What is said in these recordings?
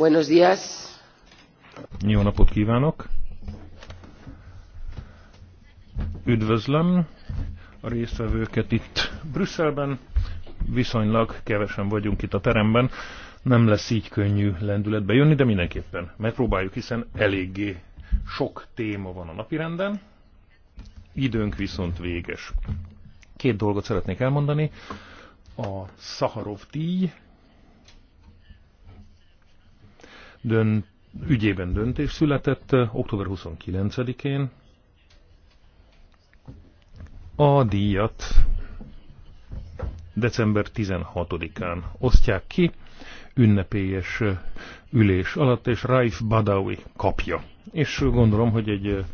Buenos días. Jó napot kívánok! Üdvözlöm a résztvevőket itt Brüsszelben. Viszonylag kevesen vagyunk itt a teremben. Nem lesz így könnyű lendületbe jönni, de mindenképpen megpróbáljuk, hiszen eléggé sok téma van a napirenden. Időnk viszont véges. Két dolgot szeretnék elmondani. A Szaharov díj dönt, ügyében döntés született október 29-én. A díjat december 16-án osztják ki, ünnepélyes ülés alatt, és Raif Badawi kapja. És gondolom, hogy egy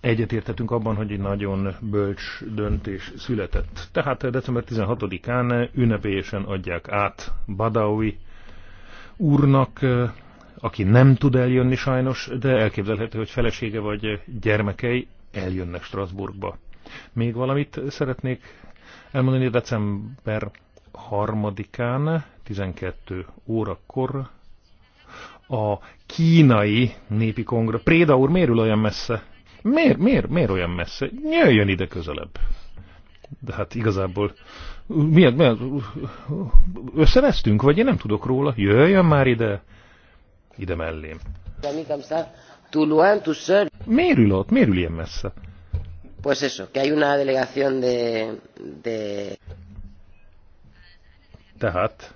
egyetértetünk abban, hogy egy nagyon bölcs döntés született. Tehát december 16-án ünnepélyesen adják át Badawi úrnak aki nem tud eljönni sajnos, de elképzelhető, hogy felesége vagy gyermekei eljönnek Strasbourgba. Még valamit szeretnék elmondani december harmadikán 12 órakor a kínai népi kongra. Préda úr, miért ül olyan messze? Miért, miért, miért olyan messze? Jöjjön ide közelebb. De hát igazából miért, miért összevesztünk, vagy én nem tudok róla. Jöjjön már ide ide mellém. Miért ül ott? Miért ül ilyen messze? Pues eso, que hay una delegación de, de... Tehát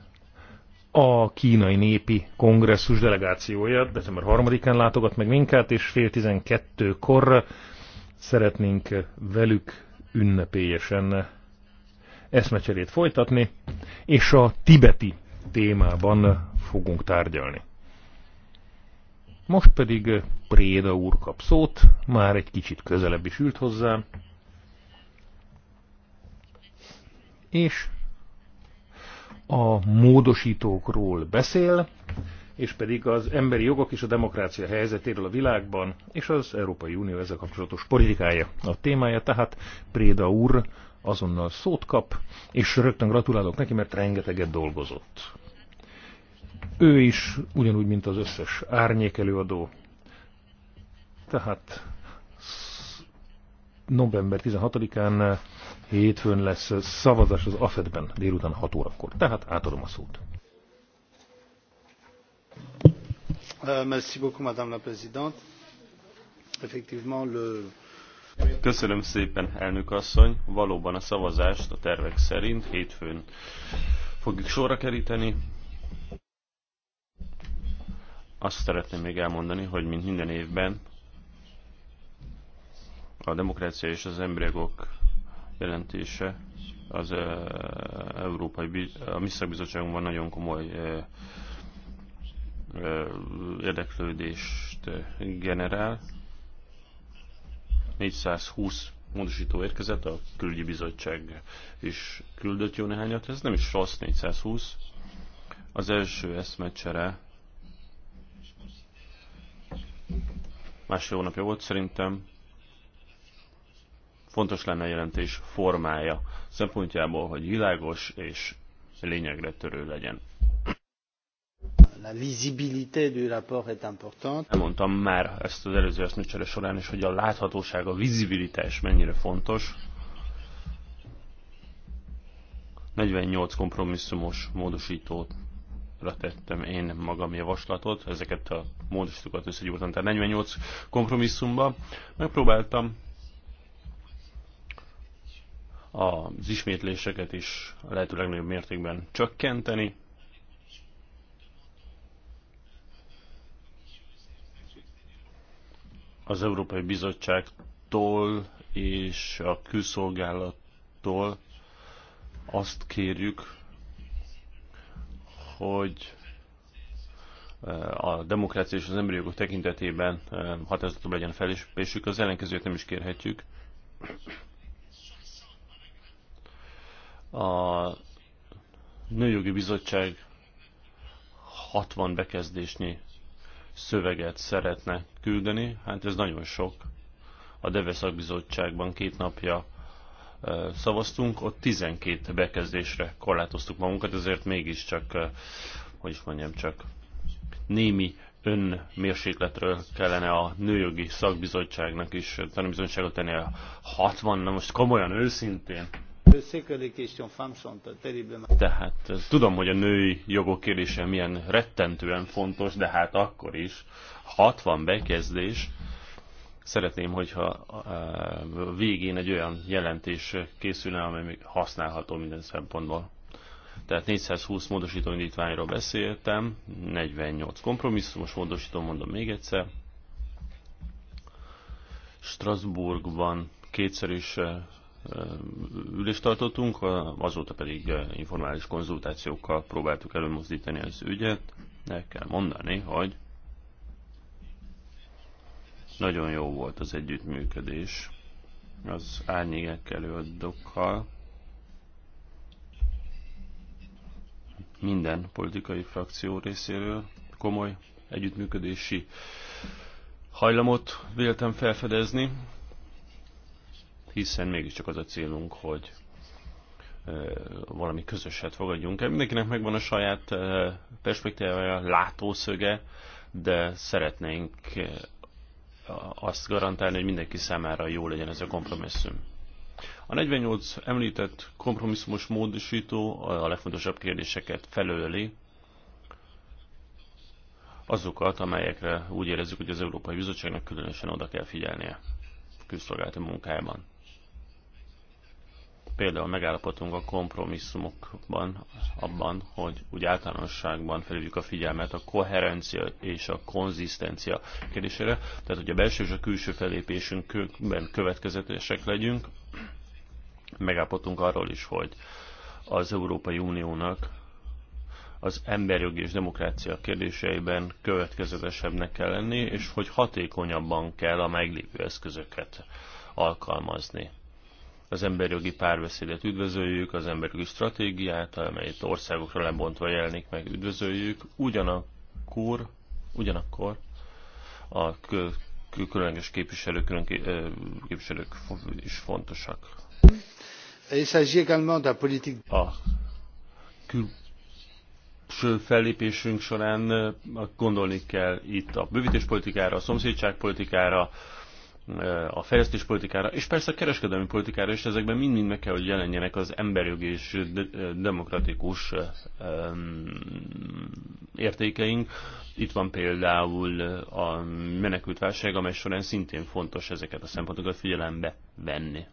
a kínai népi kongresszus delegációja december 3-án látogat meg minket, és fél 12-kor szeretnénk velük ünnepélyesen eszmecserét folytatni, és a tibeti témában fogunk tárgyalni. Most pedig eh, Préda úr kap szót, már egy kicsit közelebb is ült hozzá. És a módosítókról beszél, és pedig az emberi jogok és a demokrácia helyzetéről a világban, és az Európai Unió ezzel kapcsolatos politikája a témája, tehát Préda úr azonnal szót kap, és rögtön gratulálok neki, mert rengeteget dolgozott ő is, ugyanúgy, mint az összes árnyék előadó. Tehát november 16-án eh, hétfőn lesz szavazás az AFED-ben délután 6 órakor. Tehát átadom a szót. Euh, merci beaucoup, Madame la Présidente. Effectivement, le... Köszönöm szépen, elnök asszony. Valóban a szavazást a tervek szerint hétfőn fogjuk sorra keríteni. Azt szeretném még elmondani, hogy mint minden évben a demokrácia és az emberi jogok jelentése az Európai a mi nagyon komoly érdeklődést generál. 420 módosító érkezett, a külügyi bizottság is küldött jó néhányat, ez nem is rossz 420. Az első eszmecsere Másfél hónapja volt szerintem. Fontos lenne a jelentés formája szempontjából, hogy világos és lényegre törő legyen. La visibilité du rapport est importante. Elmondtam már ezt az előző eszmecsere során is, hogy a láthatóság, a vizibilitás mennyire fontos. 48 kompromisszumos módosítót tettem én magam javaslatot, ezeket a módosítókat összegyúrtam, tehát 48 kompromisszumba. Megpróbáltam az ismétléseket is a lehető legnagyobb mértékben csökkenteni. Az Európai Bizottságtól és a külszolgálattól azt kérjük, hogy eh, a demokrácia és az emberi jogok tekintetében eh, határozottabb legyen felépésük, az ellenkezőt nem is kérhetjük. A Nőjogi Bizottság 60 bekezdésnyi szöveget szeretne küldeni, hát ez nagyon sok. A Deve szakbizottságban két napja szavaztunk, ott 12 bekezdésre korlátoztuk magunkat, ezért mégiscsak, hogy is mondjam, csak némi önmérsékletről kellene a nőjogi szakbizottságnak is tanúbizottságot tenni a 60, na most komolyan, őszintén. Tehát tudom, hogy a női jogok kérdése milyen rettentően fontos, de hát akkor is 60 bekezdés, Szeretném, hogyha a végén egy olyan jelentés készülne, amely még használható minden szempontból. Tehát 420 módosító indítványról beszéltem, 48 kompromisszumos módosító, mondom még egyszer. Strasbourgban kétszer is ülést tartottunk, azóta pedig informális konzultációkkal próbáltuk előmozdítani az ügyet. El kell mondani, hogy nagyon jó volt az együttműködés az árnyékek előadókkal. Minden politikai frakció részéről komoly együttműködési hajlamot véltem felfedezni, hiszen mégiscsak az a célunk, hogy valami közöset fogadjunk el. Mindenkinek megvan a saját perspektívája, látószöge, de szeretnénk azt garantálni, hogy mindenki számára jó legyen ez a kompromisszum. A 48 említett kompromisszumos módosító a legfontosabb kérdéseket felöleli, azokat, amelyekre úgy érezzük, hogy az Európai Bizottságnak különösen oda kell figyelnie külszolgálati munkájában. Például megállapodtunk a kompromisszumokban abban, hogy úgy általánosságban felüljük a figyelmet a koherencia és a konzisztencia kérdésére. Tehát, hogy a belső és a külső felépésünkben következetesek legyünk, megállapodtunk arról is, hogy az Európai Uniónak az emberjogi és demokrácia kérdéseiben következetesebbnek kell lenni, és hogy hatékonyabban kell a meglévő eszközöket alkalmazni. Az emberjogi párbeszédet üdvözöljük, az emberjogi stratégiát, amelyet országokra lebontva jelenik meg, üdvözöljük. Ugyanakkor, ugyanakkor a különleges képviselők, külön képviselők is fontosak. A külső fellépésünk során gondolni kell itt a bővítéspolitikára, a szomszédságpolitikára, a fejlesztéspolitikára, és persze a kereskedelmi politikára és ezekben mind-mind meg kell, hogy jelenjenek az emberjogi és demokratikus értékeink. Itt van például a menekültválság, amely során szintén fontos ezeket a szempontokat figyelembe venni.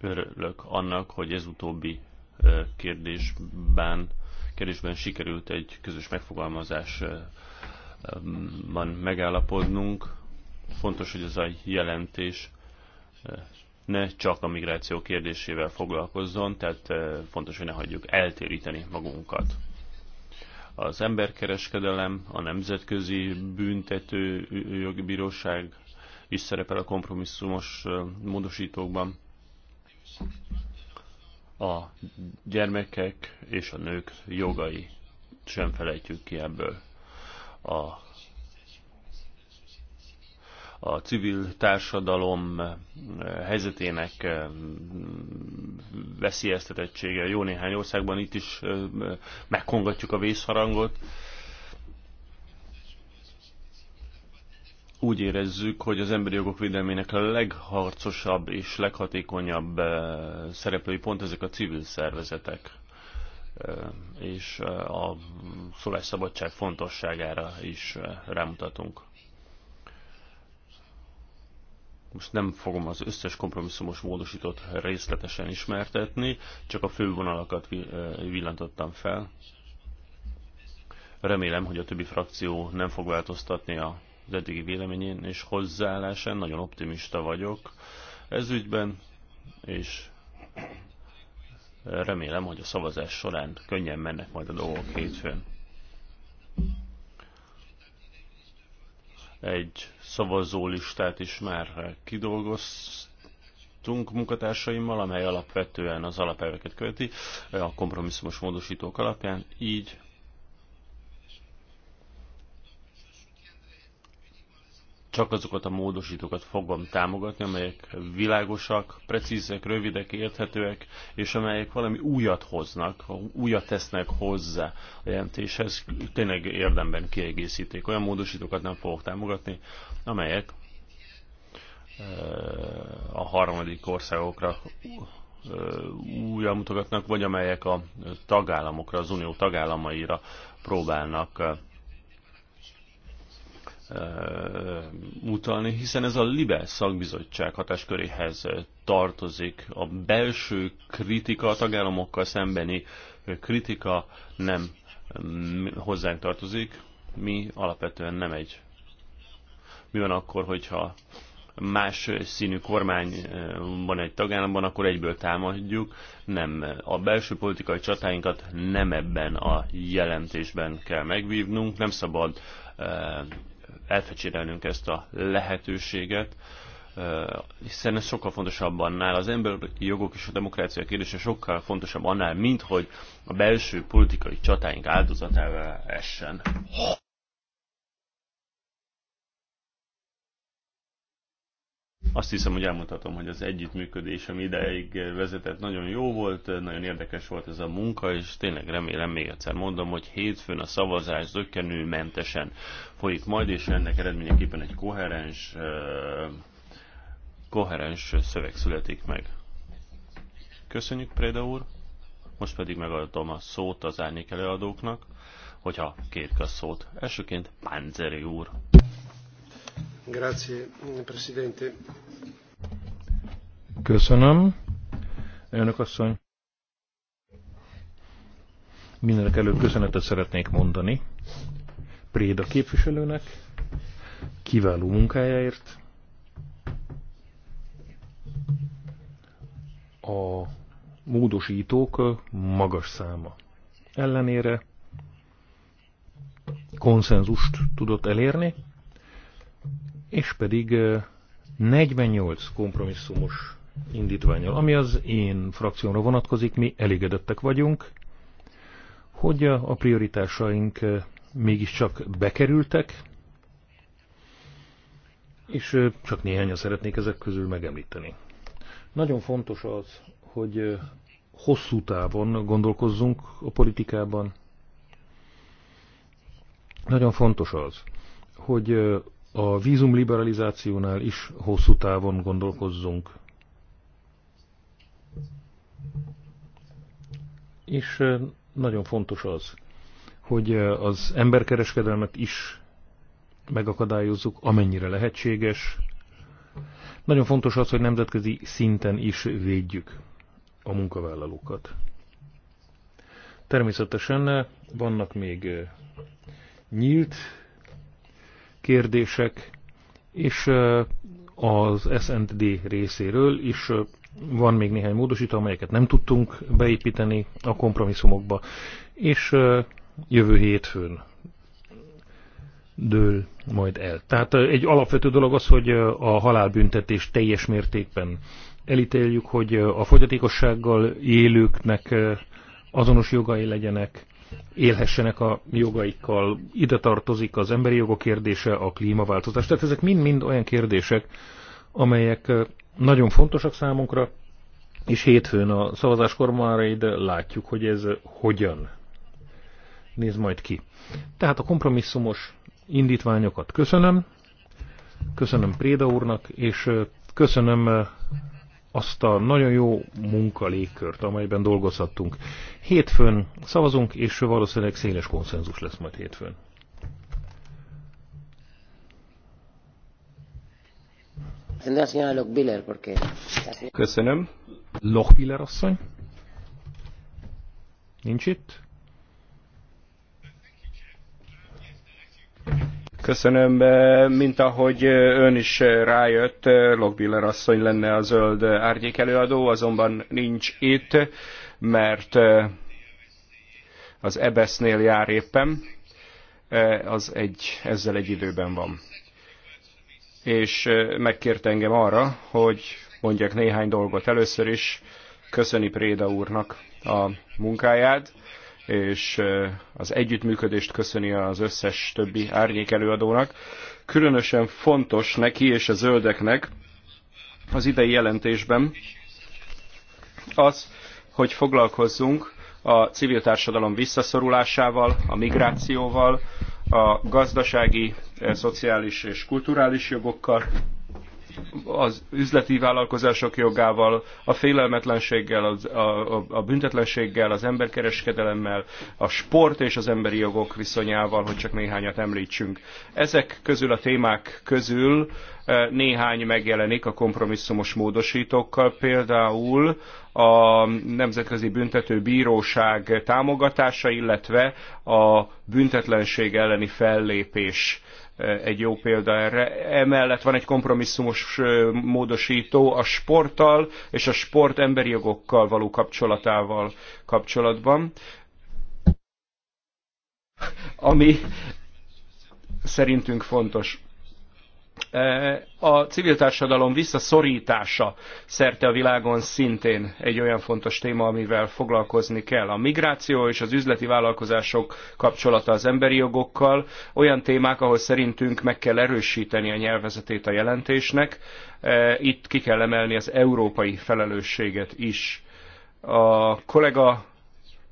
Örülök annak, hogy ez utóbbi kérdésben, kérdésben sikerült egy közös megfogalmazás van megállapodnunk. Fontos, hogy ez a jelentés eh, ne csak a migráció kérdésével foglalkozzon, tehát eh, fontos, hogy ne hagyjuk eltéríteni magunkat. Az emberkereskedelem, a Nemzetközi Büntető Jogi Bíróság is szerepel a kompromisszumos eh, módosítókban. A gyermekek és a nők jogai sem felejtjük ki ebből a, a civil társadalom eh, helyzetének eh, veszélyeztetettsége jó néhány országban, itt is eh, megkongatjuk a vészharangot. úgy érezzük, hogy az emberi jogok védelmének a legharcosabb és leghatékonyabb szereplői pont ezek a civil szervezetek és a szólásszabadság fontosságára is rámutatunk. Most nem fogom az összes kompromisszumos módosítót részletesen ismertetni, csak a fő vonalakat villantottam fel. Remélem, hogy a többi frakció nem fog változtatni az eddigi véleményén és hozzáállásán. Nagyon optimista vagyok ez ügyben, és Remélem, hogy a szavazás során könnyen mennek majd a dolgok hétfőn. Egy szavazólistát is már kidolgoztunk munkatársaimmal, amely alapvetően az alapelveket követi, a kompromisszumos módosítók alapján, így csak azokat a módosítókat fogom támogatni, amelyek világosak, precízek, rövidek, érthetőek, és amelyek valami újat hoznak, újat tesznek hozzá a jelentéshez, tényleg érdemben kiegészíték. Olyan módosítókat nem fogok támogatni, amelyek eh, a harmadik országokra eh, újra mutogatnak, vagy amelyek a tagállamokra, az unió tagállamaira próbálnak eh, mutalni, hiszen ez a LIBE szakbizottság hatásköréhez tartozik. A belső kritika, a tagállamokkal szembeni kritika nem mm, hozzánk tartozik. Mi alapvetően nem egy. Mi van akkor, hogyha más színű kormány van egy tagállamban, akkor egyből támadjuk. Nem, a belső politikai csatáinkat nem ebben a jelentésben kell megvívnunk, nem szabad elfecsérelnünk ezt a lehetőséget, eh, hiszen ez sokkal fontosabb annál. Az emberi jogok és a demokrácia kérdése sokkal fontosabb annál, mint hogy a belső politikai csatáink áldozatává essen. Azt hiszem, hogy elmondhatom, hogy az együttműködés, ami ideig vezetett, nagyon jó volt, nagyon érdekes volt ez a munka, és tényleg remélem, még egyszer mondom, hogy hétfőn a szavazás zöggenőmentesen folyik majd, és ennek eredményeképpen egy koherens, koherens szöveg születik meg. Köszönjük, Préda úr! Most pedig megadom a szót az árnyék előadóknak, hogyha kérik a szót. Elsőként Pánzeri úr. Grazie, Köszönöm. Elnök asszony. Mindenek előtt köszönetet szeretnék mondani Préda képviselőnek, kiváló munkájáért. A módosítók magas száma ellenére konszenzust tudott elérni, és pedig 48 kompromisszumos indítványal, ami az én frakciómra vonatkozik, mi elégedettek vagyunk, hogy a prioritásaink mégiscsak bekerültek, és csak néhányan szeretnék ezek közül megemlíteni. Nagyon fontos az, hogy hosszú távon gondolkozzunk a politikában. Nagyon fontos az, hogy a vízum liberalizációnál is hosszú távon gondolkozzunk. És nagyon fontos az, hogy az emberkereskedelmet is megakadályozzuk, amennyire lehetséges. Nagyon fontos az, hogy nemzetközi szinten is védjük a munkavállalókat. Természetesen vannak még nyílt kérdések, és az SND részéről is van még néhány módosító, amelyeket nem tudtunk beépíteni a kompromisszumokba, és jövő hétfőn dől majd el. Tehát egy alapvető dolog az, hogy a halálbüntetés teljes mértékben elítéljük, hogy a fogyatékossággal élőknek azonos jogai legyenek, élhessenek a jogaikkal. Ide tartozik az emberi jogok kérdése, a klímaváltozás. Tehát ezek mind-mind olyan kérdések, amelyek nagyon fontosak számunkra, és hétfőn a szavazáskor már ide látjuk, hogy ez hogyan néz majd ki. Tehát a kompromisszumos indítványokat köszönöm, köszönöm Préda úrnak, és köszönöm azt a nagyon jó munkalégkört, amelyben dolgozhattunk. Hétfőn szavazunk, és valószínűleg széles konszenzus lesz majd hétfőn. Köszönöm. Lochbiller asszony? Nincs itt? Köszönöm, mint ahogy ön is rájött, Logbiller asszony lenne a zöld árnyék előadó, azonban nincs itt, mert az Ebesznél jár éppen, az egy, ezzel egy időben van. És megkért engem arra, hogy mondjak néhány dolgot először is, köszöni Préda úrnak a munkáját, és az együttműködést köszöni az összes többi árnyék előadónak. Különösen fontos neki és a zöldeknek az idei jelentésben az, hogy foglalkozzunk a civil társadalom visszaszorulásával, a migrációval, a gazdasági, e, szociális és kulturális jogokkal, az üzleti vállalkozások jogával, a félelmetlenséggel, az, a, a, a büntetlenséggel, az emberkereskedelemmel, a sport és az emberi jogok viszonyával, hogy csak néhányat említsünk. Ezek közül a témák közül e, néhány megjelenik a kompromisszumos módosítókkal, például a Nemzetközi Büntető Bíróság támogatása, illetve a büntetlenség elleni fellépés Eh, egy jó példa erre. Emellett van egy kompromisszumos eh, módosító a sporttal és a sport emberi jogokkal való kapcsolatával kapcsolatban, ami szerintünk fontos. A civil társadalom visszaszorítása szerte a világon szintén egy olyan fontos téma, amivel foglalkozni kell. A migráció és az üzleti vállalkozások kapcsolata az emberi jogokkal olyan témák, ahol szerintünk meg kell erősíteni a nyelvezetét a jelentésnek. E, itt ki kell emelni az európai felelősséget is. A kollega,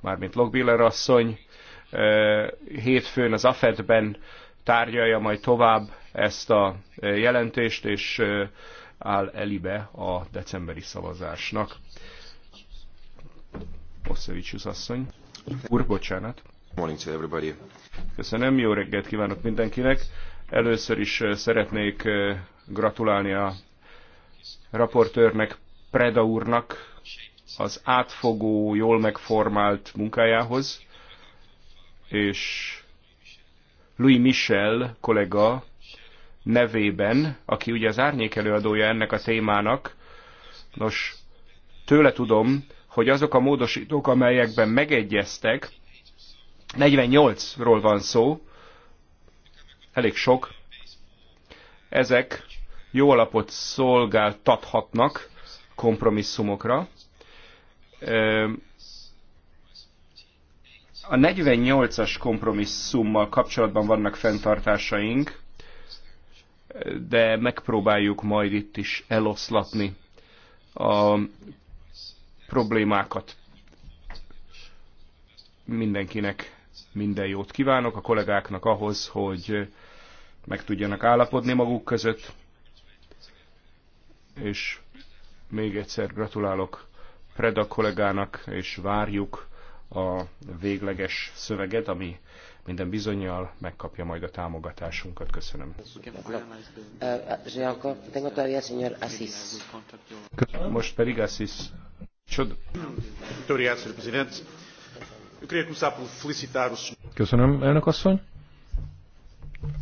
mármint Logbiller asszony, e, hétfőn az AFED-ben tárgyalja majd tovább ezt a e, jelentést, és e, áll elibe a decemberi szavazásnak. Oszevicsus asszony. Úr, bocsánat. Morning to everybody. Köszönöm, jó reggelt kívánok mindenkinek. Először is e, szeretnék gratulálni a raportőrnek, Preda úrnak az átfogó, jól megformált munkájához, és Louis Michel kollega nevében, aki ugye az árnyék előadója ennek a témának. Nos, tőle tudom, hogy azok a módosítók, amelyekben megegyeztek, 48-ról van szó, elég sok, ezek jó alapot szolgáltathatnak kompromisszumokra. A 48-as kompromisszummal kapcsolatban vannak fenntartásaink, de megpróbáljuk majd itt is eloszlatni a problémákat. Mindenkinek minden jót kívánok, a kollégáknak ahhoz, hogy meg tudjanak állapodni maguk között, és még egyszer gratulálok Preda kollégának, és várjuk a végleges szöveget, ami minden bizonyal megkapja majd a támogatásunkat. Köszönöm. Most pedig Assis. Csod... Köszönöm, elnök asszony.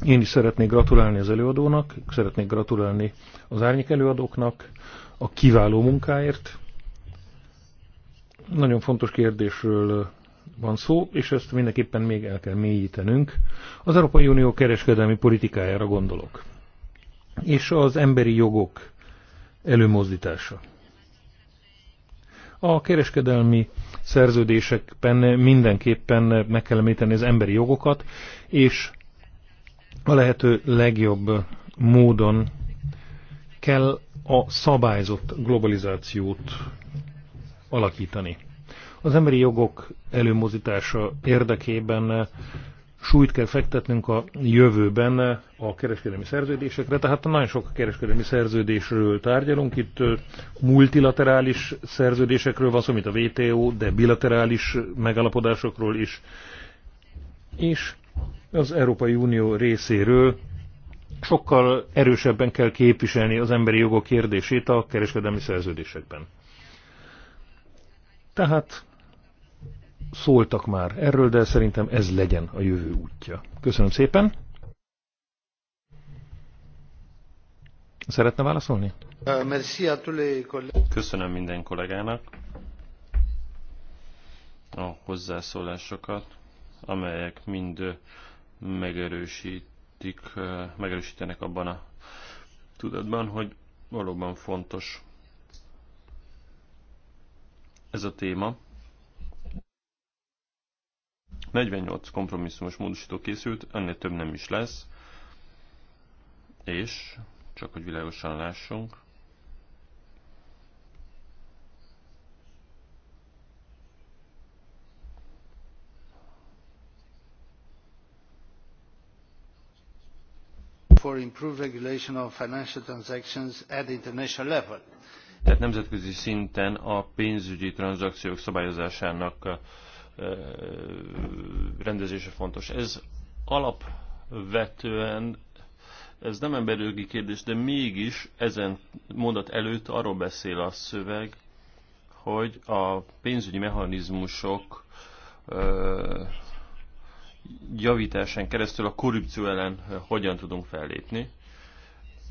Én is szeretnék gratulálni az előadónak, szeretnék gratulálni az árnyék előadóknak a kiváló munkáért. Nagyon fontos kérdésről van szó, és ezt mindenképpen még el kell mélyítenünk. Az Európai Unió kereskedelmi politikájára gondolok. És az emberi jogok előmozdítása. A kereskedelmi szerződésekben mindenképpen meg kell említeni az emberi jogokat, és a lehető legjobb módon kell a szabályzott globalizációt alakítani. Az emberi jogok előmozítása érdekében súlyt kell fektetnünk a jövőben a kereskedelmi szerződésekre, tehát nagyon sok kereskedelmi szerződésről tárgyalunk, itt multilaterális szerződésekről van szó, mint a WTO, de bilaterális megalapodásokról is, és az Európai Unió részéről sokkal erősebben kell képviselni az emberi jogok kérdését a kereskedelmi szerződésekben. Tehát szóltak már erről, de szerintem ez legyen a jövő útja. Köszönöm szépen. Szeretne válaszolni? Köszönöm minden kollégának a hozzászólásokat, amelyek mind megerősítik, megerősítenek abban a tudatban, hogy valóban fontos ez a téma. 48 kompromisszumos módosító készült, ennél több nem is lesz. És, csak hogy világosan lássunk, for improved regulation of financial transactions at international level. Tehát nemzetközi szinten a pénzügyi tranzakciók szabályozásának rendezése fontos. Ez alapvetően ez nem emberjogi kérdés, de mégis ezen mondat előtt arról beszél a szöveg, hogy a pénzügyi mechanizmusok javításán keresztül a korrupció ellen hogyan tudunk fellépni,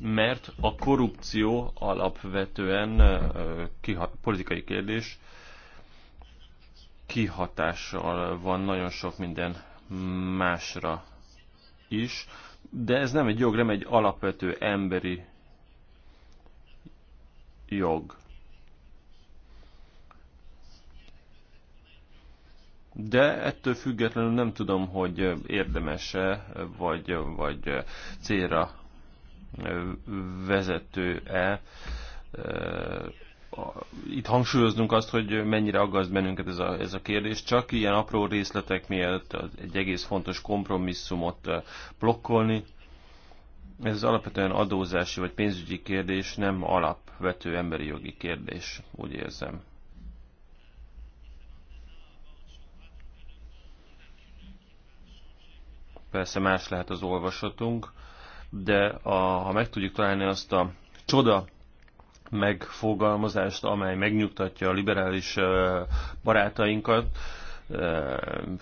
mert a korrupció alapvetően politikai kérdés, kihatással van nagyon sok minden másra is, de ez nem egy jog, nem egy alapvető emberi jog. De ettől függetlenül nem tudom, hogy érdemese vagy, vagy célra vezető-e itt hangsúlyoznunk azt, hogy mennyire aggaszt bennünket ez a, ez a kérdés. Csak ilyen apró részletek miatt egy egész fontos kompromisszumot blokkolni, ez alapvetően adózási vagy pénzügyi kérdés, nem alapvető emberi jogi kérdés, úgy érzem. Persze más lehet az olvasatunk, de a, ha meg tudjuk találni azt a csoda megfogalmazást, amely megnyugtatja a liberális barátainkat,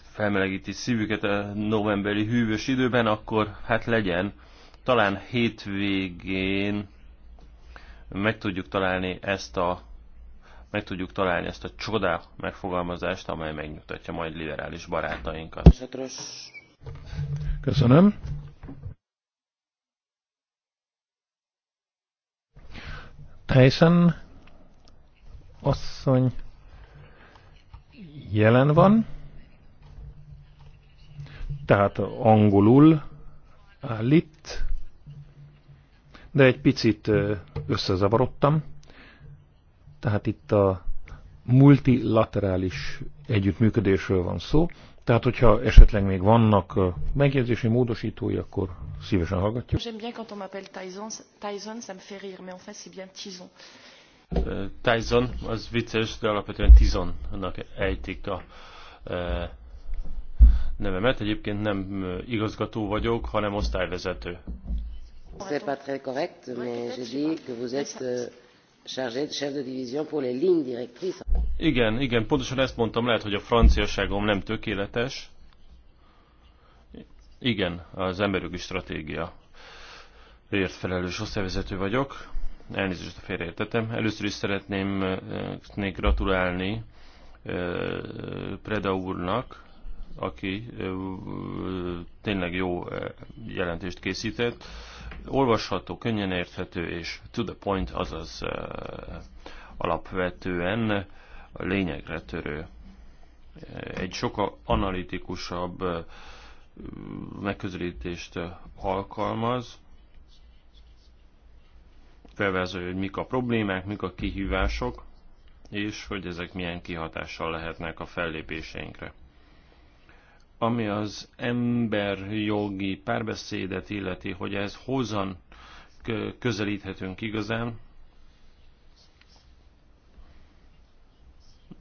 felmelegíti szívüket a novemberi hűvös időben, akkor hát legyen, talán hétvégén meg tudjuk találni ezt a meg tudjuk találni ezt a csodá megfogalmazást, amely megnyugtatja majd liberális barátainkat. Köszönöm. Tyson asszony jelen van, tehát angolul állít, de egy picit összezavarodtam. Tehát itt a multilaterális együttműködésről van szó, tehát, hogyha esetleg még vannak megjegyzési módosítói, akkor szívesen hallgatjuk. Tyson, Tyson, az vicces, de alapvetően Tizonnak ejtik a nevemet. Egyébként nem igazgató vagyok, hanem osztályvezető. C'est pas très correct, mais je dis que vous êtes euh, chargé de chef de division pour les lignes directrices. Igen, igen, pontosan ezt mondtam, lehet, hogy a franciaságom nem tökéletes. Igen, az emberügyi stratégia. Ért felelős osztályvezető vagyok. Elnézést a félreértetem. Először is szeretném eh, gratulálni eh, Preda úrnak, aki eh, tényleg jó jelentést készített. Olvasható, könnyen érthető és to the point, azaz alapvetően a lényegre törő, egy sokkal analitikusabb megközelítést alkalmaz, felvázolja, hogy mik a problémák, mik a kihívások, és hogy ezek milyen kihatással lehetnek a fellépéseinkre. Ami az emberjogi párbeszédet illeti, hogy ez hozan közelíthetünk igazán,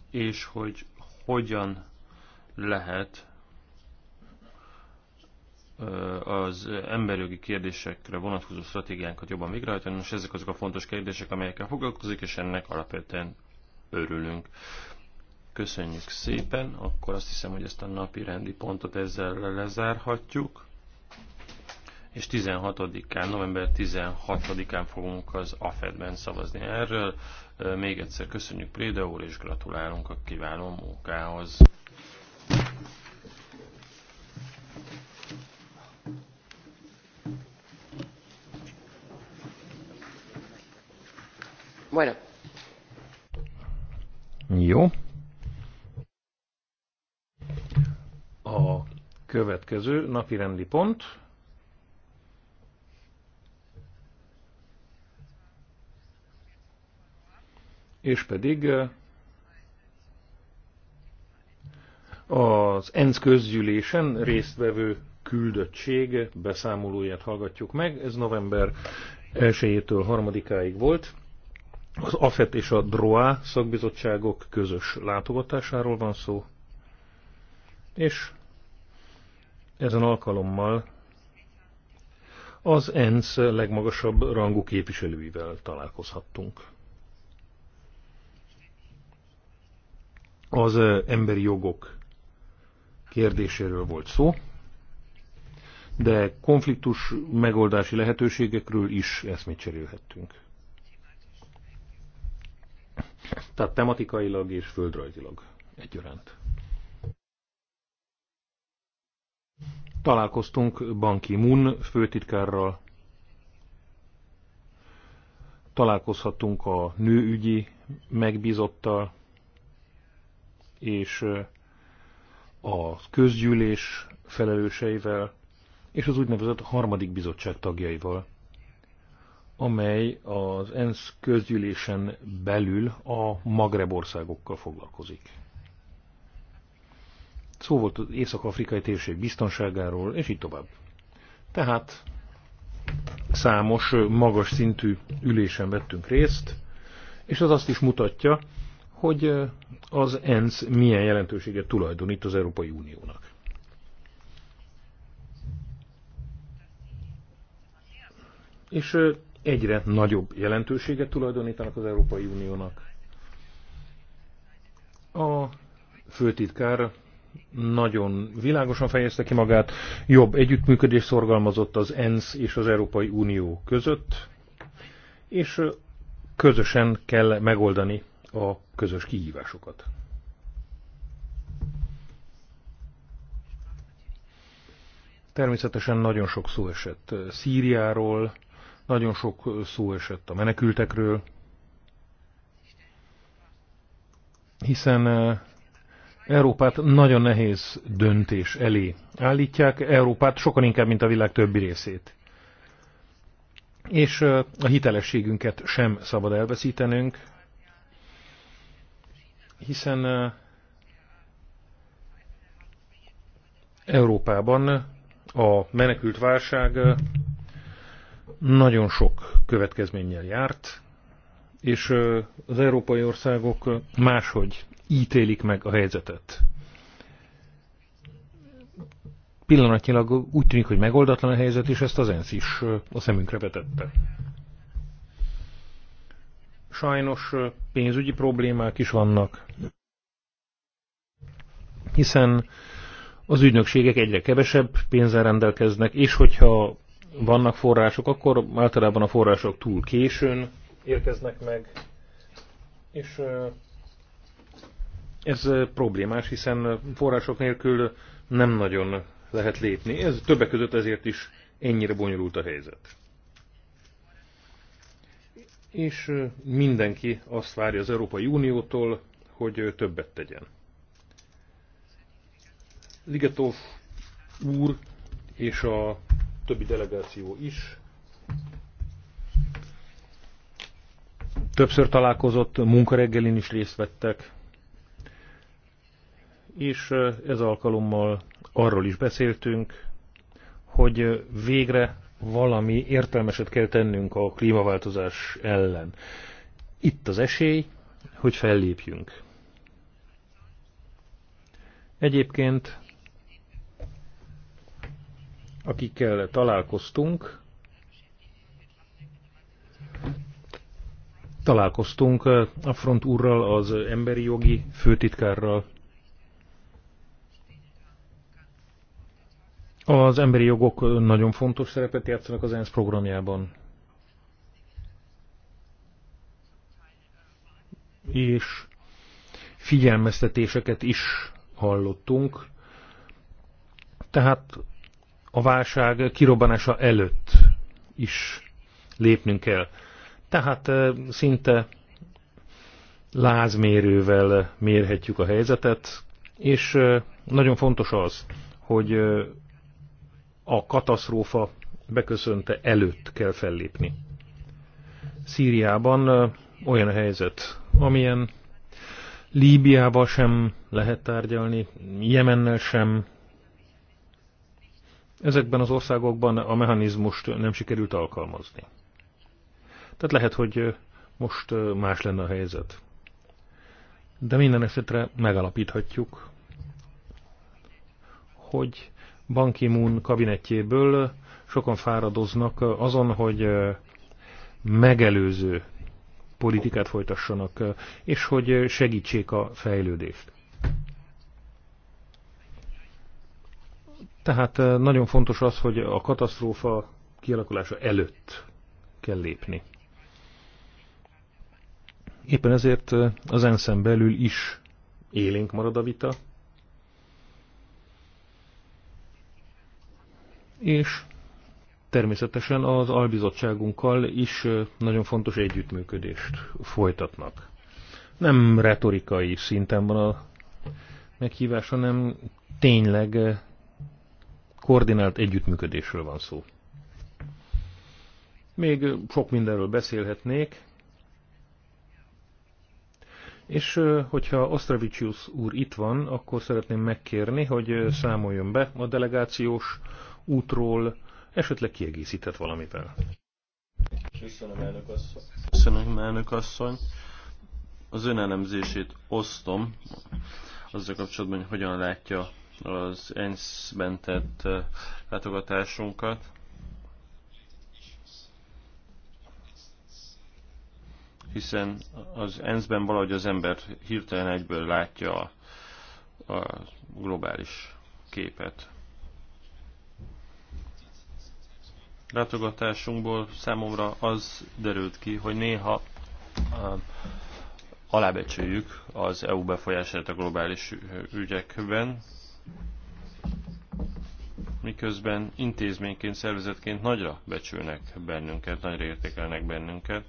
és hogy hogyan lehet az emberjogi kérdésekre vonatkozó stratégiánkat jobban végrehajtani. Most ezek azok a fontos kérdések, amelyekkel foglalkozik, és ennek alapvetően örülünk. Köszönjük szépen, akkor azt hiszem, hogy ezt a napi rendi pontot ezzel lezárhatjuk és 16-án, november 16-án fogunk az AFED-ben szavazni erről. Még egyszer köszönjük Préda úr, és gratulálunk a kiváló munkához. Bueno. Jó. A következő napi rendi pont és pedig az ENSZ közgyűlésen résztvevő küldöttség beszámolóját hallgatjuk meg. Ez november 1-től 3-áig volt. Az AFET és a DROA szakbizottságok közös látogatásáról van szó, és ezen alkalommal az ENSZ legmagasabb rangú képviselőivel találkozhattunk. az emberi jogok kérdéséről volt szó, de konfliktus megoldási lehetőségekről is eszmét cserélhettünk. Tehát tematikailag és földrajzilag egyaránt. Találkoztunk Ban Ki-moon főtitkárral, találkozhatunk a nőügyi megbízottal, és a közgyűlés felelőseivel, és az úgynevezett harmadik bizottság tagjaival, amely az ENSZ közgyűlésen belül a Magreb országokkal foglalkozik. Szó volt az észak-afrikai térség biztonságáról, és így tovább. Tehát számos magas szintű ülésen vettünk részt, és az azt is mutatja, hogy az ENSZ milyen jelentőséget tulajdonít az Európai Uniónak. És egyre nagyobb jelentőséget tulajdonítanak az Európai Uniónak. A főtitkár nagyon világosan fejezte ki magát, jobb együttműködés szorgalmazott az ENSZ és az Európai Unió között, és közösen kell megoldani a közös kihívásokat. Természetesen nagyon sok szó esett eh, Szíriáról, nagyon sok eh, szó esett a menekültekről, hiszen eh, Európát nagyon nehéz döntés elé állítják, Európát sokan inkább, mint a világ többi részét. És a hitelességünket sem szabad elveszítenünk, hiszen Európában a menekült válság nagyon sok következménnyel járt, és az európai országok máshogy ítélik meg a helyzetet. Pillanatnyilag úgy tűnik, hogy megoldatlan a helyzet, és ezt az ENSZ is a szemünkre vetette sajnos pénzügyi problémák is vannak, hiszen az ügynökségek egyre kevesebb pénzzel rendelkeznek, és hogyha vannak források, akkor általában a források túl későn érkeznek meg, és ez problémás, hiszen források nélkül nem nagyon lehet lépni. Ez többek között ezért is ennyire bonyolult a helyzet és mindenki azt várja az Európai Uniótól, hogy többet tegyen. Ligetov úr és a többi delegáció is többször találkozott, munkareggelin is részt vettek, és ez alkalommal arról is beszéltünk, hogy végre valami értelmeset kell tennünk a klímaváltozás ellen. Itt az esély, hogy fellépjünk. Egyébként, akikkel találkoztunk, találkoztunk eh, a Front úrral, az emberi jogi főtitkárral, Az emberi jogok nagyon fontos szerepet játszanak az ENSZ programjában. És figyelmeztetéseket is hallottunk. Tehát a válság kirobbanása előtt is lépnünk kell. Tehát szinte lázmérővel mérhetjük a helyzetet, és nagyon fontos az, hogy a katasztrófa beköszönte előtt kell fellépni. Szíriában olyan a helyzet, amilyen Líbiával sem lehet tárgyalni, Jemennel sem. Ezekben az országokban a mechanizmust nem sikerült alkalmazni. Tehát lehet, hogy most más lenne a helyzet. De minden esetre megalapíthatjuk, hogy Ban Ki-moon sokan fáradoznak azon, hogy megelőző politikát folytassanak, és hogy segítsék a fejlődést. Tehát nagyon fontos az, hogy a katasztrófa kialakulása előtt kell lépni. Éppen ezért az ensz belül is élénk marad a vita, és természetesen az albizottságunkkal is nagyon fontos együttműködést folytatnak. Nem retorikai szinten van a meghívás, hanem tényleg koordinált együttműködésről van szó. Még sok mindenről beszélhetnék, és hogyha Ostravicius úr itt van, akkor szeretném megkérni, hogy számoljon be a delegációs útról, esetleg kiegészített valamivel. Köszönöm, elnök asszony. Köszönöm, elnök asszony. Az elemzését osztom azzal kapcsolatban, hogy hogyan látja az ENSZ-ben tett eh, látogatásunkat. Hiszen az ENSZ-ben valahogy az ember hirtelen egyből látja a globális képet. látogatásunkból számomra az derült ki, hogy néha uh, alábecsüljük az EU befolyását a globális ügyekben, miközben intézményként, szervezetként nagyra becsülnek bennünket, nagyra értékelnek bennünket.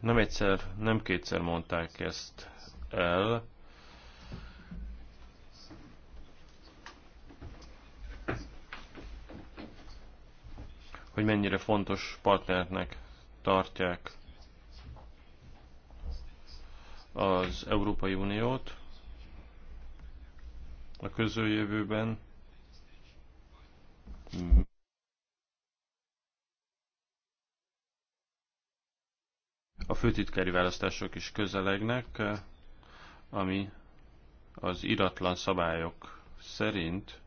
Nem egyszer, nem kétszer mondták ezt el, hogy mennyire fontos partnernek tartják az Európai Uniót a közöljövőben. A főtitkári választások is közelegnek, ami az iratlan szabályok szerint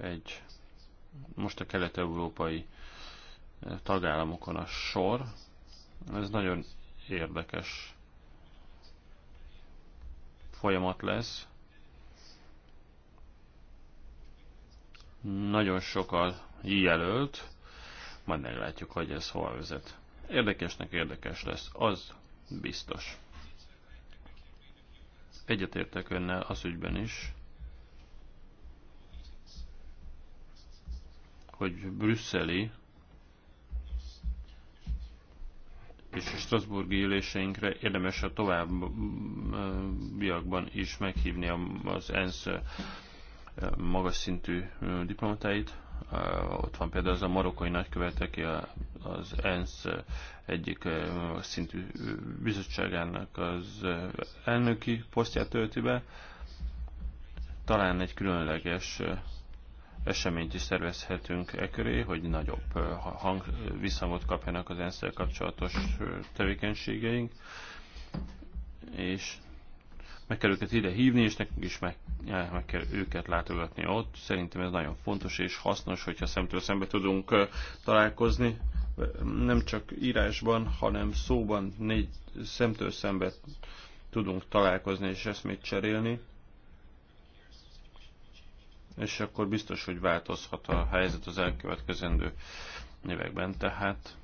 egy most a kelet-európai eh, tagállamokon a sor. Ez nagyon érdekes folyamat lesz. Nagyon sok a jelölt, majd meglátjuk, hogy ez hol vezet. Érdekesnek érdekes lesz, az biztos. Egyetértek önnel az ügyben is, hogy brüsszeli és a Strasburgi üléseinkre érdemes a továbbiakban is meghívni az ENSZ eh, magas szintű eh, diplomatáit. Eh, ott van például az a marokkai nagykövet, aki az ENSZ egyik magas szintű bizottságának az elnöki posztját tölti be. Talán egy különleges eseményt is szervezhetünk, e köré, hogy nagyobb hang, visszhangot kapjanak az ensz kapcsolatos tevékenységeink, és meg kell őket ide hívni, és nekünk is meg, meg kell őket látogatni ott. Szerintem ez nagyon fontos és hasznos, hogyha szemtől szembe tudunk találkozni, nem csak írásban, hanem szóban négy szemtől szembe tudunk találkozni és eszmét cserélni és akkor biztos, hogy változhat a helyzet az elkövetkezendő években, tehát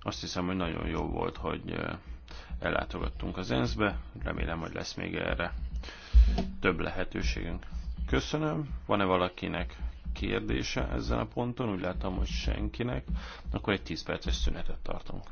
azt hiszem, hogy nagyon jó volt, hogy eh, ellátogattunk az ENSZ-be, remélem, hogy lesz még erre több lehetőségünk. Köszönöm, van-e valakinek kérdése ezen a ponton? Úgy látom, hogy senkinek. Akkor egy 10 perces szünetet tartunk.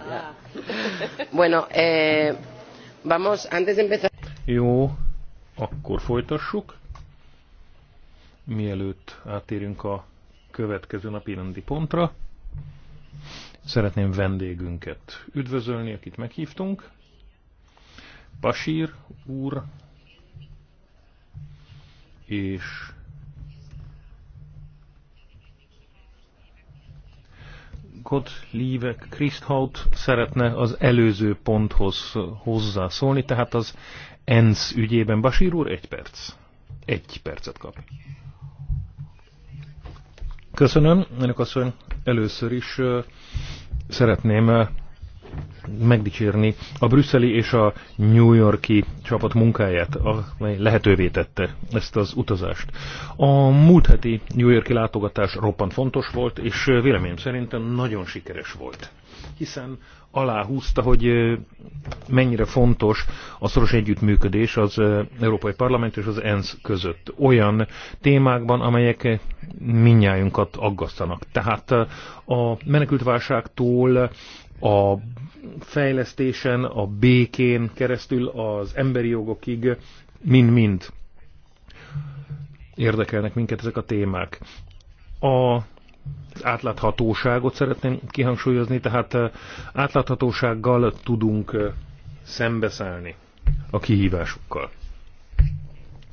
Ah. bueno, eh, vamos, antes de empezar... Jó, akkor folytassuk. Mielőtt átérünk a következő napi rendi pontra, szeretném vendégünket üdvözölni, akit meghívtunk. Basír úr és Gott Liebe Christhaut szeretne az előző ponthoz hozzászólni, tehát az ENSZ ügyében. Basír úr, egy perc. Egy percet kap. Köszönöm, ennek asszony. Először is szeretném megdicsérni a brüsszeli és a New Yorki csapat munkáját, amely lehetővé tette ezt az utazást. A múlt heti New Yorki látogatás roppant fontos volt, és véleményem szerint nagyon sikeres volt. Hiszen aláhúzta, hogy mennyire fontos a szoros együttműködés az Európai Parlament és az ENSZ között olyan témákban, amelyek minnyájunkat aggasztanak. Tehát a menekültválságtól a fejlesztésen, a békén keresztül az emberi jogokig, mind-mind érdekelnek minket ezek a témák. A az átláthatóságot szeretném kihangsúlyozni, tehát eh, átláthatósággal tudunk eh, szembeszállni a kihívásukkal.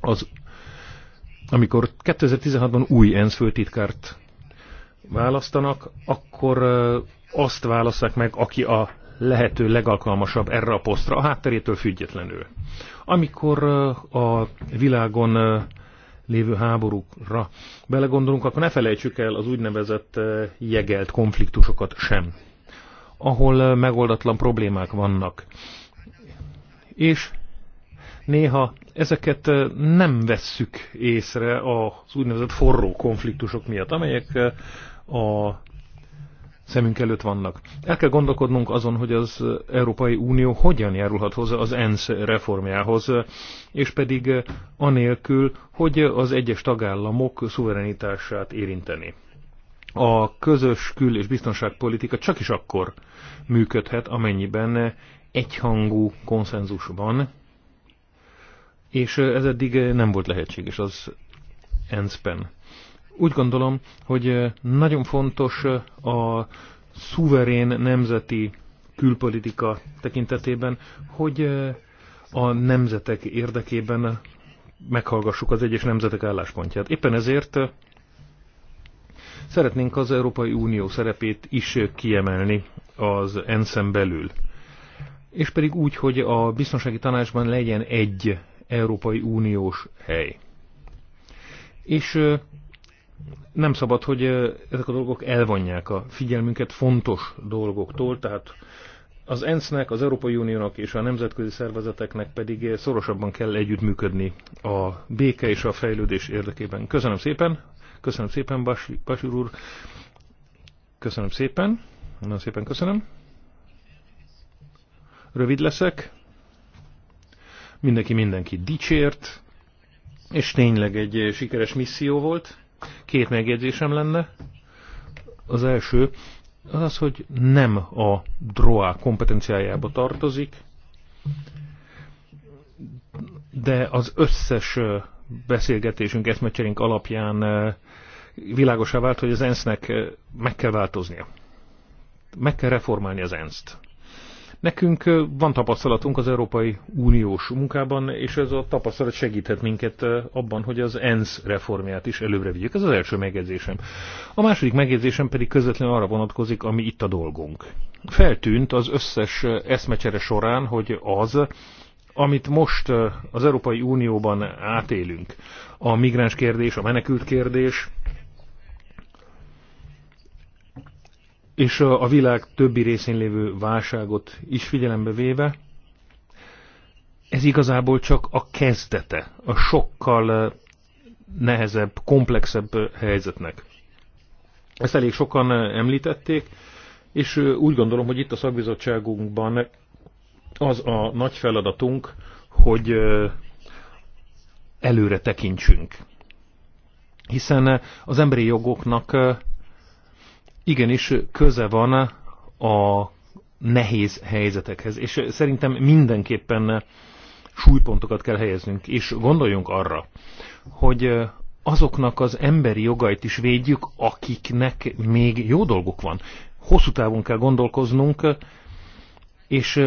Az, amikor 2016-ban új ENSZ főtitkárt választanak, akkor eh, azt válasszák meg, aki a lehető legalkalmasabb erre a posztra, a hátterétől függetlenül. Amikor a világon lévő háborúkra belegondolunk, akkor ne felejtsük el az úgynevezett jegelt konfliktusokat sem, ahol megoldatlan problémák vannak. És néha ezeket nem vesszük észre az úgynevezett forró konfliktusok miatt, amelyek a szemünk előtt vannak. El kell gondolkodnunk azon, hogy az Európai Unió hogyan járulhat hozzá az ENSZ reformjához, és pedig anélkül, hogy az egyes tagállamok szuverenitását érinteni. A közös kül- és biztonságpolitika csak is akkor működhet, amennyiben egyhangú konszenzus van, és ez eddig nem volt lehetséges az ENSZ-ben. Úgy gondolom, hogy nagyon fontos a szuverén nemzeti külpolitika tekintetében, hogy a nemzetek érdekében meghallgassuk az egyes nemzetek álláspontját. Éppen ezért szeretnénk az Európai Unió szerepét is kiemelni az ENSZ-en belül. És pedig úgy, hogy a biztonsági tanácsban legyen egy Európai Uniós hely. És nem szabad, hogy ezek a dolgok elvonják a figyelmünket fontos dolgoktól, tehát az ENSZ-nek, az Európai Uniónak és a nemzetközi szervezeteknek pedig szorosabban kell együttműködni a béke és a fejlődés érdekében. Köszönöm szépen, köszönöm szépen, Basi, úr, köszönöm szépen, nagyon szépen köszönöm. Rövid leszek, mindenki mindenki dicsért, és tényleg egy sikeres misszió volt. Két megjegyzésem lenne. Az első az az, hogy nem a DROA kompetenciájába tartozik, de az összes beszélgetésünk, eszmecserénk alapján világosá vált, hogy az ENSZ-nek meg kell változnia. Meg kell reformálni az ENSZ-t. Nekünk van tapasztalatunk az Európai Uniós munkában, és ez a tapasztalat segíthet minket abban, hogy az ENSZ reformját is előbbre vigyük. Ez az első megjegyzésem. A második megjegyzésem pedig közvetlenül arra vonatkozik, ami itt a dolgunk. Feltűnt az összes eszmecsere során, hogy az, amit most az Európai Unióban átélünk, a migráns kérdés, a menekült kérdés, és a világ többi részén lévő válságot is figyelembe véve, ez igazából csak a kezdete, a sokkal nehezebb, komplexebb helyzetnek. Ezt elég sokan említették, és úgy gondolom, hogy itt a szakbizottságunkban az a nagy feladatunk, hogy előre tekintsünk. Hiszen az emberi jogoknak igenis köze van a nehéz helyzetekhez, és szerintem mindenképpen súlypontokat kell helyeznünk, és gondoljunk arra, hogy azoknak az emberi jogait is védjük, akiknek még jó dolguk van. Hosszú távon kell gondolkoznunk, és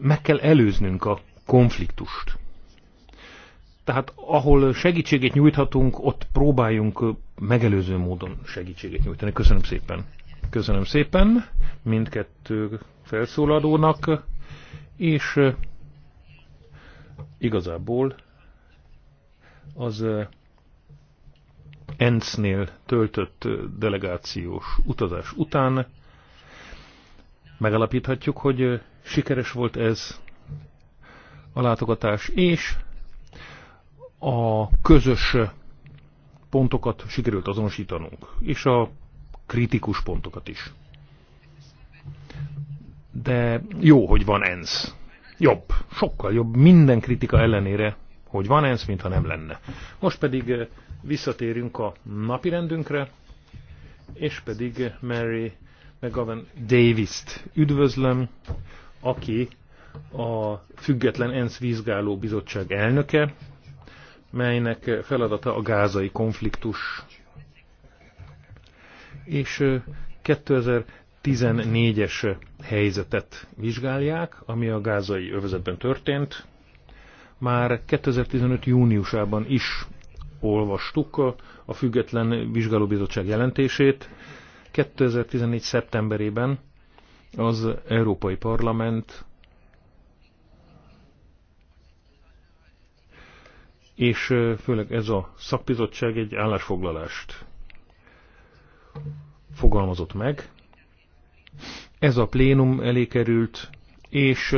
meg kell előznünk a konfliktust. Tehát ahol segítséget nyújthatunk, ott próbáljunk megelőző módon segítséget nyújtani. Köszönöm szépen. Köszönöm szépen mindkettő felszólalónak, és igazából az ENSZ-nél töltött delegációs utazás után megalapíthatjuk, hogy sikeres volt ez a látogatás, és a közös pontokat sikerült azonosítanunk, és a kritikus pontokat is. De jó, hogy van ENSZ. Jobb, sokkal jobb minden kritika ellenére, hogy van ENSZ, mintha nem lenne. Most pedig eh, visszatérünk a napirendünkre, és pedig Mary McGovern Davis-t üdvözlöm, aki a Független ENSZ Vizsgáló Bizottság elnöke, melynek feladata a gázai konfliktus. És 2014-es helyzetet vizsgálják, ami a gázai övezetben történt. Már 2015. júniusában is olvastuk a Független Vizsgálóbizottság jelentését. 2014. szeptemberében az Európai Parlament és főleg ez a szakbizottság egy állásfoglalást fogalmazott meg. Ez a plénum elé került, és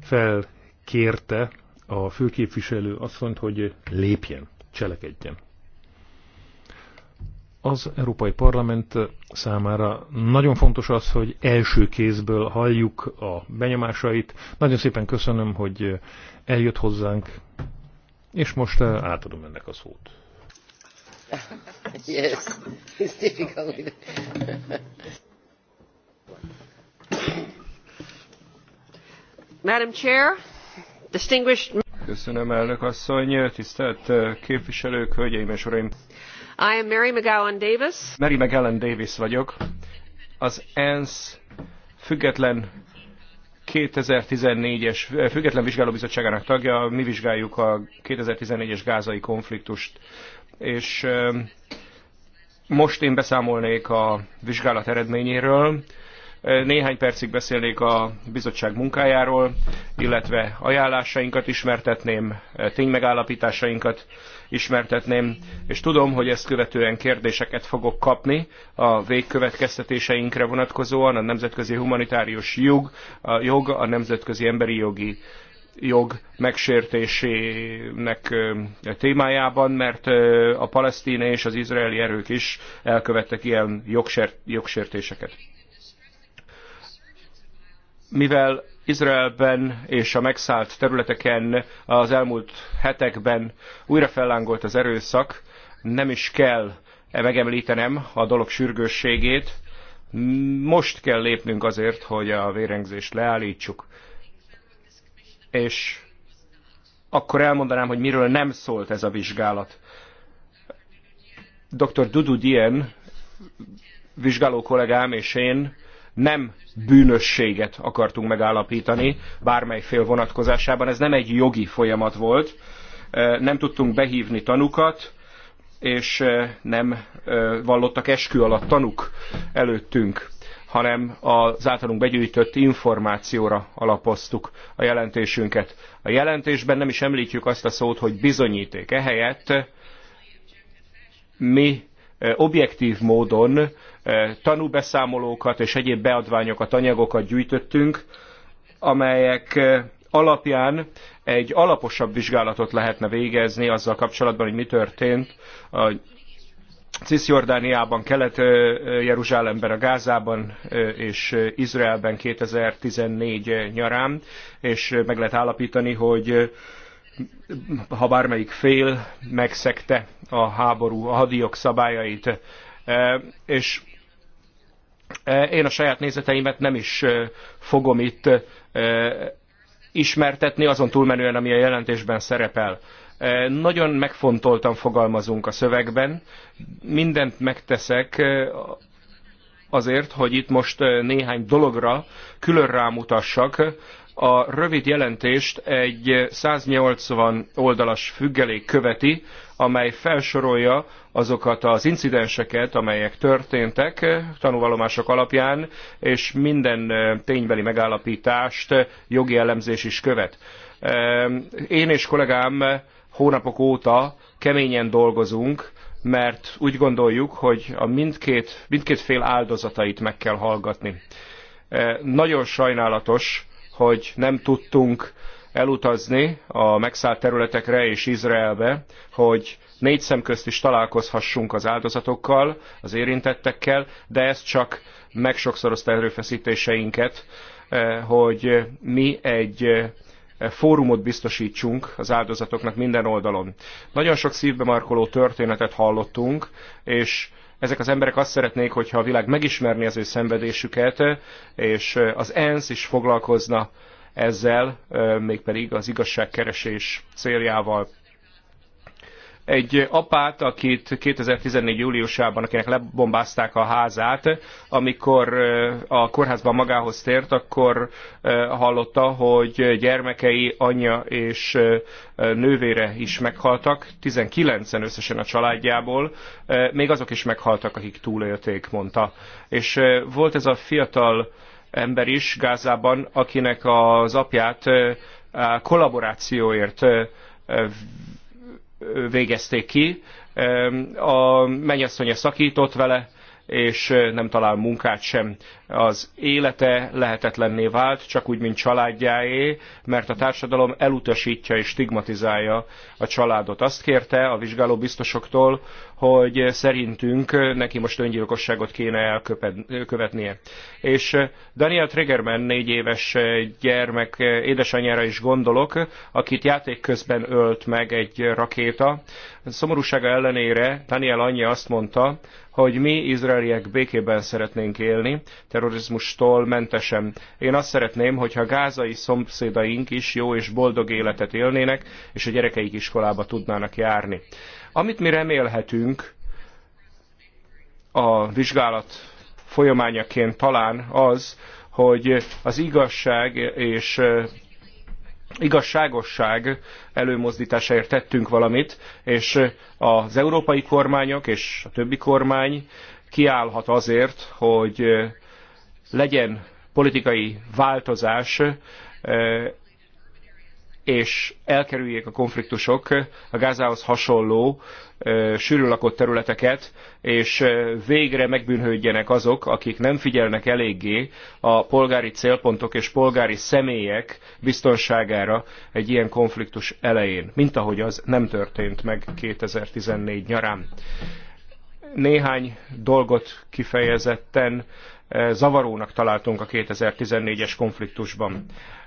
felkérte a főképviselő asszonyt, hogy lépjen, cselekedjen. Az Európai Parlament számára nagyon fontos az, hogy első kézből halljuk a benyomásait. Nagyon szépen köszönöm, hogy eljött hozzánk, és most eh, átadom ennek a szót. Yes, it's difficult. Madam Chair, distinguished... Köszönöm, elnök asszony, tisztelt eh, képviselők, hölgyeim és uraim. I am Mary McGowan Davis. Mary McGowan Davis vagyok. Az ENSZ független 2014-es eh, Független Vizsgálóbizottságának tagja, mi vizsgáljuk a 2014-es gázai konfliktust, és eh, most én beszámolnék a vizsgálat eredményéről, néhány percig beszélnék a bizottság munkájáról, illetve ajánlásainkat ismertetném, ténymegállapításainkat ismertetném, és tudom, hogy ezt követően kérdéseket fogok kapni a végkövetkeztetéseinkre vonatkozóan, a nemzetközi humanitárius jog, a, jog, a nemzetközi emberi jogi jog megsértésének témájában, mert a palesztíne és az izraeli erők is elkövettek ilyen jogsért, jogsértéseket mivel Izraelben és a megszállt területeken az elmúlt hetekben újra fellángolt az erőszak, nem is kell e megemlítenem a dolog sürgősségét. Most kell lépnünk azért, hogy a vérengzést leállítsuk. És akkor elmondanám, hogy miről nem szólt ez a vizsgálat. Dr. Dudu Dien, vizsgáló kollégám és én nem bűnösséget akartunk megállapítani bármely fél vonatkozásában. Ez nem egy jogi folyamat volt. Nem tudtunk behívni tanukat, és nem vallottak eskü alatt tanuk előttünk hanem az általunk begyűjtött információra alapoztuk a jelentésünket. A jelentésben nem is említjük azt a szót, hogy bizonyíték. Ehelyett mi objektív módon tanúbeszámolókat és egyéb beadványokat, anyagokat gyűjtöttünk, amelyek alapján egy alaposabb vizsgálatot lehetne végezni azzal kapcsolatban, hogy mi történt a Cisjordániában, Kelet-Jeruzsálemben, a Gázában és Izraelben 2014 nyarán, és meg lehet állapítani, hogy ha bármelyik fél megszegte a háború, a hadiok szabályait, és én a saját nézeteimet nem is fogom itt ismertetni, azon túlmenően, ami a jelentésben szerepel. Nagyon megfontoltan fogalmazunk a szövegben, mindent megteszek azért, hogy itt most néhány dologra külön rámutassak, a rövid jelentést egy 180 oldalas függelék követi, amely felsorolja azokat az incidenseket, amelyek történtek eh, tanúvallomások alapján, és minden eh, ténybeli megállapítást eh, jogi elemzés is követ. Én és kollégám hónapok óta keményen dolgozunk, mert úgy gondoljuk, hogy a mindkét, mindkét fél áldozatait meg kell hallgatni. Nagyon sajnálatos, hogy nem tudtunk elutazni a megszállt területekre és Izraelbe, hogy négy szem közt is találkozhassunk az áldozatokkal, az érintettekkel, de ez csak megsokszorozta erőfeszítéseinket, eh, hogy mi egy eh, fórumot biztosítsunk az áldozatoknak minden oldalon. Nagyon sok szívbemarkoló történetet hallottunk, és ezek az emberek azt szeretnék, hogyha a világ megismerni az ő szenvedésüket, és az ENSZ is foglalkozna ezzel, mégpedig az igazságkeresés céljával egy apát, akit 2014. júliusában, akinek lebombázták a házát, amikor a kórházban magához tért, akkor hallotta, hogy gyermekei, anyja és nővére is meghaltak, 19-en összesen a családjából, még azok is meghaltak, akik túlélték, mondta. És volt ez a fiatal ember is Gázában, akinek az apját kollaborációért végezték ki. A mennyasszonya szakított vele, és eh, nem talál munkát sem az élete lehetetlenné vált, csak úgy, mint családjáé, mert a társadalom elutasítja és stigmatizálja a családot. Azt kérte a vizsgáló biztosoktól, hogy szerintünk neki most öngyilkosságot kéne elkövetnie. És Daniel Triggerman négy éves gyermek édesanyjára is gondolok, akit játék közben ölt meg egy rakéta. Szomorúsága ellenére Daniel anyja azt mondta, hogy mi izraeliek békében szeretnénk élni, terrorizmustól mentesen. Én azt szeretném, hogyha a gázai szomszédaink is jó és boldog életet élnének, és a gyerekeik iskolába tudnának járni. Amit mi remélhetünk a vizsgálat folyamányaként talán az, hogy az igazság és igazságosság előmozdításáért tettünk valamit, és az európai kormányok és a többi kormány kiállhat azért, hogy legyen politikai változás, és elkerüljék a konfliktusok a Gázához hasonló sűrű lakott területeket, és végre megbűnhődjenek azok, akik nem figyelnek eléggé a polgári célpontok és polgári személyek biztonságára egy ilyen konfliktus elején, mint ahogy az nem történt meg 2014 nyarán. Néhány dolgot kifejezetten Eh, zavarónak találtunk a 2014-es konfliktusban.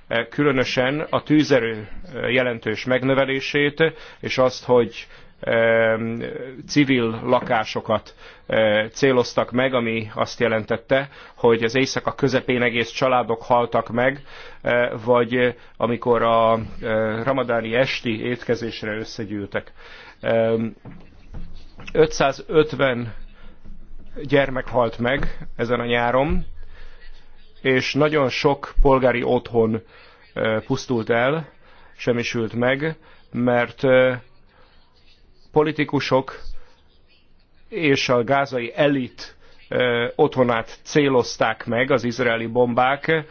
Eh, különösen a tűzerő eh, jelentős megnövelését, és azt, hogy civil lakásokat céloztak meg, ami azt jelentette, hogy az éjszaka közepén egész családok haltak meg, vagy amikor a ramadáni esti étkezésre összegyűltek. 550 gyermek halt meg ezen a nyáron, és nagyon sok polgári otthon pusztult el, semmisült meg, mert politikusok és a gázai elit otthonát célozták meg az izraeli bombák,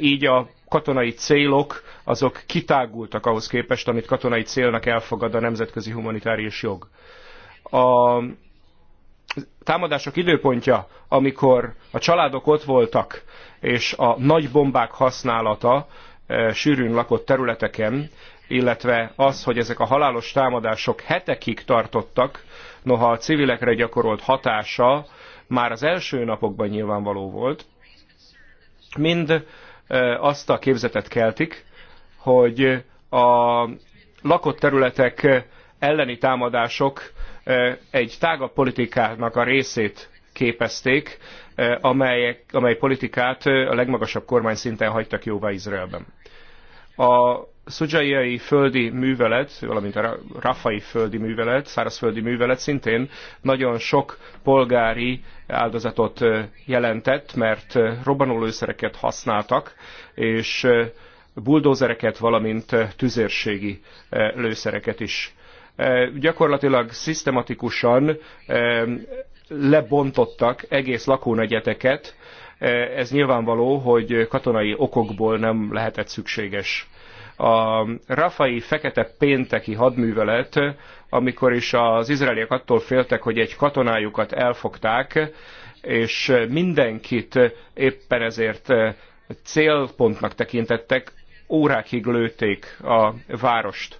így a katonai célok azok kitágultak ahhoz képest, amit katonai célnak elfogad a nemzetközi humanitárius jog. A támadások időpontja, amikor a családok ott voltak, és a nagy bombák használata e, sűrűn lakott területeken, illetve az, hogy ezek a halálos támadások hetekig tartottak, noha a civilekre gyakorolt hatása már az első napokban nyilvánvaló volt, mind e, azt a képzetet keltik, hogy a lakott területek elleni támadások egy tágabb politikának a részét képezték, amelyek, amely politikát a legmagasabb kormány szinten hagytak jóvá Izraelben. A szudzsaiai földi művelet, valamint a rafai földi művelet, szárazföldi művelet szintén nagyon sok polgári áldozatot jelentett, mert robbanólőszereket használtak, és buldózereket, valamint tüzérségi lőszereket is Eh, gyakorlatilag szisztematikusan eh, lebontottak egész lakónegyeteket. Eh, ez nyilvánvaló, hogy katonai okokból nem lehetett szükséges. A Rafai fekete pénteki hadművelet, amikor is az izraeliek attól féltek, hogy egy katonájukat elfogták, és mindenkit éppen ezért célpontnak tekintettek, órákig lőtték a várost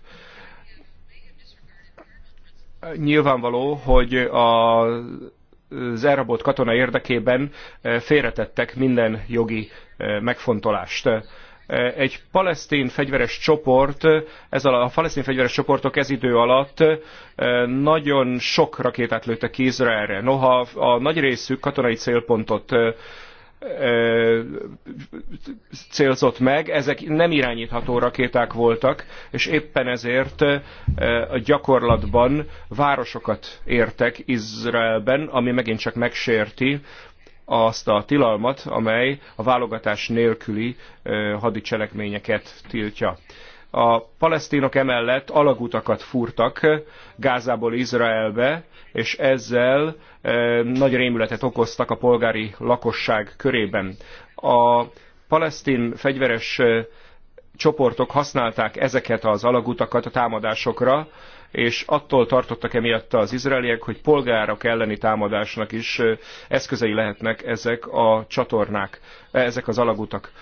nyilvánvaló, hogy a, az elrabolt katona érdekében e, félretettek minden jogi e, megfontolást e, egy palesztin fegyveres csoport, ez a, a palesztin fegyveres csoportok ez idő alatt nagyon sok rakétát lőttek ki Izraelre. Noha a nagy részük katonai célpontot célzott meg. Ezek nem irányítható rakéták voltak, és éppen ezért a gyakorlatban városokat értek Izraelben, ami megint csak megsérti azt a tilalmat, amely a válogatás nélküli hadicselekményeket tiltja. A palesztinok emellett alagutakat fúrtak Gázából Izraelbe, és ezzel eh, nagy rémületet okoztak a polgári lakosság körében. A palesztin fegyveres eh, csoportok használták ezeket az alagutakat a támadásokra, és attól tartottak emiatt az izraeliek, hogy polgárok elleni támadásnak is eszközei lehetnek ezek a csatornák, ezek az alagutak.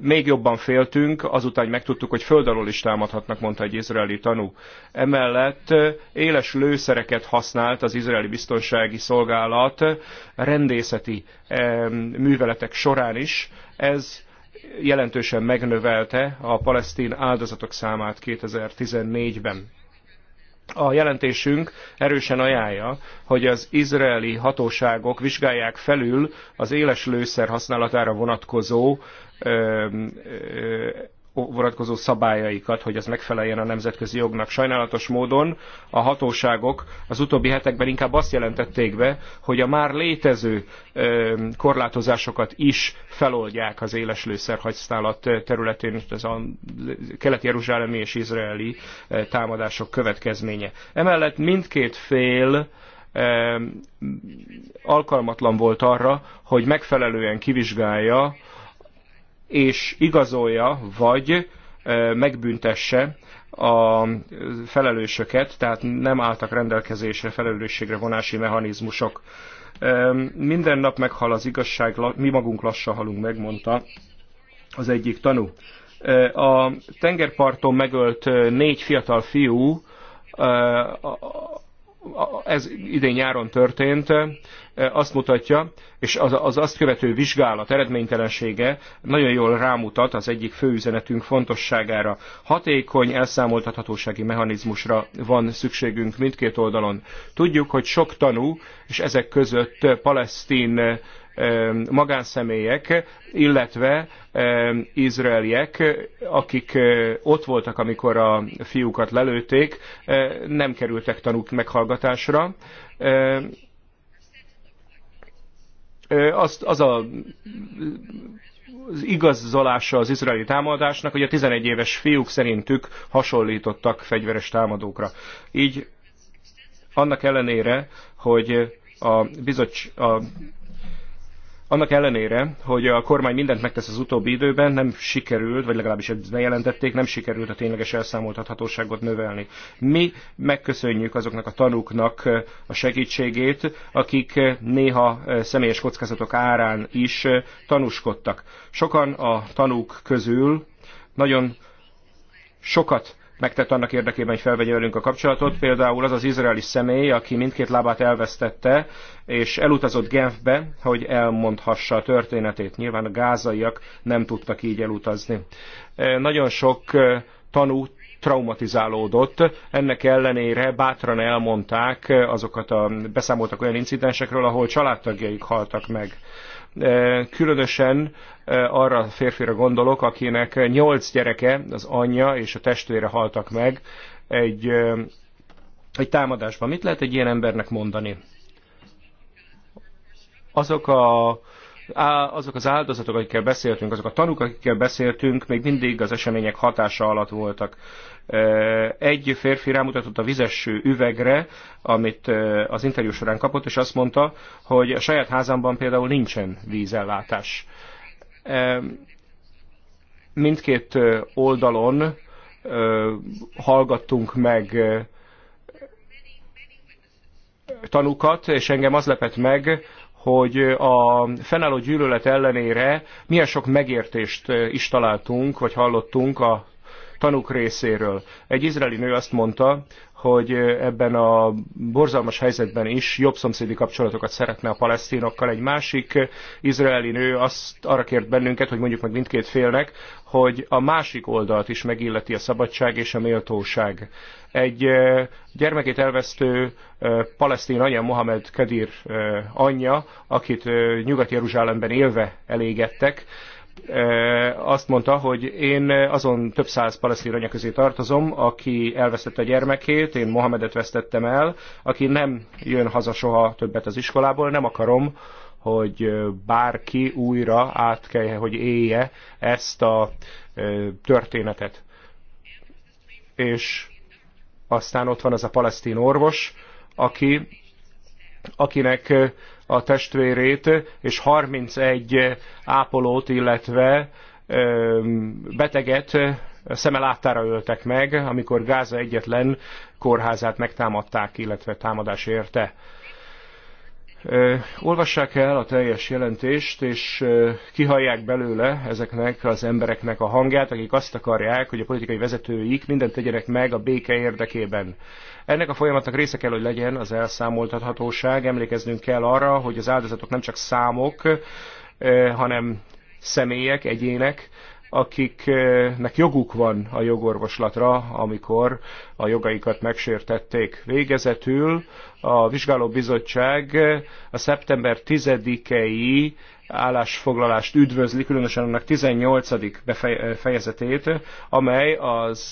Még jobban féltünk, azután hogy megtudtuk, hogy föld alól is támadhatnak, mondta egy izraeli tanú. Emellett éles lőszereket használt az izraeli biztonsági szolgálat rendészeti műveletek során is. Ez jelentősen megnövelte a palesztin áldozatok számát 2014-ben. A jelentésünk erősen ajánlja, hogy az izraeli hatóságok vizsgálják felül az éles lőszer használatára vonatkozó vonatkozó szabályaikat, hogy az megfeleljen a nemzetközi jognak. Sajnálatos módon a hatóságok az utóbbi hetekben inkább azt jelentették be, hogy a már létező korlátozásokat is feloldják az éles lőszerhasználat területén, ez a kelet-jeruzsálemi és izraeli támadások következménye. Emellett mindkét fél alkalmatlan volt arra, hogy megfelelően kivizsgálja és igazolja, vagy megbüntesse a felelősöket, tehát nem álltak rendelkezésre felelősségre vonási mechanizmusok. Minden nap meghal az igazság, mi magunk lassan halunk, megmondta az egyik tanú. A tengerparton megölt négy fiatal fiú ez idén nyáron történt, e, azt mutatja, és az, az azt követő vizsgálat eredménytelensége nagyon jól rámutat az egyik fő üzenetünk fontosságára. Hatékony elszámoltathatósági mechanizmusra van szükségünk mindkét oldalon. Tudjuk, hogy sok tanú, és ezek között palesztin e, magánszemélyek, illetve izraeliek, akik ott voltak, amikor a fiúkat lelőtték, nem kerültek tanúk meghallgatásra. Az, az a az igazolása az izraeli támadásnak, hogy a 11 éves fiúk szerintük hasonlítottak fegyveres támadókra. Így annak ellenére, hogy a, bizottság, a annak ellenére, hogy a kormány mindent megtesz az utóbbi időben, nem sikerült, vagy legalábbis ezt bejelentették, nem sikerült a tényleges elszámoltathatóságot növelni. Mi megköszönjük azoknak a tanúknak a segítségét, akik néha személyes kockázatok árán is tanúskodtak. Sokan a tanúk közül nagyon sokat megtett annak érdekében, hogy felvegye velünk a kapcsolatot. Például az az izraeli személy, aki mindkét lábát elvesztette, és elutazott Genfbe, hogy elmondhassa a történetét. Nyilván a gázaiak nem tudtak így elutazni. E, nagyon sok e, tanú traumatizálódott. Ennek ellenére bátran elmondták e, azokat a beszámoltak olyan incidensekről, ahol családtagjaik haltak meg. Különösen arra a férfira gondolok, akinek nyolc gyereke, az anyja és a testvére haltak meg egy, egy támadásban. Mit lehet egy ilyen embernek mondani? Azok a azok az áldozatok, akikkel beszéltünk, azok a tanúk, akikkel beszéltünk, még mindig az események hatása alatt voltak. Egy férfi rámutatott a vizes üvegre, amit az interjú során kapott, és azt mondta, hogy a saját házamban például nincsen vízellátás. Mindkét oldalon hallgattunk meg tanúkat, és engem az lepett meg, hogy a fennálló gyűlölet ellenére milyen sok megértést is találtunk, vagy hallottunk a tanúk részéről. Egy izraeli nő azt mondta, hogy ebben a borzalmas helyzetben is jobb szomszédi kapcsolatokat szeretne a palesztinokkal. Egy másik izraeli nő azt arra kért bennünket, hogy mondjuk meg mindkét félnek, hogy a másik oldalt is megilleti a szabadság és a méltóság. Egy eh, gyermekét elvesztő eh, palesztin anya, Mohamed Kadir eh, anyja, akit Nyugat-Jeruzsálemben élve elégettek, Eh, azt mondta, hogy én azon több száz palesztin anya közé tartozom, aki elvesztette a gyermekét, én Mohamedet vesztettem el, aki nem jön haza soha többet az iskolából, nem akarom, hogy eh, bárki újra át kell, hogy élje ezt a eh, történetet. És aztán ott van az a palesztin orvos, aki, akinek a testvérét, és 31 ápolót, illetve beteget szemeláttára öltek meg, amikor Gáza egyetlen kórházát megtámadták, illetve támadás érte. Olvassák el a teljes jelentést, és kihallják belőle ezeknek az embereknek a hangját, akik azt akarják, hogy a politikai vezetőik mindent tegyenek meg a béke érdekében. Ennek a folyamatnak része kell, hogy legyen az elszámoltathatóság. Emlékeznünk kell arra, hogy az áldozatok nem csak számok, hanem személyek, egyének, akiknek joguk van a jogorvoslatra, amikor a jogaikat megsértették. Végezetül a vizsgálóbizottság a szeptember 10-i állásfoglalást üdvözli, különösen annak 18. fejezetét, amely az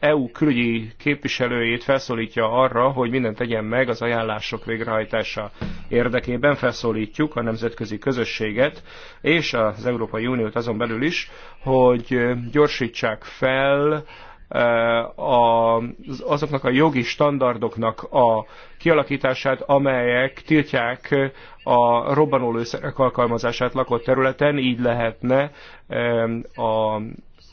EU külügyi képviselőjét felszólítja arra, hogy mindent tegyen meg az ajánlások végrehajtása érdekében. Felszólítjuk a nemzetközi közösséget és az Európai Uniót azon belül is, hogy gyorsítsák fel azoknak a jogi standardoknak a kialakítását, amelyek tiltják a robbanólőszerek alkalmazását lakott területen, így lehetne a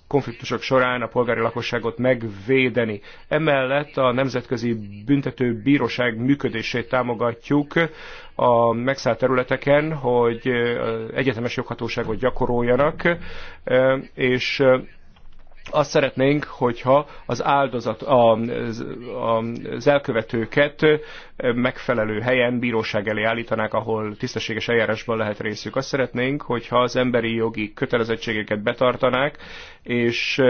konfliktusok során a polgári lakosságot megvédeni. Emellett a Nemzetközi Büntető Bíróság működését támogatjuk a megszállt területeken, hogy egyetemes joghatóságot gyakoroljanak, és azt szeretnénk, hogyha az áldozat, a, az elkövetőket megfelelő helyen bíróság elé állítanák, ahol tisztességes eljárásban lehet részük. Azt szeretnénk, hogyha az emberi jogi kötelezettségeket betartanák, és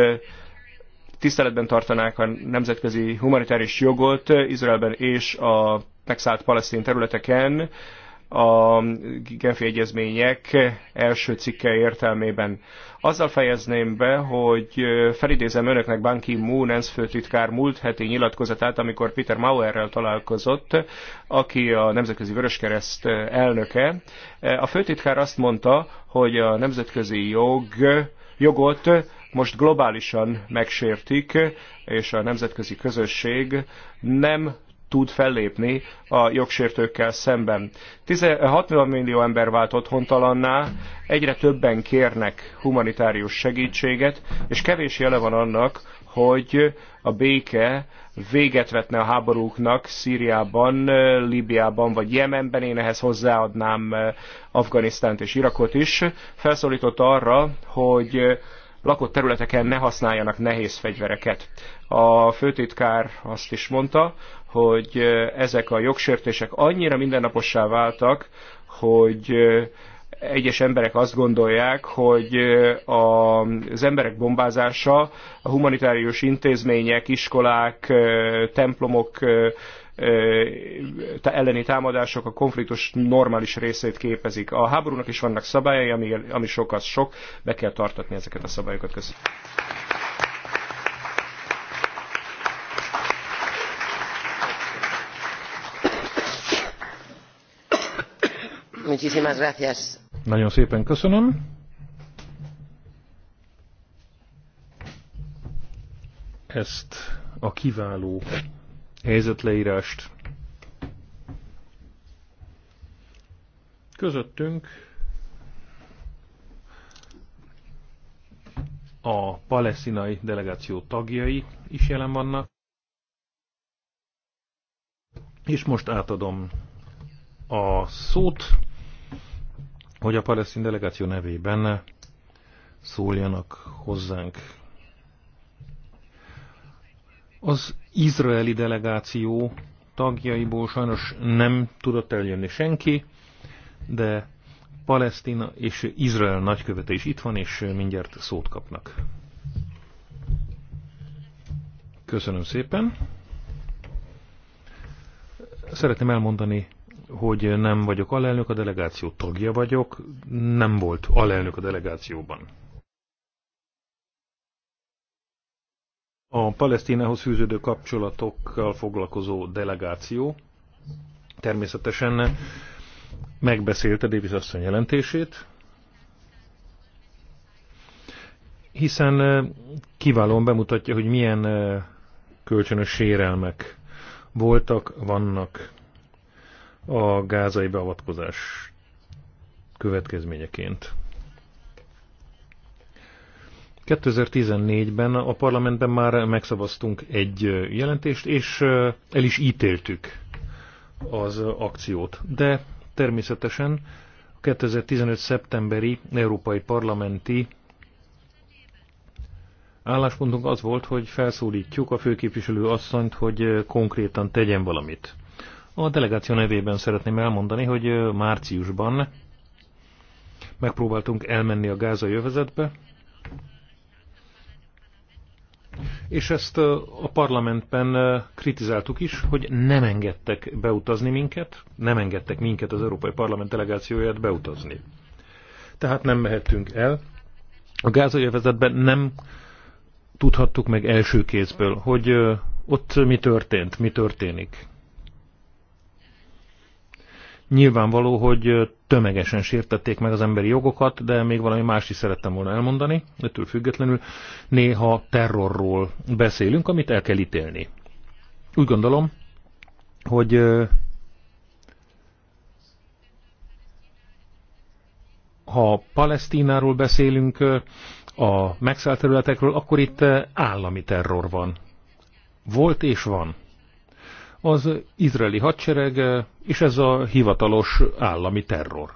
tiszteletben tartanák a nemzetközi humanitáris jogot Izraelben és a megszállt palesztin területeken, a Genfi Egyezmények első cikke értelmében. Azzal fejezném be, hogy felidézem önöknek Ban Ki-moon ENSZ főtitkár múlt heti nyilatkozatát, amikor Peter Mauerrel találkozott, aki a Nemzetközi Vöröskereszt elnöke. A főtitkár azt mondta, hogy a nemzetközi jog, jogot most globálisan megsértik, és a nemzetközi közösség nem tud fellépni a jogsértőkkel szemben. 60 millió ember vált otthontalanná, egyre többen kérnek humanitárius segítséget, és kevés jele van annak, hogy a béke véget vetne a háborúknak Szíriában, Líbiában vagy Jemenben, én ehhez hozzáadnám Afganisztánt és Irakot is, felszólított arra, hogy lakott területeken ne használjanak nehéz fegyvereket. A főtitkár azt is mondta, hogy ezek a jogsértések annyira mindennapossá váltak, hogy egyes emberek azt gondolják, hogy az emberek bombázása a humanitárius intézmények, iskolák, templomok elleni támadások a konfliktus normális részét képezik. A háborúnak is vannak szabályai, ami, ami sok az sok, be kell tartatni ezeket a szabályokat. Köszönöm. Muchísimas gracias. Nagyon szépen köszönöm. Ezt a kiváló helyzetleírást közöttünk a palesztinai delegáció tagjai is jelen vannak. És most átadom a szót hogy a palesztin delegáció nevében szóljanak hozzánk. Az izraeli delegáció tagjaiból sajnos nem tudott eljönni senki, de Palesztina és Izrael nagykövete is itt van, és mindjárt szót kapnak. Köszönöm szépen. Szeretném elmondani hogy nem vagyok alelnök, a delegáció tagja vagyok, nem volt alelnök a delegációban. A Palesztinához fűződő kapcsolatokkal foglalkozó delegáció természetesen megbeszélte Davis asszony jelentését, hiszen eh, kiválóan bemutatja, hogy milyen eh, kölcsönös sérelmek voltak, vannak a gázai beavatkozás következményeként. 2014-ben a parlamentben már megszavaztunk egy jelentést, és el is ítéltük az akciót. De természetesen a 2015. szeptemberi európai parlamenti álláspontunk az volt, hogy felszólítjuk a főképviselő asszonyt, hogy konkrétan tegyen valamit. A delegáció nevében szeretném elmondani, hogy márciusban megpróbáltunk elmenni a gázai övezetbe, és ezt a parlamentben kritizáltuk is, hogy nem engedtek beutazni minket, nem engedtek minket az Európai Parlament delegációját beutazni. Tehát nem mehettünk el. A gázai övezetben nem tudhattuk meg első kézből, hogy ott mi történt, mi történik. Nyilvánvaló, hogy tömegesen sértették meg az emberi jogokat, de még valami más is szerettem volna elmondani, ettől függetlenül néha terrorról beszélünk, amit el kell ítélni. Úgy gondolom, hogy ha Palesztináról beszélünk, a megszállt területekről, akkor itt állami terror van. Volt és van az izraeli hadsereg, és ez a hivatalos állami terror.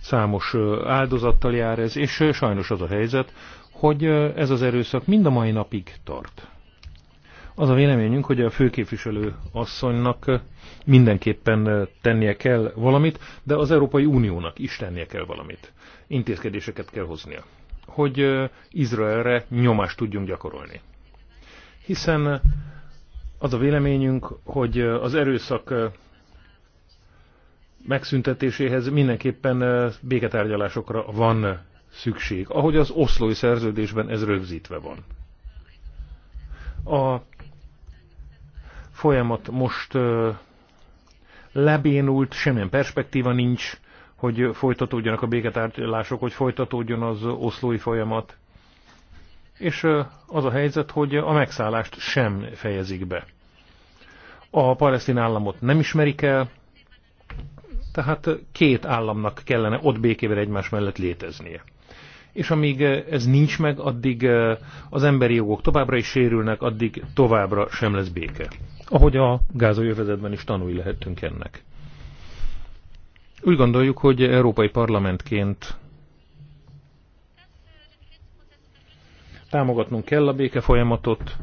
Számos áldozattal jár ez, és sajnos az a helyzet, hogy ez az erőszak mind a mai napig tart. Az a véleményünk, hogy a főképviselő asszonynak mindenképpen tennie kell valamit, de az Európai Uniónak is tennie kell valamit. Intézkedéseket kell hoznia, hogy Izraelre nyomást tudjunk gyakorolni. Hiszen az a véleményünk, hogy az erőszak megszüntetéséhez mindenképpen béketárgyalásokra van szükség, ahogy az oszlói szerződésben ez rögzítve van. A folyamat most lebénult, semmilyen perspektíva nincs, hogy folytatódjanak a béketárgyalások, hogy folytatódjon az oszlói folyamat és az a helyzet, hogy a megszállást sem fejezik be. A palesztin államot nem ismerik el, tehát két államnak kellene ott békével egymás mellett léteznie. És amíg ez nincs meg, addig az emberi jogok továbbra is sérülnek, addig továbbra sem lesz béke. Ahogy a gázoljövezetben is tanulni lehetünk ennek. Úgy gondoljuk, hogy Európai Parlamentként támogatnunk kell a béke folyamatot,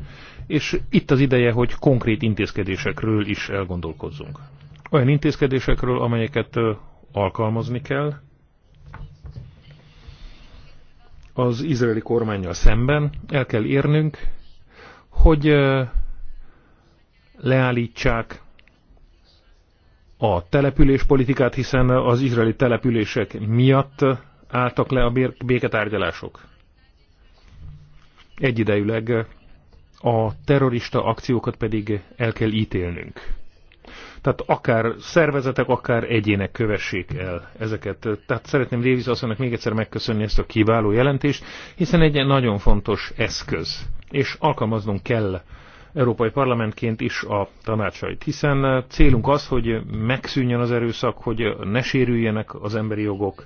és itt az ideje, hogy konkrét intézkedésekről is elgondolkozzunk. Olyan intézkedésekről, amelyeket alkalmazni kell az izraeli kormányjal szemben, el kell érnünk, hogy leállítsák a településpolitikát, hiszen az izraeli települések miatt álltak le a béketárgyalások. Egyidejűleg a terrorista akciókat pedig el kell ítélnünk. Tehát akár szervezetek, akár egyének kövessék el ezeket. Tehát szeretném Davis asszonynak még egyszer megköszönni ezt a kiváló jelentést, hiszen egy nagyon fontos eszköz, és alkalmaznunk kell Európai Parlamentként is a tanácsait, hiszen célunk az, hogy megszűnjön az erőszak, hogy ne sérüljenek az emberi jogok,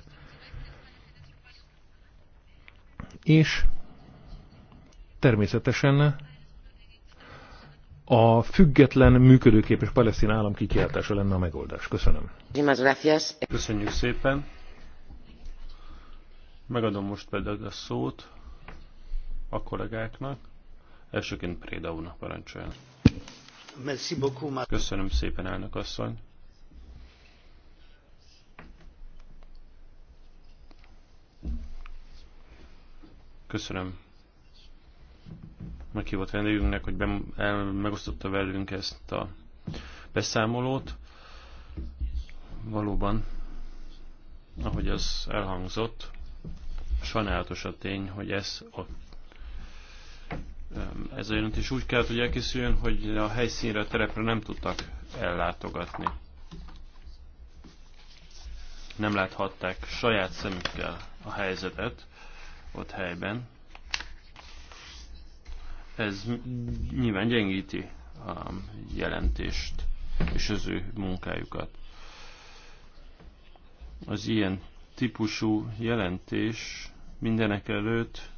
és természetesen a független, működőképes palesztin állam kikiáltása lenne a megoldás. Köszönöm. Köszönjük szépen. Megadom most pedig a szót a kollégáknak. Elsőként Préda úrnak parancsoljon. Köszönöm szépen, elnök asszony. Köszönöm meghívott vendégünknek, hogy be, el, megosztotta velünk ezt a beszámolót. Valóban, ahogy az elhangzott, sajnálatos a tény, hogy ez a ez a jelentés úgy kellett, hogy elkészüljön, hogy a helyszínre, a terepre nem tudtak ellátogatni. Nem láthatták saját szemükkel a helyzetet ott helyben. Ez nyilván gyengíti a jelentést és az ő munkájukat. Az ilyen típusú jelentés mindenek előtt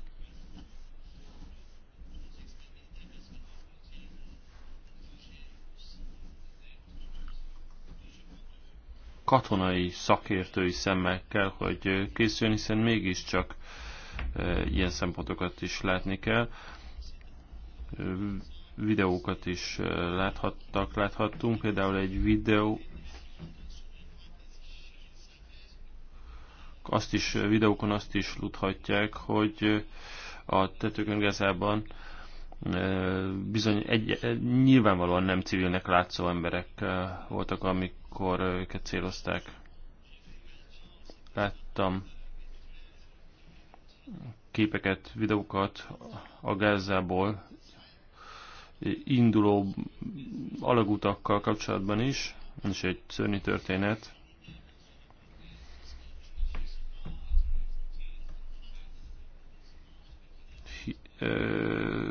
katonai szakértői szemmel kell, hogy készüljön, hiszen mégiscsak eh, ilyen szempontokat is látni kell videókat is eh, láthattak, láthattunk, például egy videó, azt is, videókon azt is luthatják, hogy eh, a tetőkön gazában eh, bizony egy, nyilvánvalóan nem civilnek látszó emberek voltak, amikor őket célozták. Láttam képeket, videókat a Gázából, induló alagutakkal kapcsolatban is, és egy szörnyű történet,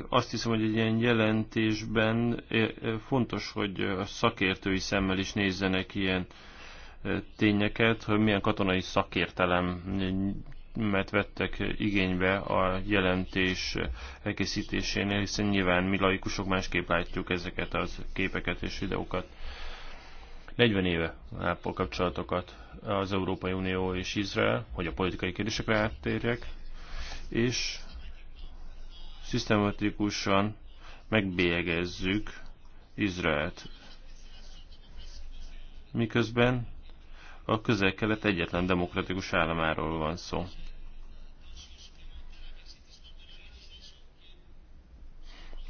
azt hiszem, hogy egy ilyen jelentésben fontos, hogy a szakértői szemmel is nézzenek ilyen tényeket, hogy milyen katonai szakértelem figyelmet vettek igénybe a jelentés elkészítésénél, hiszen nyilván mi laikusok másképp látjuk ezeket az képeket és videókat. 40 éve ápol kapcsolatokat az Európai Unió és Izrael, hogy a politikai kérdésekre áttérjek, és szisztematikusan megbélyegezzük Izraelt. Miközben a közel-kelet egyetlen demokratikus államáról van szó.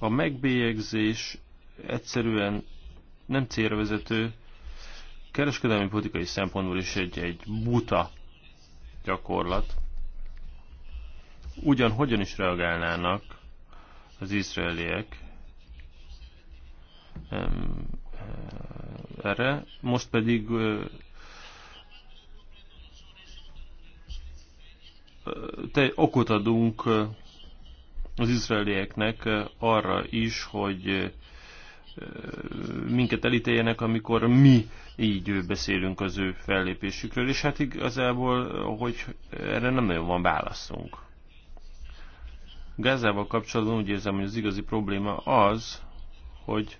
A megbélyegzés egyszerűen nem vezető, kereskedelmi politikai szempontból is egy, egy buta gyakorlat. Ugyan hogyan is reagálnának az izraeliek eh, erre, most pedig eh, eh, te okot adunk az izraelieknek arra is, hogy minket elítéljenek, amikor mi így beszélünk az ő fellépésükről, és hát igazából, hogy erre nem nagyon van válaszunk. Gázával kapcsolatban úgy érzem, hogy az igazi probléma az, hogy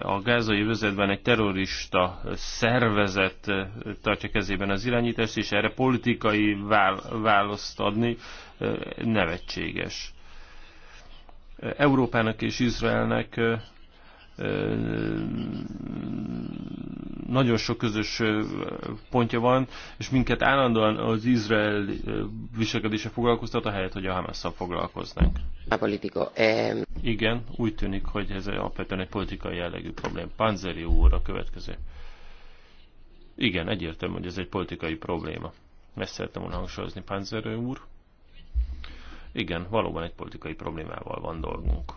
a gázai vezetben egy terrorista szervezet eh, tartja kezében az irányítást, és erre politikai választ adni eh, nevetséges. Eh, Európának és Izraelnek nagyon sok közös pontja van, és minket állandóan az Izrael viselkedése foglalkoztat, ahelyett, hogy a Hamasszal foglalkoznánk. A politika. Igen, úgy tűnik, hogy ez alapvetően egy politikai jellegű probléma. Panzeri úr a következő. Igen, egyértelmű, hogy ez egy politikai probléma. Ezt szeretem volna hangsúlyozni, Panzeri úr. Igen, valóban egy politikai problémával van dolgunk.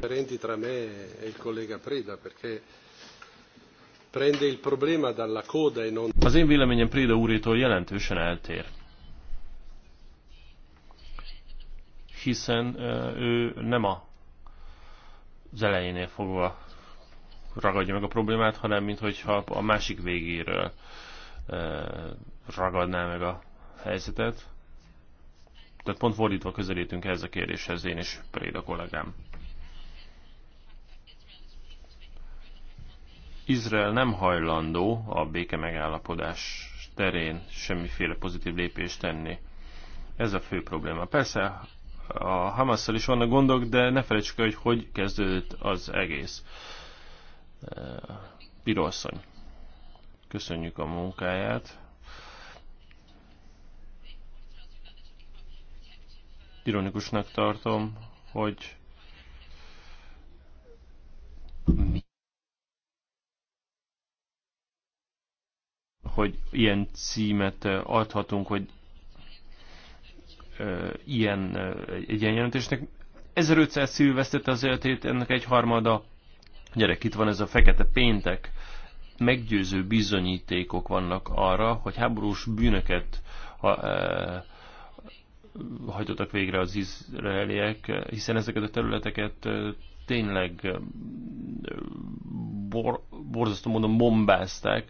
Rendi tra me e il collega Preda, perché prende il problema dalla coda e non... Az én véleményem Préda úrétól jelentősen eltér. Hiszen ő nem a az elejénél fogva ragadja meg a problémát, hanem mintha a másik végéről e, ragadná meg a helyzetet. Tehát pont fordítva közelítünk ehhez a kérdéshez én is Préda kollégám. Izrael nem hajlandó a béke megállapodás terén semmiféle pozitív lépést tenni. Ez a fő probléma. Persze a Hamasszal is vannak gondok, de ne felejtsük el, hogy hogy kezdődött az egész. Pirosszony. Köszönjük a munkáját. Ironikusnak tartom, hogy hogy ilyen címet adhatunk, hogy ilyen, egy ilyen jelentésnek. 1500 szívű vesztette az életét, ennek egy harmada. Gyerek, itt van ez a fekete péntek. Meggyőző bizonyítékok vannak arra, hogy háborús bűnöket ha, e, hajtottak végre az izraeliek, hiszen ezeket a területeket tényleg bor, borzasztó módon bombázták,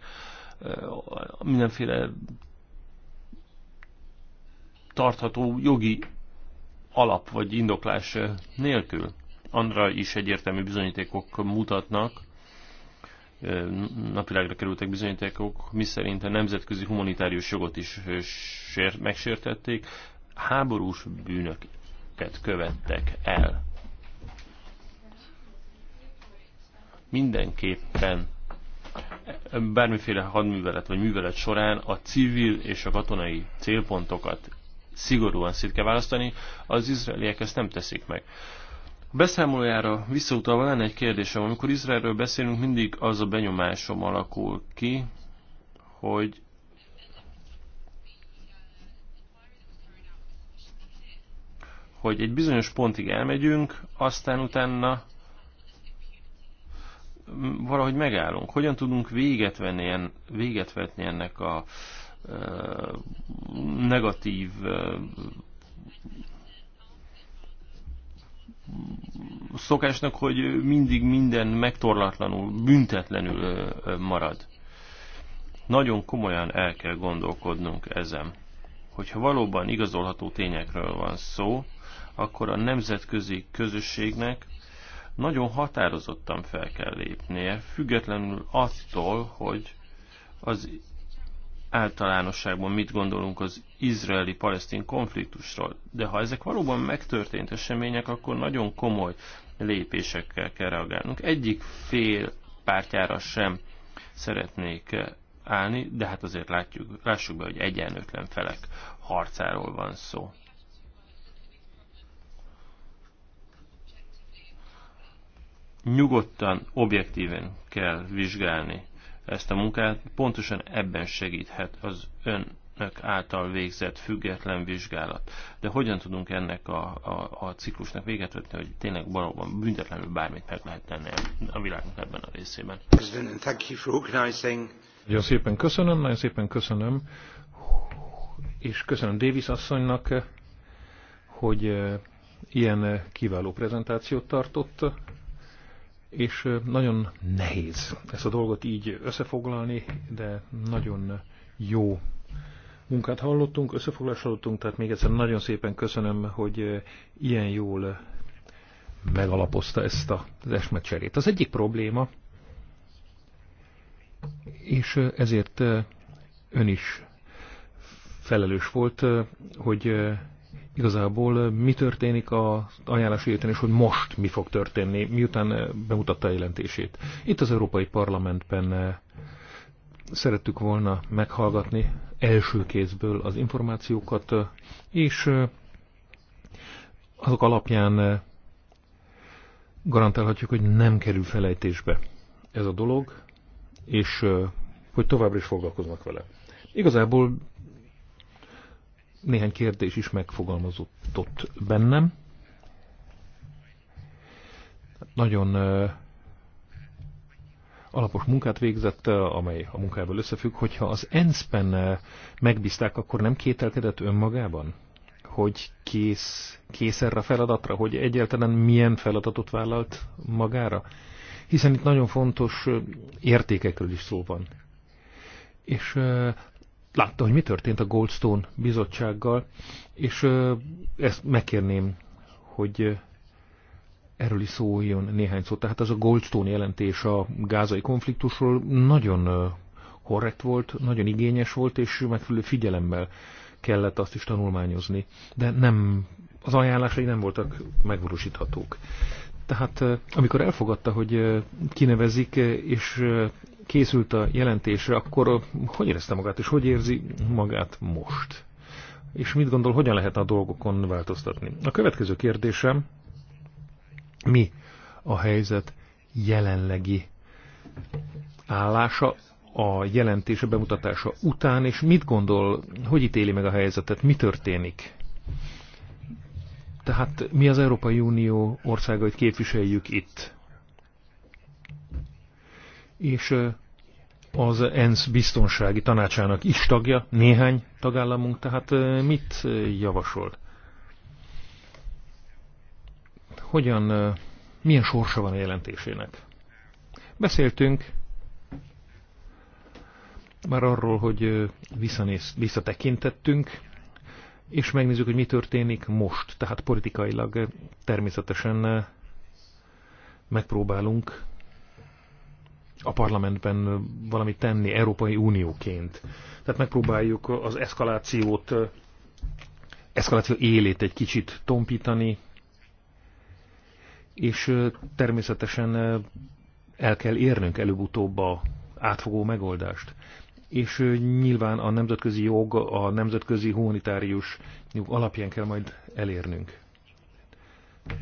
mindenféle tartható jogi alap vagy indoklás nélkül. Andra is egyértelmű bizonyítékok mutatnak, napvilágra kerültek bizonyítékok, miszerint a nemzetközi humanitárius jogot is megsértették, háborús bűnöket követtek el. Mindenképpen bármiféle hadművelet vagy művelet során a civil és a katonai célpontokat szigorúan szét kell választani, az izraeliek ezt nem teszik meg. A beszámolójára visszautalva lenne egy kérdésem, amikor Izraelről beszélünk, mindig az a benyomásom alakul ki, hogy hogy egy bizonyos pontig elmegyünk, aztán utána valahogy megállunk. Hogyan tudunk véget, venni, véget vetni ennek a negatív szokásnak, hogy mindig minden megtorlatlanul, büntetlenül marad. Nagyon komolyan el kell gondolkodnunk ezen. Hogyha valóban igazolható tényekről van szó, akkor a nemzetközi közösségnek nagyon határozottan fel kell lépnie, függetlenül attól, hogy az általánosságban mit gondolunk az izraeli-palesztin konfliktusról, de ha ezek valóban megtörtént események, akkor nagyon komoly lépésekkel kell reagálnunk. Egyik fél pártjára sem szeretnék állni, de hát azért látjuk, lássuk be, hogy egyenlőtlen felek harcáról van szó. Nyugodtan, objektíven kell vizsgálni ezt a munkát, pontosan ebben segíthet az önök által végzett független vizsgálat. De hogyan tudunk ennek a, a, a ciklusnak véget vetni, hogy tényleg valóban büntetlenül bármit meg lehet tenni a világnak ebben a részében? Nagyon szépen köszönöm, nagyon szépen köszönöm, és köszönöm Davis asszonynak, hogy eh, ilyen eh, kiváló prezentációt tartott és nagyon nehéz ezt a dolgot így összefoglalni, de nagyon jó munkát hallottunk, összefoglalást hallottunk, tehát még egyszer nagyon szépen köszönöm, hogy ilyen jól megalapozta ezt az esmecserét. Az egyik probléma, és ezért ön is felelős volt, hogy igazából mi történik az ajánlás ügyetén, és hogy most mi fog történni, miután bemutatta a jelentését. Itt az Európai Parlamentben szerettük volna meghallgatni első kézből az információkat, és azok alapján garantálhatjuk, hogy nem kerül felejtésbe ez a dolog, és hogy továbbra is foglalkoznak vele. Igazából néhány kérdés is megfogalmazott bennem. Nagyon alapos munkát végzett, amely a munkával összefügg, hogyha az ENSZ-ben megbízták, akkor nem kételkedett önmagában? Hogy kész, kész erre a feladatra? Hogy egyáltalán milyen feladatot vállalt magára? Hiszen itt nagyon fontos értékekről is szó van. És láttam, hogy mi történt a Goldstone bizottsággal, és ezt megkérném, hogy erről is szóljon néhány szó. Tehát az a Goldstone jelentés a gázai konfliktusról nagyon korrekt volt, nagyon igényes volt, és megfelelő figyelemmel kellett azt is tanulmányozni. De nem, az ajánlásai nem voltak megvalósíthatók. Tehát amikor elfogadta, hogy kinevezik, és készült a jelentésre, akkor hogy érezte magát, és hogy érzi magát most? És mit gondol, hogyan lehet a dolgokon változtatni? A következő kérdésem, mi a helyzet jelenlegi állása, a jelentése bemutatása után, és mit gondol, hogy ítéli meg a helyzetet, mi történik? Tehát mi az Európai Unió országait képviseljük itt? és az ENSZ biztonsági tanácsának is tagja, néhány tagállamunk, tehát mit javasol? Hogyan, milyen sorsa van a jelentésének? Beszéltünk már arról, hogy visszanéz, visszatekintettünk, és megnézzük, hogy mi történik most. Tehát politikailag természetesen megpróbálunk a parlamentben valamit tenni Európai Unióként. Tehát megpróbáljuk az eszkalációt, eszkaláció élét egy kicsit tompítani, és természetesen el kell érnünk előbb-utóbb a átfogó megoldást. És nyilván a nemzetközi jog, a nemzetközi humanitárius jog alapján kell majd elérnünk.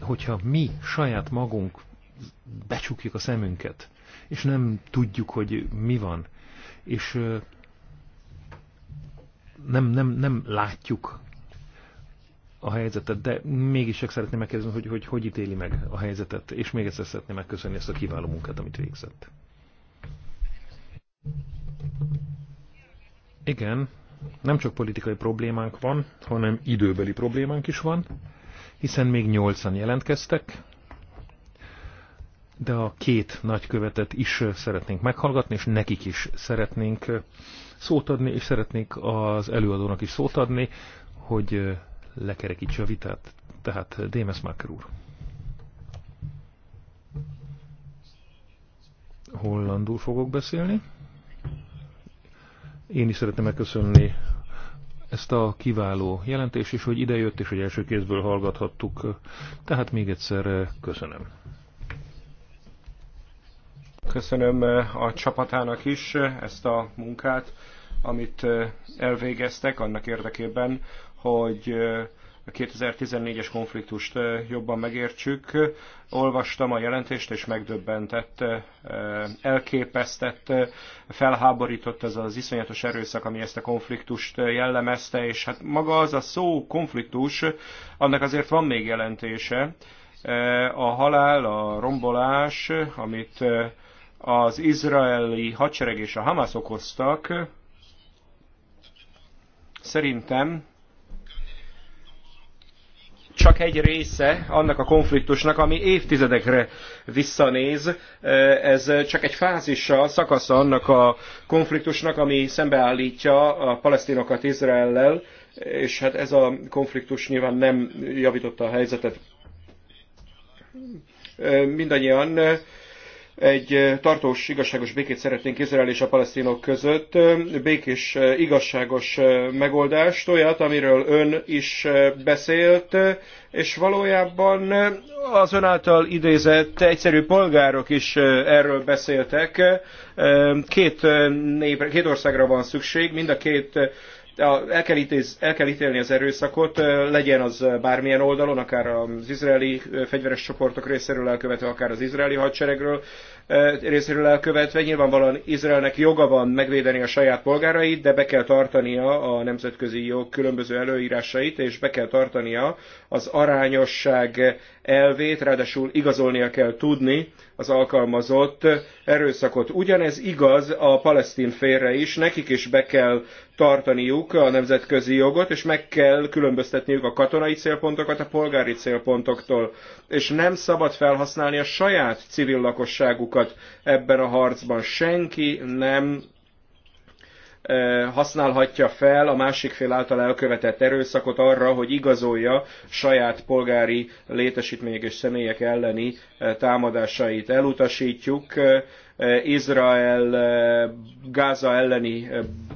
Hogyha mi saját magunk becsukjuk a szemünket, és nem tudjuk, hogy mi van, és nem, nem, nem látjuk a helyzetet, de mégis csak szeretném megkérdezni, hogy, hogy hogy ítéli meg a helyzetet, és még egyszer szeretném megköszönni ezt a kiváló munkát, amit végzett. Igen, nem csak politikai problémánk van, hanem időbeli problémánk is van, hiszen még nyolcan jelentkeztek, de a két nagykövetet is szeretnénk meghallgatni, és nekik is szeretnénk szót adni, és szeretnénk az előadónak is szót adni, hogy lekerekítse a vitát. Tehát Démes Máker úr. Hollandul fogok beszélni. Én is szeretném megköszönni ezt a kiváló jelentést, és hogy idejött, és hogy első kézből hallgathattuk. Tehát még egyszer eh, köszönöm. Köszönöm eh, a csapatának is eh, ezt a munkát, amit eh, elvégeztek annak érdekében, hogy a 2014-es konfliktust jobban megértsük. Olvastam a jelentést, és megdöbbentett, elképesztett, felháborított ez az iszonyatos erőszak, ami ezt a konfliktust jellemezte, és hát maga az a szó konfliktus, annak azért van még jelentése. A halál, a rombolás, amit az izraeli hadsereg és a Hamas okoztak, szerintem csak egy része annak a konfliktusnak, ami évtizedekre visszanéz. Ez csak egy fázisa, szakasza annak a konfliktusnak, ami szembeállítja a palesztinokat Izraellel, és hát ez a konfliktus nyilván nem javította a helyzetet. Mindannyian egy tartós, igazságos békét szeretnénk Izrael és a palesztinok között, békés, igazságos megoldást, olyat, amiről ön is beszélt, és valójában az ön által idézett egyszerű polgárok is erről beszéltek. Két, népre, két országra van szükség, mind a két el kell, ítéz, el kell ítélni az erőszakot, legyen az bármilyen oldalon, akár az izraeli fegyveres csoportok részéről elkövetve, akár az izraeli hadseregről részéről elkövetve. Nyilvánvalóan Izraelnek joga van megvédeni a saját polgárait, de be kell tartania a nemzetközi jog különböző előírásait, és be kell tartania az arányosság elvét, ráadásul igazolnia kell tudni, az alkalmazott erőszakot. Ugyanez igaz a palesztin félre is, nekik is be kell tartaniuk a nemzetközi jogot, és meg kell különböztetniük a katonai célpontokat a polgári célpontoktól, és nem szabad felhasználni a saját civil lakosságukat ebben a harcban. Senki nem használhatja fel a másik fél által elkövetett erőszakot arra, hogy igazolja saját polgári létesítmények és személyek elleni támadásait. Elutasítjuk Izrael Gáza elleni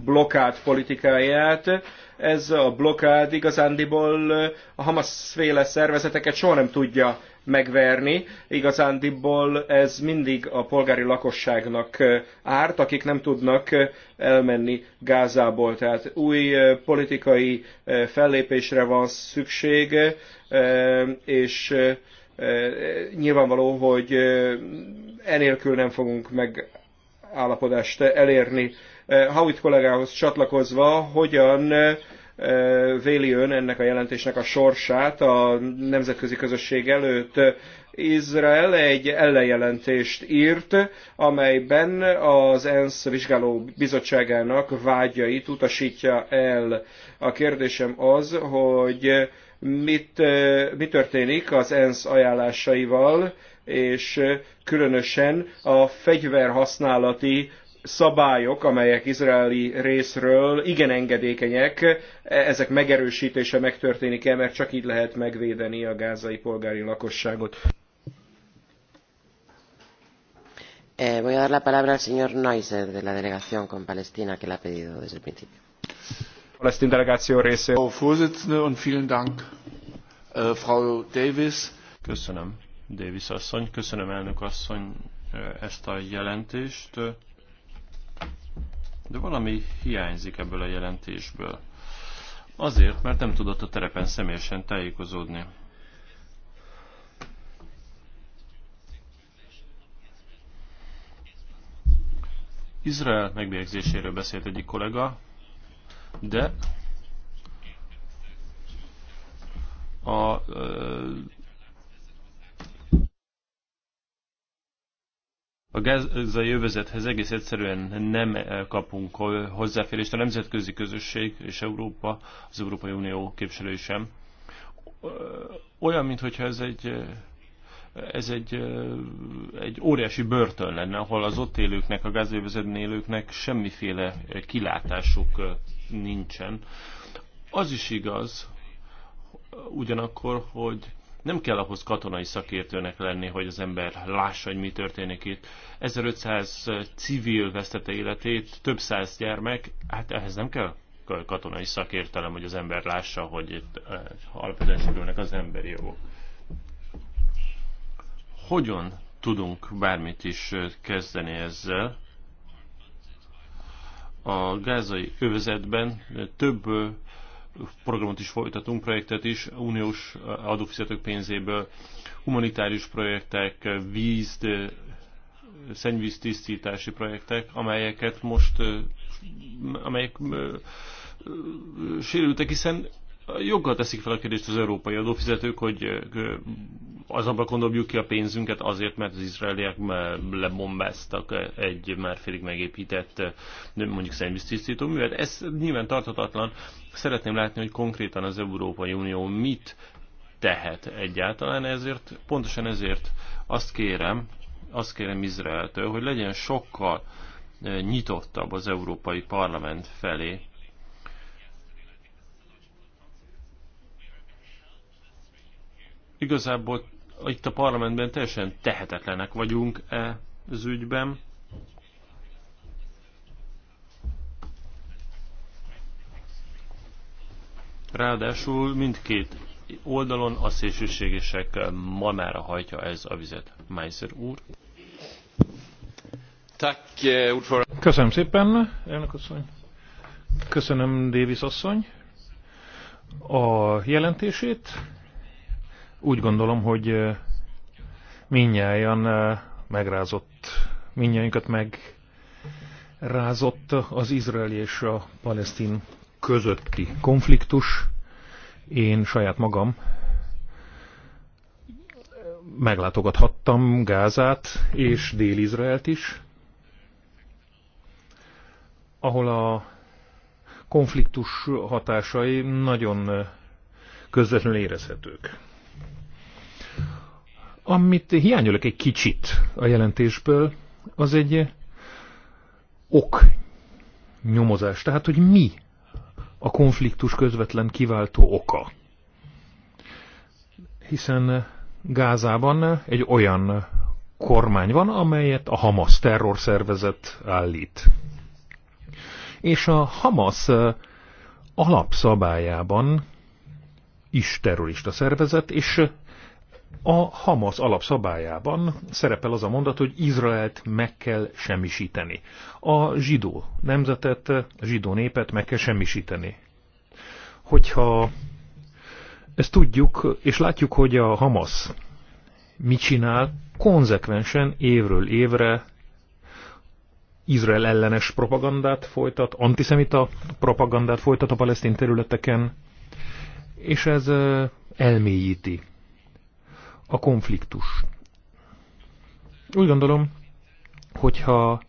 blokád politikáját, ez a blokád igazándiból a Hamas féle szervezeteket soha nem tudja megverni. Igazándiból ez mindig a polgári lakosságnak árt, akik nem tudnak elmenni Gázából. Tehát új politikai fellépésre van szükség, és nyilvánvaló, hogy enélkül nem fogunk megállapodást elérni. Howitt kollégához csatlakozva, hogyan véli ön ennek a jelentésnek a sorsát a nemzetközi közösség előtt? Izrael egy ellenjelentést írt, amelyben az ENSZ vizsgáló bizottságának vágyait utasítja el. A kérdésem az, hogy mit, mi történik az ENSZ ajánlásaival, és különösen a fegyverhasználati szabályok, amelyek izraeli részről igen engedékenyek, e, ezek megerősítése megtörténik-e, mert csak így lehet megvédeni a gázai polgári lakosságot. Eh, voy a dar la palabra al señor Noiser de la delegación con Palestina que la ha pedido desde el principio. Palestin delegáció részéről. Frau Vorsitzende und vielen Dank, uh, Frau Davis. Köszönöm, Davis asszony. Köszönöm, elnök asszony, ezt a jelentést. De valami hiányzik ebből a jelentésből. Azért, mert nem tudott a terepen személyesen tájékozódni. Izrael megbélyegzéséről beszélt egyik kollega, de a a gázai övezethez egész egyszerűen nem eh, kapunk hozzáférést, a nemzetközi közösség és Európa, az Európai Unió képviselői sem. Olyan, mintha ez egy eh, ez egy, eh, egy óriási börtön lenne, ahol az ott élőknek, a gázövezetben élőknek semmiféle kilátásuk nincsen. Az is igaz, ugyanakkor, hogy nem kell ahhoz katonai szakértőnek lenni, hogy az ember lássa, hogy mi történik itt. 1500 civil vesztette életét, több száz gyermek, hát ehhez nem kell katonai szakértelem, hogy az ember lássa, hogy itt eh, alapvetően sérülnek az emberi jogok. Hogyan tudunk bármit is eh, kezdeni ezzel? A gázai övezetben több eh, programot is folytatunk, projektet is, uniós adófizetők pénzéből, humanitárius projektek, víz, szennyvíztisztítási projektek, amelyeket most amelyek sérültek, hiszen joggal teszik fel a kérdést az európai adófizetők, hogy az ablakon gondoljuk ki a pénzünket azért, mert az izraeliek lebombáztak egy már félig megépített mondjuk szennyvíztisztító művet. Ez nyilván tarthatatlan. Szeretném látni, hogy konkrétan az Európai Unió mit tehet egyáltalán, ezért, pontosan ezért azt kérem, azt kérem Izraeltől, hogy legyen sokkal nyitottabb az Európai Parlament felé, Igazából itt a parlamentben teljesen tehetetlenek vagyunk e az ügyben. Ráadásul mindkét oldalon a szélsőségesek mamára hajtja ez a vizet. Meiser úr. Eh, Köszönöm szépen, elnök asszony. Köszönöm, Davis asszony, a jelentését. Úgy gondolom, hogy minnyáján megrázott, minnyáinkat megrázott az izraeli és a palesztin közötti konfliktus. Én saját magam meglátogathattam Gázát és Dél-Izraelt is, ahol a konfliktus hatásai nagyon közvetlenül érezhetők. Amit hiányolok egy kicsit a jelentésből, az egy ok nyomozás. Tehát, hogy mi a konfliktus közvetlen kiváltó oka. Hiszen Gázában egy olyan kormány van, amelyet a Hamas terrorszervezet állít. És a Hamas eh, alapszabályában is terrorista szervezet, és a Hamas alapszabályában szerepel az a mondat, hogy Izraelt meg kell semmisíteni. A zsidó nemzetet, a zsidó népet meg kell semmisíteni. Hogyha ezt tudjuk, és látjuk, hogy a Hamas mit csinál, konzekvensen évről évre Izrael ellenes propagandát folytat, antiszemita propagandát folytat a palesztin területeken, és ez elmélyíti a konfliktus. Úgy gondolom, hogyha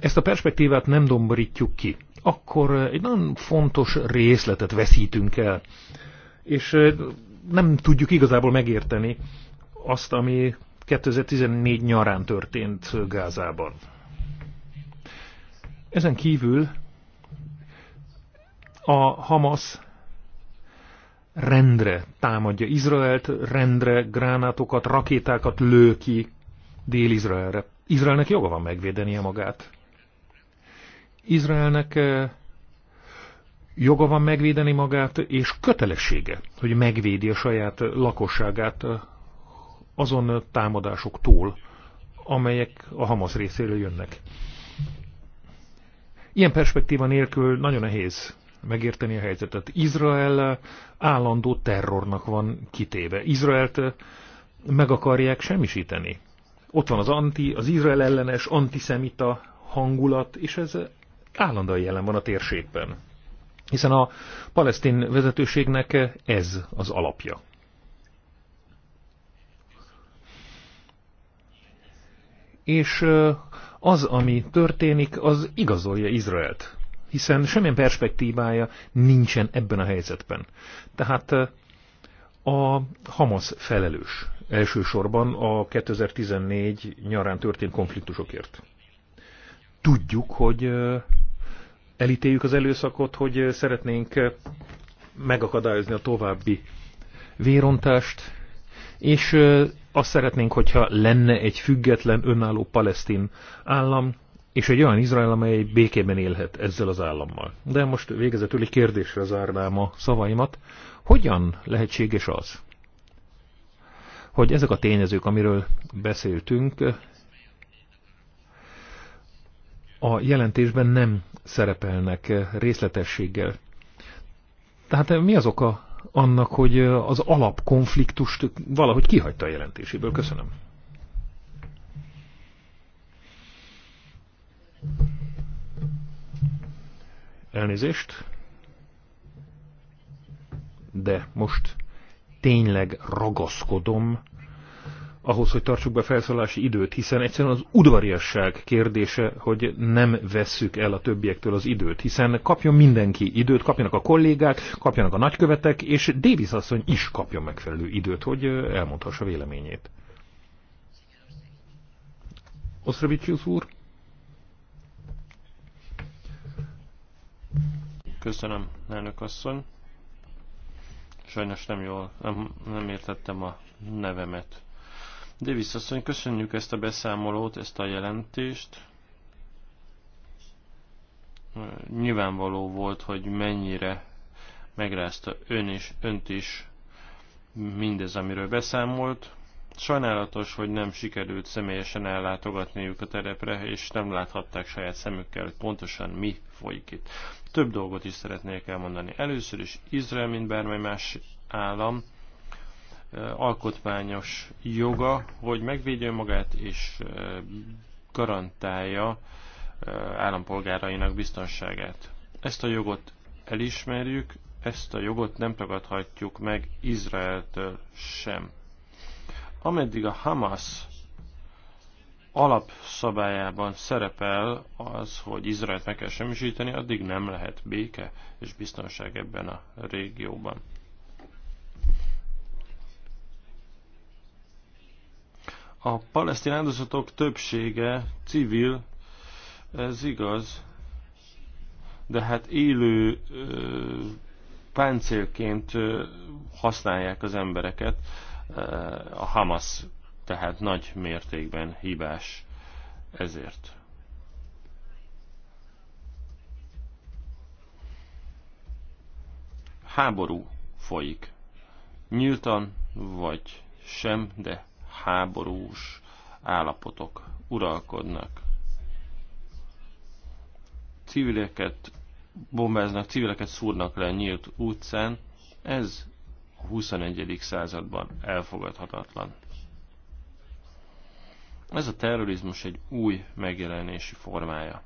ezt a perspektívát nem domborítjuk ki, akkor egy nagyon fontos részletet veszítünk el, és nem tudjuk igazából megérteni azt, ami 2014 nyarán történt Gázában. Ezen kívül a Hamas rendre támadja Izraelt, rendre gránátokat, rakétákat lő ki Dél-Izraelre. Izraelnek joga van megvédenie magát. Izraelnek eh, joga van megvédeni magát, és kötelessége, hogy megvédi a saját eh, lakosságát eh, azon támadásoktól, amelyek a Hamas részéről jönnek. Ilyen perspektíva nélkül nagyon nehéz megérteni a helyzetet. Izrael állandó terrornak van kitéve. Izraelt meg akarják semmisíteni. Ott van az anti, az Izrael ellenes antiszemita hangulat, és ez állandóan jelen van a térségben. Hiszen a palesztin vezetőségnek ez az alapja. És az, ami történik, az igazolja Izraelt hiszen semmilyen perspektívája nincsen ebben a helyzetben. Tehát eh, a Hamas felelős elsősorban a 2014 nyarán történt konfliktusokért. Tudjuk, hogy eh, elítéljük az előszakot, hogy eh, szeretnénk megakadályozni a további vérontást, és azt szeretnénk, hogyha lenne egy független, önálló palesztin állam, és egy olyan Izrael, amely békében élhet ezzel az állammal. De most végezetül egy kérdésre zárnám a szavaimat. Hogyan lehetséges az, hogy ezek a tényezők, amiről beszéltünk, a jelentésben nem szerepelnek részletességgel. Tehát mi az oka annak, hogy az alapkonfliktust valahogy kihagyta a jelentéséből? Köszönöm. Elnézést. De most tényleg ragaszkodom ahhoz, hogy tartsuk be felszólási időt, hiszen egyszerűen az udvariasság kérdése, hogy nem vesszük el a többiektől az időt, hiszen kapjon mindenki időt, kapjanak a kollégák, kapjanak a nagykövetek, és Davis asszony is kapjon megfelelő időt, hogy elmondhassa véleményét. Oszrevicius úr? Köszönöm, elnök asszony. Sajnos nem jól, nem, nem értettem a nevemet. Davis asszony, köszönjük ezt a beszámolót, ezt a jelentést. Nyilvánvaló volt, hogy mennyire megrázta ön is, önt is mindez, amiről beszámolt. Sajnálatos, hogy nem sikerült személyesen ellátogatniuk a terepre, és nem láthatták saját szemükkel, hogy pontosan mi folyik itt. Több dolgot is szeretnék elmondani. Először is Izrael, mint bármely más állam, alkotmányos joga, hogy megvédjön magát és garantálja állampolgárainak biztonságát. Ezt a jogot elismerjük, ezt a jogot nem tagadhatjuk meg Izraeltől sem. Ameddig a Hamas alapszabályában szerepel az, hogy Izraelt meg kell semmisíteni, addig nem lehet béke és biztonság ebben a régióban. A palesztin áldozatok többsége civil, ez igaz, de hát élő ö, páncélként ö, használják az embereket a Hamas tehát nagy mértékben hibás ezért. Háború folyik. Nyíltan vagy sem, de háborús állapotok uralkodnak. Civileket bombáznak, civileket szúrnak le nyílt utcán. Ez a 21. században elfogadhatatlan. Ez a terrorizmus egy új megjelenési formája.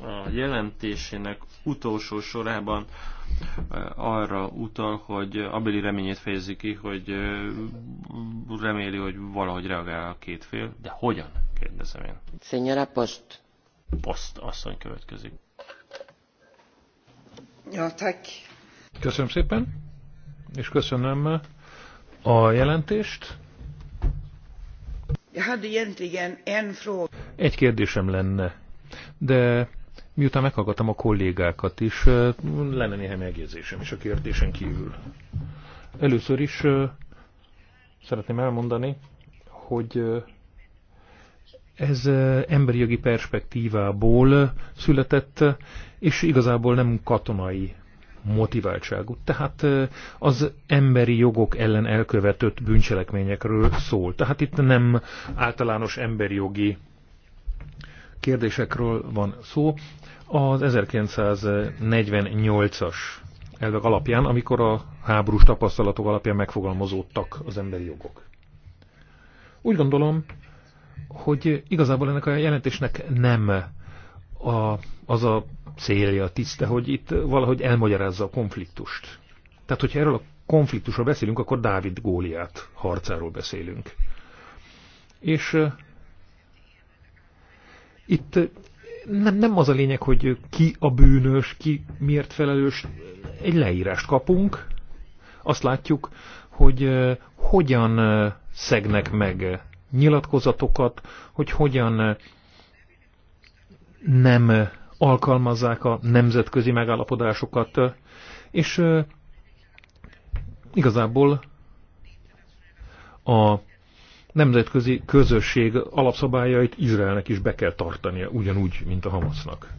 A jelentésének utolsó sorában eh, arra utal, hogy Abeli reményét fejezi ki, hogy eh, reméli, hogy valahogy reagál a két fél, de hogyan? kérdezem én. Senyora Post. Post asszony következik. Ja, Köszönöm szépen, és köszönöm a jelentést. Egy kérdésem lenne, de miután meghallgattam a kollégákat is, lenne néhány megjegyzésem is a kérdésen kívül. Először is szeretném elmondani, hogy ez emberi jogi perspektívából született, és igazából nem katonai motiváltságú. Tehát az emberi jogok ellen elkövetett bűncselekményekről szól. Tehát itt nem általános emberi jogi kérdésekről van szó. Az 1948-as elvek alapján, amikor a háborús tapasztalatok alapján megfogalmazódtak az emberi jogok. Úgy gondolom, hogy igazából ennek a jelentésnek nem a, az a célja tiszte, hogy itt valahogy elmagyarázza a konfliktust. Tehát, hogyha erről a konfliktusról beszélünk, akkor Dávid Góliát harcáról beszélünk. És itt nem, nem az a lényeg, hogy ki a bűnös, ki miért felelős. Egy leírást kapunk, azt látjuk, hogy hogyan szegnek meg nyilatkozatokat, hogy hogyan eh, nem eh, alkalmazzák a nemzetközi megállapodásokat, eh, és igazából a nemzetközi közösség alapszabályait Izraelnek is be kell tartania, ugyanúgy, mint a Hamasznak.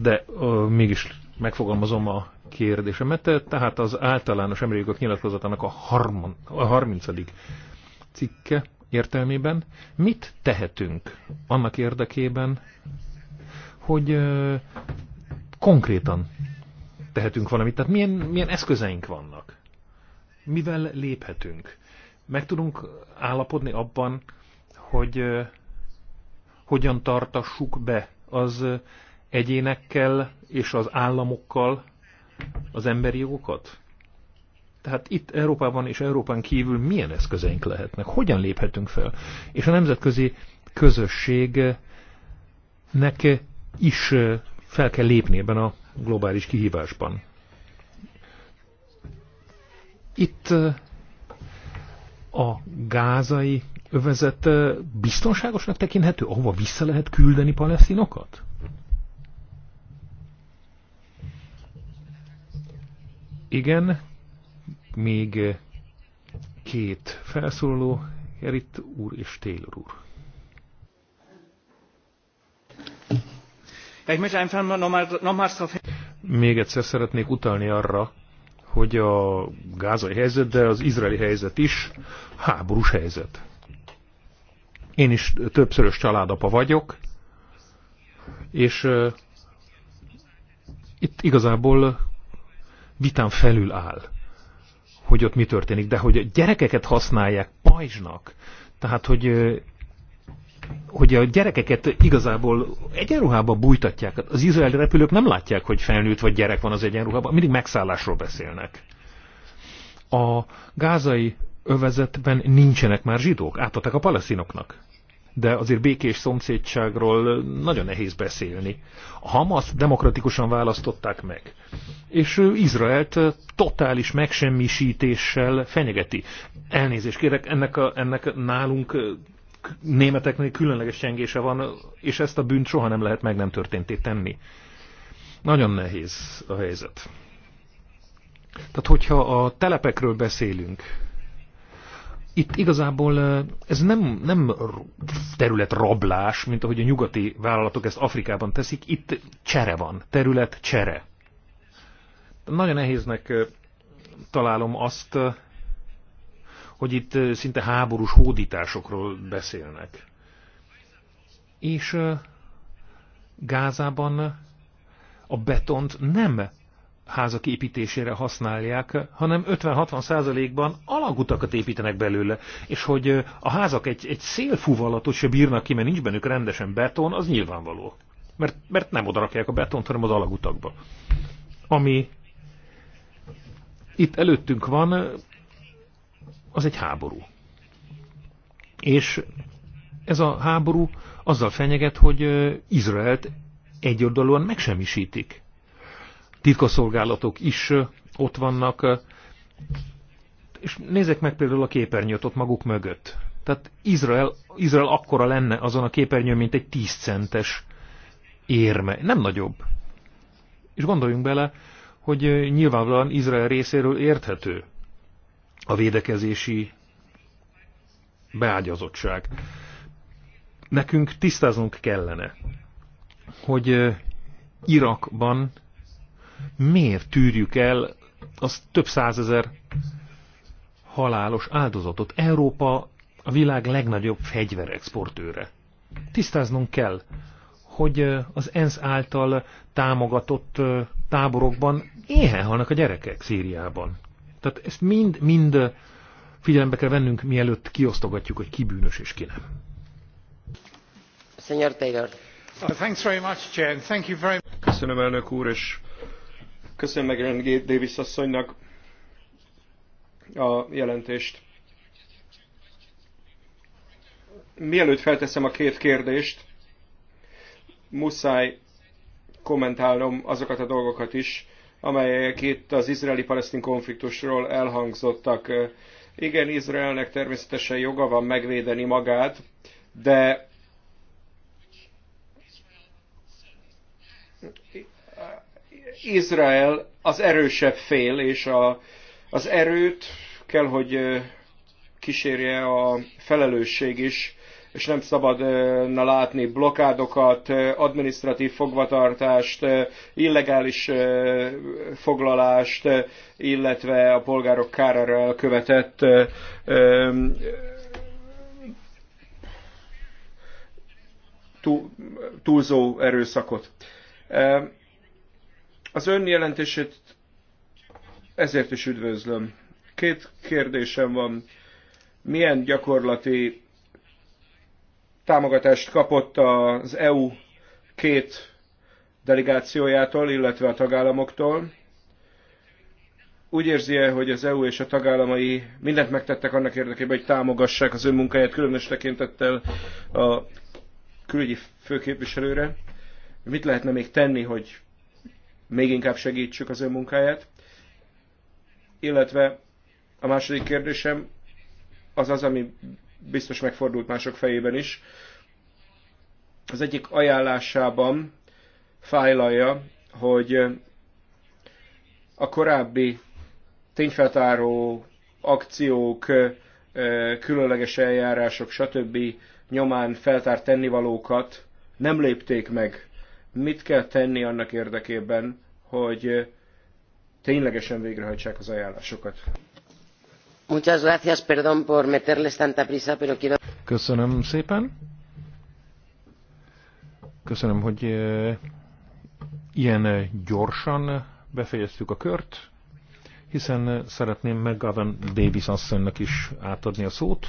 De uh, mégis megfogalmazom a kérdésemet, tehát az általános emlékök nyilatkozatának a, harman, a 30 cikke értelmében mit tehetünk annak érdekében, hogy konkrétan tehetünk valamit, tehát milyen, milyen eszközeink vannak, mivel léphetünk. Meg tudunk állapodni abban, hogy hogyan tartassuk be az egyénekkel és az államokkal az emberi jogokat? Tehát itt Európában és Európán kívül milyen eszközeink lehetnek? Hogyan léphetünk fel? És a nemzetközi közösségnek is fel kell lépni ebben a globális kihívásban. Itt a gázai övezet biztonságosnak tekinthető, ahova vissza lehet küldeni palesztinokat? Igen, még két felszóló, Erit úr és Taylor úr. Még egyszer szeretnék utalni arra, hogy a gázai helyzet, de az izraeli helyzet is háborús helyzet. Én is többszörös családapa vagyok, és uh, itt igazából vitán felül áll hogy ott mi történik, de hogy a gyerekeket használják pajzsnak, tehát hogy hogy a gyerekeket igazából egyenruhába bújtatják. Az izraeli repülők nem látják, hogy felnőtt vagy gyerek van az egyenruhában, mindig megszállásról beszélnek. A gázai övezetben nincsenek már zsidók, átadták a palesztinoknak de azért békés szomszédságról nagyon nehéz beszélni. A Hamas demokratikusan választották meg, és Izraelt totális megsemmisítéssel fenyegeti. Elnézést kérek, ennek, a, ennek nálunk németeknél különleges gyengése van, és ezt a bűnt soha nem lehet meg nem történté tenni. Nagyon nehéz a helyzet. Tehát, hogyha a telepekről beszélünk, itt igazából ez nem, nem rablás, mint ahogy a nyugati vállalatok ezt Afrikában teszik, itt csere van, terület csere. Nagyon nehéznek találom azt, hogy itt szinte háborús hódításokról beszélnek. És Gázában a betont nem házak építésére használják, hanem 50-60 százalékban alagutakat építenek belőle. És hogy a házak egy, egy szélfúvalatot se bírnak ki, mert nincs bennük rendesen beton, az nyilvánvaló. Mert, mert nem rakják a betont, hanem az alagutakba. Ami itt előttünk van, az egy háború. És ez a háború azzal fenyeget, hogy Izraelt egyoldalúan megsemmisítik titkosszolgálatok is ott vannak. És nézek meg például a képernyőt ott maguk mögött. Tehát Izrael, Izrael akkora lenne azon a képernyőn, mint egy 10 centes érme. Nem nagyobb. És gondoljunk bele, hogy nyilvánvalóan Izrael részéről érthető a védekezési beágyazottság. Nekünk tisztáznunk kellene, hogy Irakban miért tűrjük el az több százezer halálos áldozatot? Európa a világ legnagyobb fegyverexportőre. Tisztáznunk kell, hogy az ENSZ által támogatott táborokban éhen halnak a gyerekek Szíriában. Tehát ezt mind, mind figyelembe kell vennünk, mielőtt kiosztogatjuk, hogy ki bűnös és ki nem. Señor Taylor. Uh, Köszönöm elnök úr, és Köszönöm meg Ellen Davis asszonynak a jelentést. Mielőtt felteszem a két kérdést, muszáj kommentálnom azokat a dolgokat is, amelyek itt az izraeli-palesztin konfliktusról elhangzottak. Igen, Izraelnek természetesen joga van megvédeni magát, de Izrael az erősebb fél, és a, az erőt kell, hogy kísérje a felelősség is, és nem szabadna látni blokádokat, administratív fogvatartást, illegális foglalást, illetve a polgárok kárára elkövetett túlzó erőszakot. Az ön jelentését ezért is üdvözlöm. Két kérdésem van. Milyen gyakorlati támogatást kapott az EU két delegációjától, illetve a tagállamoktól? Úgy érzi -e, hogy az EU és a tagállamai mindent megtettek annak érdekében, hogy támogassák az önmunkáját, különös tekintettel a külügyi főképviselőre? Mit lehetne még tenni, hogy még inkább segítsük az ön munkáját. Illetve a második kérdésem az az, ami biztos megfordult mások fejében is. Az egyik ajánlásában fájlalja, hogy a korábbi tényfeltáró akciók, különleges eljárások, stb. nyomán feltárt tennivalókat nem lépték meg mit kell tenni annak érdekében, hogy ténylegesen végrehajtsák az ajánlásokat. Muchas gracias, perdón por meterles tanta prisa, pero quiero... Köszönöm szépen. Köszönöm, hogy ilyen gyorsan befejeztük a kört, hiszen szeretném McGovern Davis asszonynak is átadni a szót.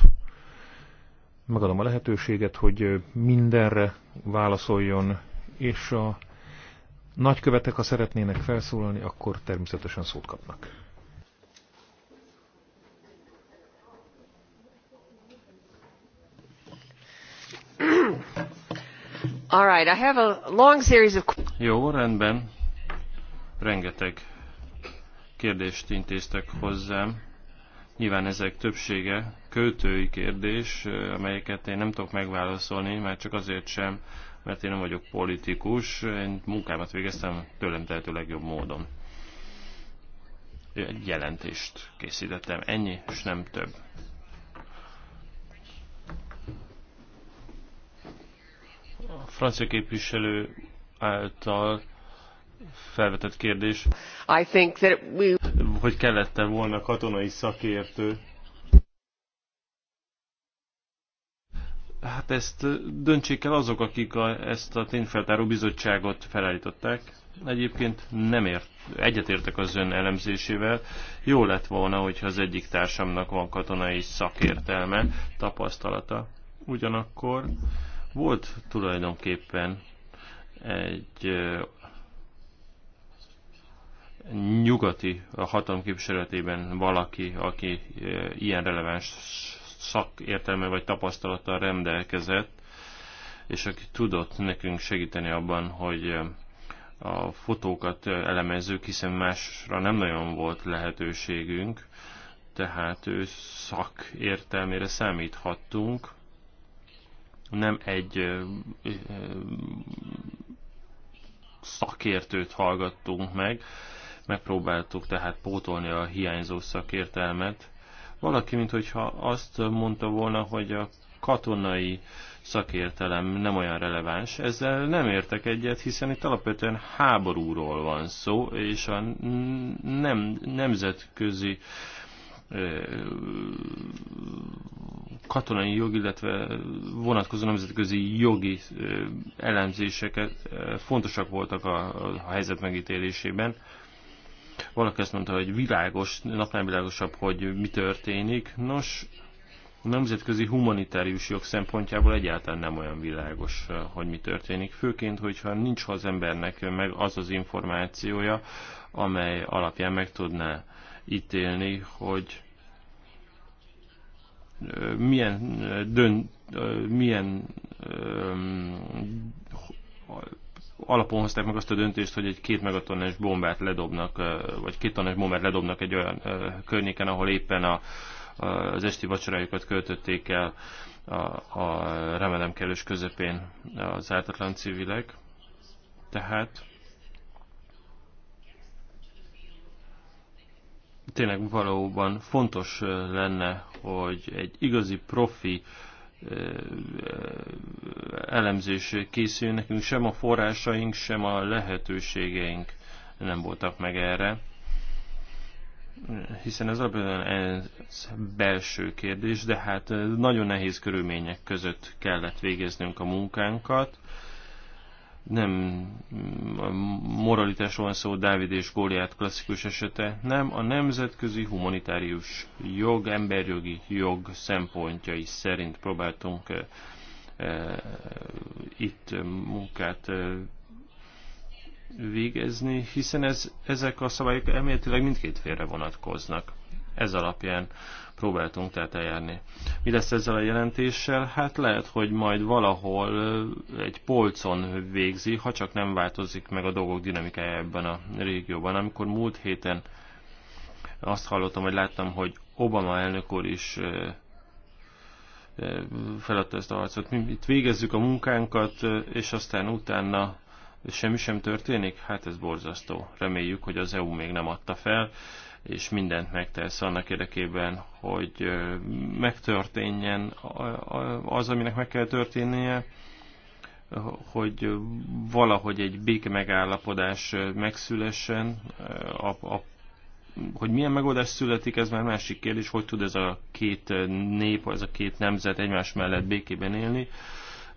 Megadom a lehetőséget, hogy mindenre válaszoljon és a nagykövetek, ha szeretnének felszólalni, akkor természetesen szót kapnak. All right, I have a long series of... Jó, rendben. Rengeteg kérdést intéztek hozzám. Nyilván ezek többsége költői kérdés, amelyeket én nem tudok megválaszolni, mert csak azért sem, mert én nem vagyok politikus, én munkámat végeztem tőlem tehető legjobb módon. Egy jelentést készítettem, ennyi, és nem több. A francia képviselő által felvetett kérdés, I think that we... hogy volna katonai szakértő Hát ezt döntsék el azok, akik a, ezt a tényfeltáró bizottságot felállították. Egyébként nem ért, egyetértek az ön elemzésével. Jó lett volna, hogyha az egyik társamnak van katonai szakértelme, tapasztalata. Ugyanakkor volt tulajdonképpen egy nyugati a hatalom képviseletében valaki, aki ilyen releváns szakértelme vagy tapasztalattal rendelkezett, és aki tudott nekünk segíteni abban, hogy eh, a fotókat eh, elemezzük, hiszen másra nem nagyon volt lehetőségünk, tehát ő szakértelmére számíthattunk. Nem egy eh, szakértőt hallgattunk meg, megpróbáltuk tehát pótolni a hiányzó szakértelmet, valaki, mintha azt mondta volna, hogy a katonai szakértelem nem olyan releváns. Ezzel nem értek egyet, hiszen itt alapvetően háborúról van szó, és a nem, nemzetközi katonai jog, illetve vonatkozó nemzetközi jogi elemzéseket fontosak voltak a, a helyzet megítélésében. Valaki azt mondta, hogy világos, napnál világosabb, hogy mi történik. Nos, a nemzetközi humanitárius jog szempontjából egyáltalán nem olyan világos, hogy mi történik. Főként, hogyha nincs az embernek meg az az információja, amely alapján meg tudná ítélni, hogy milyen, dönt, milyen alapon hozták meg azt a döntést, hogy egy két megatonnás bombát ledobnak, vagy két tonnás bombát ledobnak egy olyan környéken, ahol éppen a, az esti vacsorájukat költötték el a, a remelem kellős közepén az ártatlan civilek. Tehát tényleg valóban fontos lenne, hogy egy igazi profi uh, elemzés készül, nekünk sem a forrásaink, sem a lehetőségeink nem voltak meg erre, hiszen ez alapvetően ez belső kérdés, de hát nagyon nehéz körülmények között kellett végeznünk a munkánkat, nem mm, moralitásról van szó Dávid és Góliát klasszikus esete, nem a nemzetközi humanitárius jog, emberjogi jog szempontjai szerint próbáltunk e, e, itt munkát e, végezni, hiszen ez, ezek a szabályok elméletileg mindkét félre vonatkoznak. Ez alapján próbáltunk tehát eljárni. Mi lesz ezzel a jelentéssel? Hát lehet, hogy majd valahol egy polcon végzi, ha csak nem változik meg a dolgok dinamikája ebben a régióban. Amikor múlt héten azt hallottam, vagy láttam, hogy Obama elnök úr is feladta ezt a harcot. Mi itt végezzük a munkánkat, és aztán utána semmi sem történik? Hát ez borzasztó. Reméljük, hogy az EU még nem adta fel, és mindent megtesz annak érdekében, hogy megtörténjen az, aminek meg kell történnie, hogy valahogy egy big megállapodás megszülessen, a, a, hogy milyen megoldás születik, ez már másik kérdés, hogy tud ez a két nép, ez a két nemzet egymás mellett békében élni,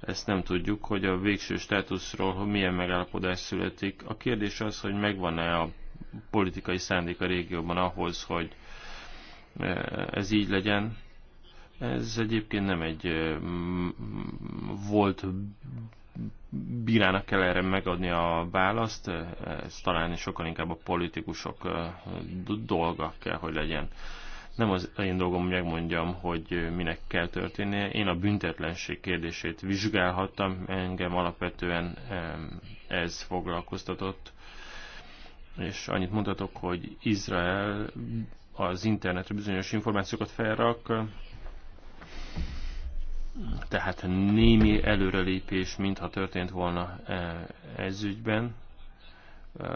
ezt nem tudjuk, hogy a végső státuszról hogy milyen megállapodás születik. A kérdés az, hogy megvan-e a politikai szándék a régióban ahhoz, hogy eh, ez így legyen. Ez egyébként nem egy eh, volt bírának kell erre megadni a választ, eh, ez talán sokkal inkább a politikusok dolga kell, hogy legyen. Nem az én dolgom, hogy megmondjam, hogy minek kell történnie. Én a büntetlenség kérdését vizsgálhattam, engem alapvetően ez foglalkoztatott és annyit mondhatok, hogy Izrael az internetre bizonyos információkat felrak, tehát némi előrelépés, mintha történt volna e, ez ügyben, e,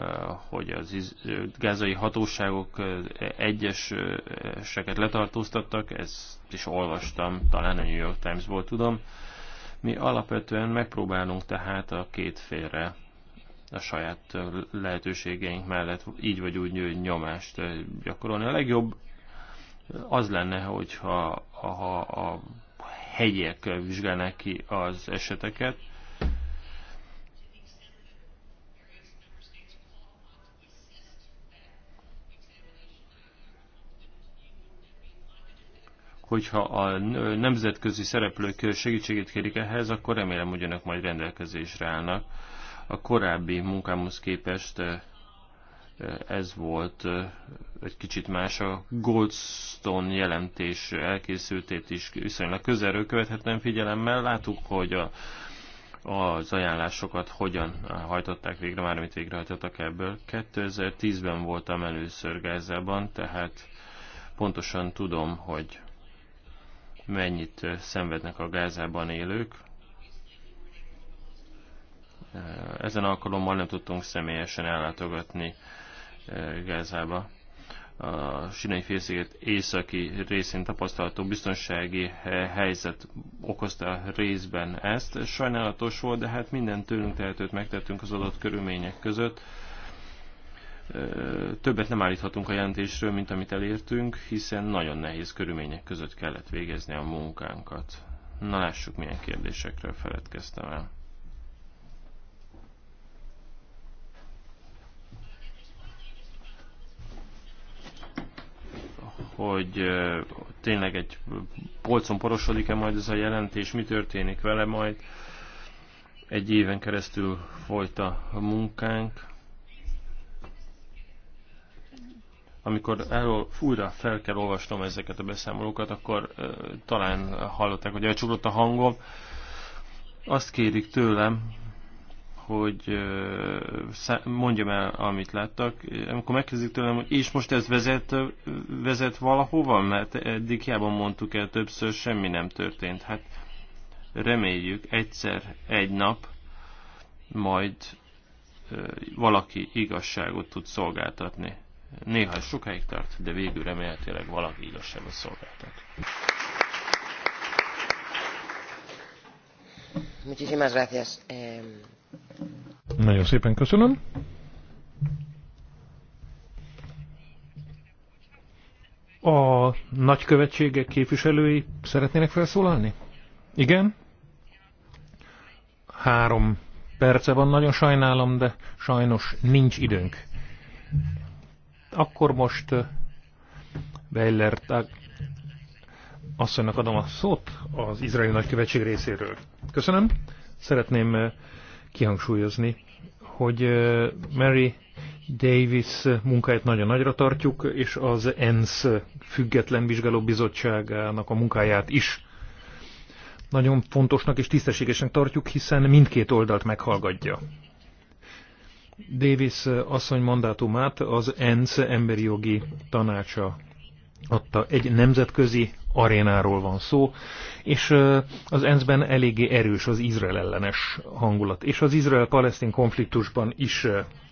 hogy az e, gázai hatóságok egyeseket letartóztattak, ezt is olvastam, talán a New York Times-ból tudom. Mi alapvetően megpróbálunk tehát a két félre a saját lehetőségeink mellett így vagy úgy nyomást gyakorolni. A legjobb az lenne, hogyha ha a hegyek vizsgálnák ki az eseteket, hogyha a nemzetközi szereplők segítségét kérik ehhez, akkor remélem, hogy önök majd rendelkezésre állnak. A korábbi munkámhoz képest eh, eh, ez volt eh, egy kicsit más. A Goldstone jelentés elkészültét is viszonylag közelről követhetem figyelemmel. Láttuk, hogy a, az ajánlásokat hogyan hajtották végre, már amit végrehajtottak ebből. 2010-ben voltam először Gázában, tehát pontosan tudom, hogy mennyit szenvednek a Gázában élők. Ezen alkalommal nem tudtunk személyesen ellátogatni eh, Gázába. A Sinai félsziget északi részén tapasztalható biztonsági eh, helyzet okozta részben ezt. Sajnálatos volt, de hát minden tőlünk tehetőt megtettünk az adott körülmények között eh, többet nem állíthatunk a jelentésről, mint amit elértünk, hiszen nagyon nehéz körülmények között kellett végezni a munkánkat. Na lássuk, milyen kérdésekről feledkeztem el. hogy tényleg egy polcon porosodik-e majd ez a jelentés, mi történik vele majd. Egy éven keresztül folyt a munkánk. Amikor erről újra fel kell olvasnom ezeket a beszámolókat, akkor uh, talán hallották, hogy elcsuklott a hangom. Azt kérik tőlem, hogy mondjam el, amit láttak. Amikor megkezdik tőlem, hogy és most ez vezet, vezet valahova, mert eddig hiába mondtuk el többször, semmi nem történt. Hát reméljük egyszer, egy nap majd valaki igazságot tud szolgáltatni. Néha sokáig tart, de végül remélhetőleg valaki igazságot szolgáltat. Muchísimas gracias. Eh, nagyon szépen köszönöm. A nagykövetségek képviselői szeretnének felszólalni? Igen? Három perce van, nagyon sajnálom, de sajnos nincs időnk. Akkor most eh, Weiler asszonynak adom a szót az izraeli nagykövetség részéről. Köszönöm. Szeretném eh, kihangsúlyozni, hogy eh, Mary Davis munkáját nagyon nagyra tartjuk, és az ENSZ független vizsgáló bizottságának a munkáját is nagyon fontosnak és tisztességesen tartjuk, hiszen mindkét oldalt meghallgatja. Davis asszony mandátumát az ENSZ emberi jogi tanácsa ott Egy nemzetközi arénáról van szó, és az ENSZ-ben eléggé erős az Izrael ellenes hangulat. És az Izrael-Palesztin konfliktusban is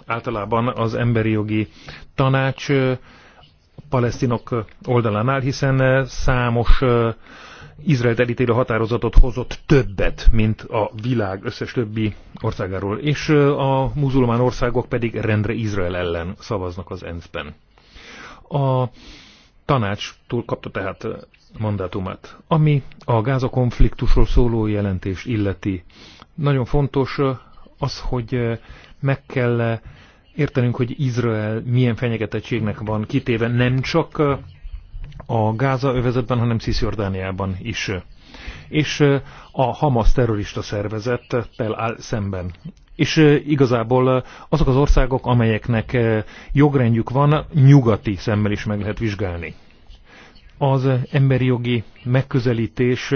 általában az emberi jogi tanács palesztinok áll, hiszen számos Izrael elítélő határozatot hozott többet, mint a világ összes többi országáról, és a muzulmán országok pedig rendre Izrael ellen szavaznak az ENSZ-ben. A tanácstól kapta tehát mandátumát. Ami a Gáza konfliktusról szóló jelentés illeti, nagyon fontos az, hogy meg kell értenünk, hogy Izrael milyen fenyegetettségnek van kitéve nem csak a Gáza övezetben, hanem Cisjordániában is. És a Hamas terrorista szervezet Tel Al szemben és igazából azok az országok, amelyeknek jogrendjük van, nyugati szemmel is meg lehet vizsgálni. Az emberi jogi megközelítés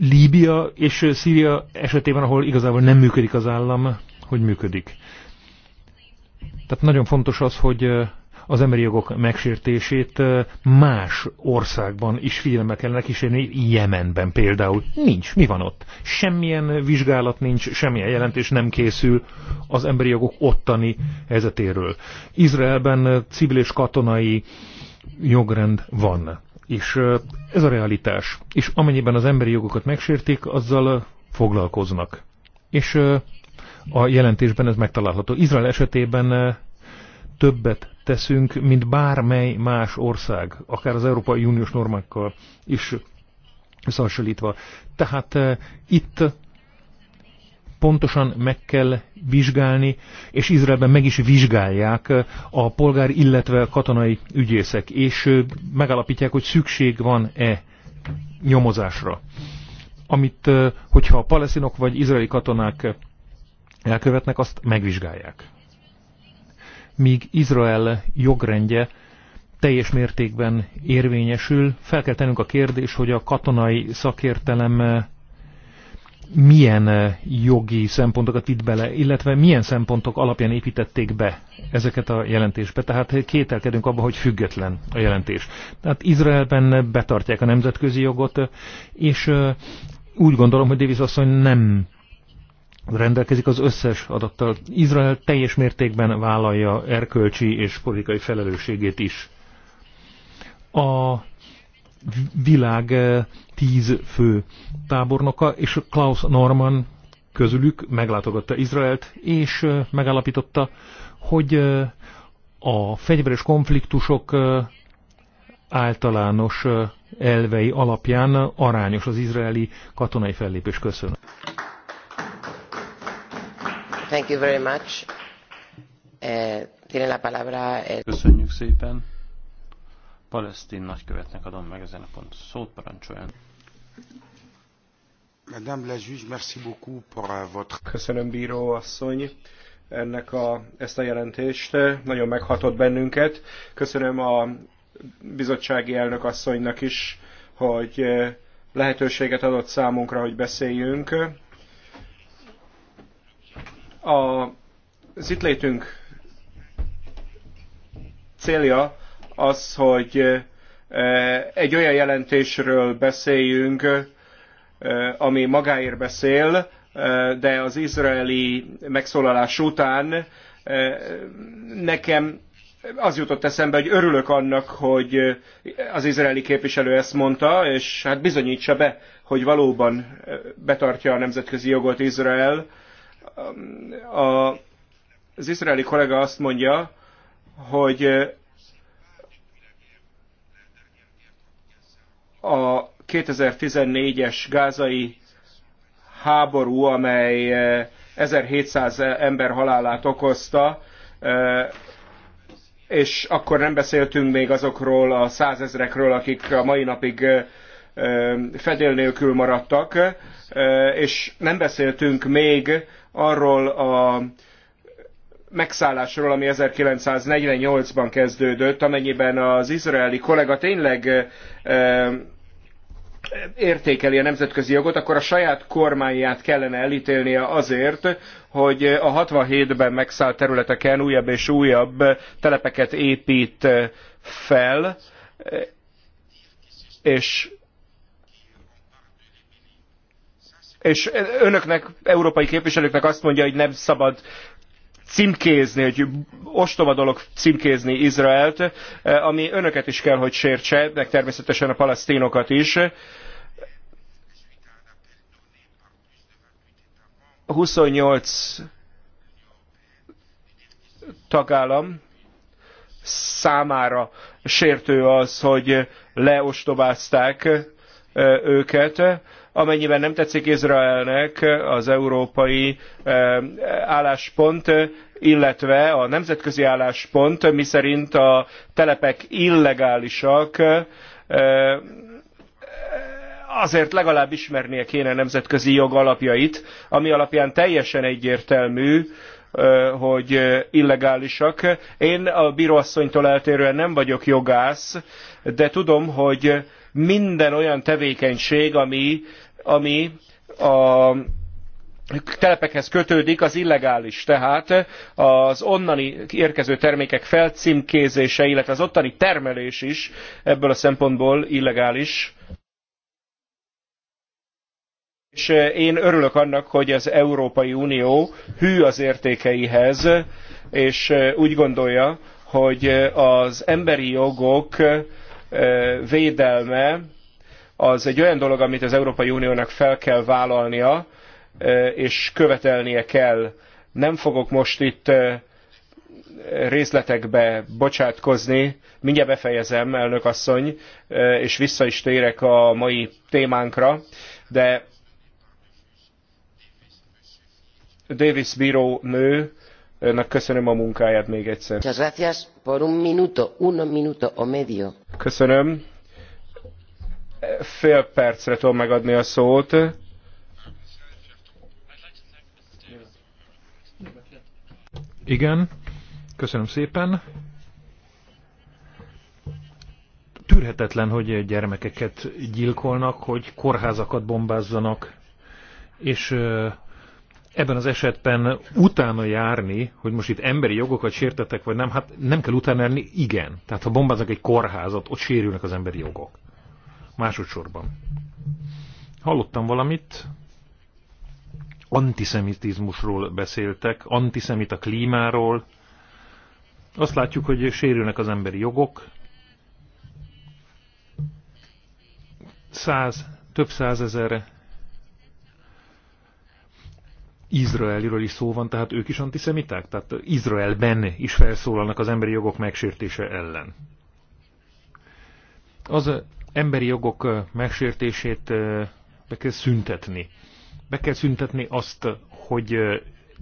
Líbia és Szíria esetében, ahol igazából nem működik az állam, hogy működik. Tehát nagyon fontos az, hogy az emberi jogok megsértését más országban is figyelembe kellene kísérni, Jemenben például. Nincs, mi van ott? Semmilyen vizsgálat nincs, semmilyen jelentés nem készül az emberi jogok ottani helyzetéről. Izraelben civil és katonai jogrend van. És ez a realitás. És amennyiben az emberi jogokat megsértik, azzal foglalkoznak. És a jelentésben ez megtalálható. Izrael esetében többet teszünk, mint bármely más ország, akár az Európai Uniós normákkal is összehasonlítva. Tehát uh, itt pontosan meg kell vizsgálni, és Izraelben meg is vizsgálják eh, a polgár, illetve katonai ügyészek, és eh, megállapítják, hogy szükség van-e nyomozásra. Amit, hogyha a palesztinok vagy izraeli katonák elkövetnek, azt megvizsgálják míg Izrael jogrendje teljes mértékben érvényesül. Fel kell tennünk a kérdés, hogy a katonai szakértelem eh, milyen eh, jogi szempontokat vitt bele, illetve milyen szempontok alapján építették be ezeket a jelentésbe. Tehát kételkedünk abban, hogy független a jelentés. Tehát Izraelben betartják a nemzetközi jogot, eh, és úgy gondolom, hogy Davis asszony nem rendelkezik az összes adattal. Izrael teljes mértékben vállalja erkölcsi és politikai felelősségét is. A világ eh, tíz fő tábornoka és Klaus Norman közülük meglátogatta Izraelt, és eh, megállapította, hogy eh, a fegyveres konfliktusok általános elvei alapján arányos az izraeli katonai fellépés. Köszönöm. Eh, Köszönjük szépen. Palesztin nagykövetnek adom meg ezen a pont. Szót parancsoljon. Madame la juge, merci beaucoup pour euh, votre... Köszönöm, bíró asszony ennek a, ezt a jelentést. Nagyon meghatott bennünket. Köszönöm a bizottsági elnök asszonynak is, hogy eh, lehetőséget adott számunkra, hogy beszéljünk. A, az itt létünk célja az, hogy eh, egy olyan jelentésről beszéljünk, eh, ami magáért beszél, eh, de az izraeli megszólalás után nekem az jutott eszembe, hogy örülök annak, hogy az izraeli képviselő ezt mondta, és hát bizonyítsa be, hogy valóban betartja a nemzetközi jogot Izrael, a, az izraeli kollega azt mondja, hogy a 2014-es gázai háború, amely 1700 e, ember halálát okozta, e, és akkor nem beszéltünk még azokról a százezrekről, akik a mai napig e, fedél nélkül maradtak, és nem beszéltünk még arról a megszállásról, ami 1948-ban kezdődött, amennyiben az izraeli kollega tényleg értékeli a nemzetközi jogot, akkor a saját kormányát kellene elítélnie azért, hogy a 67-ben megszállt területeken újabb és újabb telepeket épít fel, és és önöknek, európai képviselőknek azt mondja, hogy nem szabad címkézni, hogy ostoba dolog címkézni Izraelt, ami önöket is kell, hogy sértse, meg természetesen a palesztinokat is. 28 tagállam számára sértő az, hogy leostobázták őket Amennyiben nem tetszik Izraelnek az európai eh, álláspont, illetve a nemzetközi álláspont, miszerint a telepek illegálisak, eh, azért legalább ismernie kéne nemzetközi jog alapjait, ami alapján teljesen egyértelmű, eh, hogy illegálisak. Én a bíróasszonytól eltérően nem vagyok jogász, de tudom, hogy minden olyan tevékenység, ami ami a telepekhez kötődik, az illegális, tehát az onnani érkező termékek felcímkézése, illetve az ottani termelés is ebből a szempontból illegális. És én örülök annak, hogy az Európai Unió hű az értékeihez, és úgy gondolja, hogy az emberi jogok eh, védelme az egy olyan dolog, amit az Európai Uniónak fel kell vállalnia, és követelnie kell. Nem fogok most itt részletekbe bocsátkozni, mindjárt befejezem, elnök asszony, és vissza is térek a mai témánkra, de Davis bíró nő, Önnek köszönöm a munkáját még egyszer. Köszönöm. Fél percre tudom megadni a szót. Igen, köszönöm szépen. Tűrhetetlen, hogy gyermekeket gyilkolnak, hogy kórházakat bombázzanak, és ebben az esetben utána járni, hogy most itt emberi jogokat sértettek, vagy nem, hát nem kell utána járni, igen. Tehát ha bombáznak egy kórházat, ott sérülnek az emberi jogok. Másodszorban. Hallottam valamit, antiszemitizmusról beszéltek, antiszemita klímáról. Azt látjuk, hogy sérülnek az emberi jogok. Száz, több százezer Izraeliről is szó van, tehát ők is antiszemiták? Tehát Izraelben is felszólalnak az emberi jogok megsértése ellen. Az emberi jogok megsértését be kell szüntetni. Be kell szüntetni azt, hogy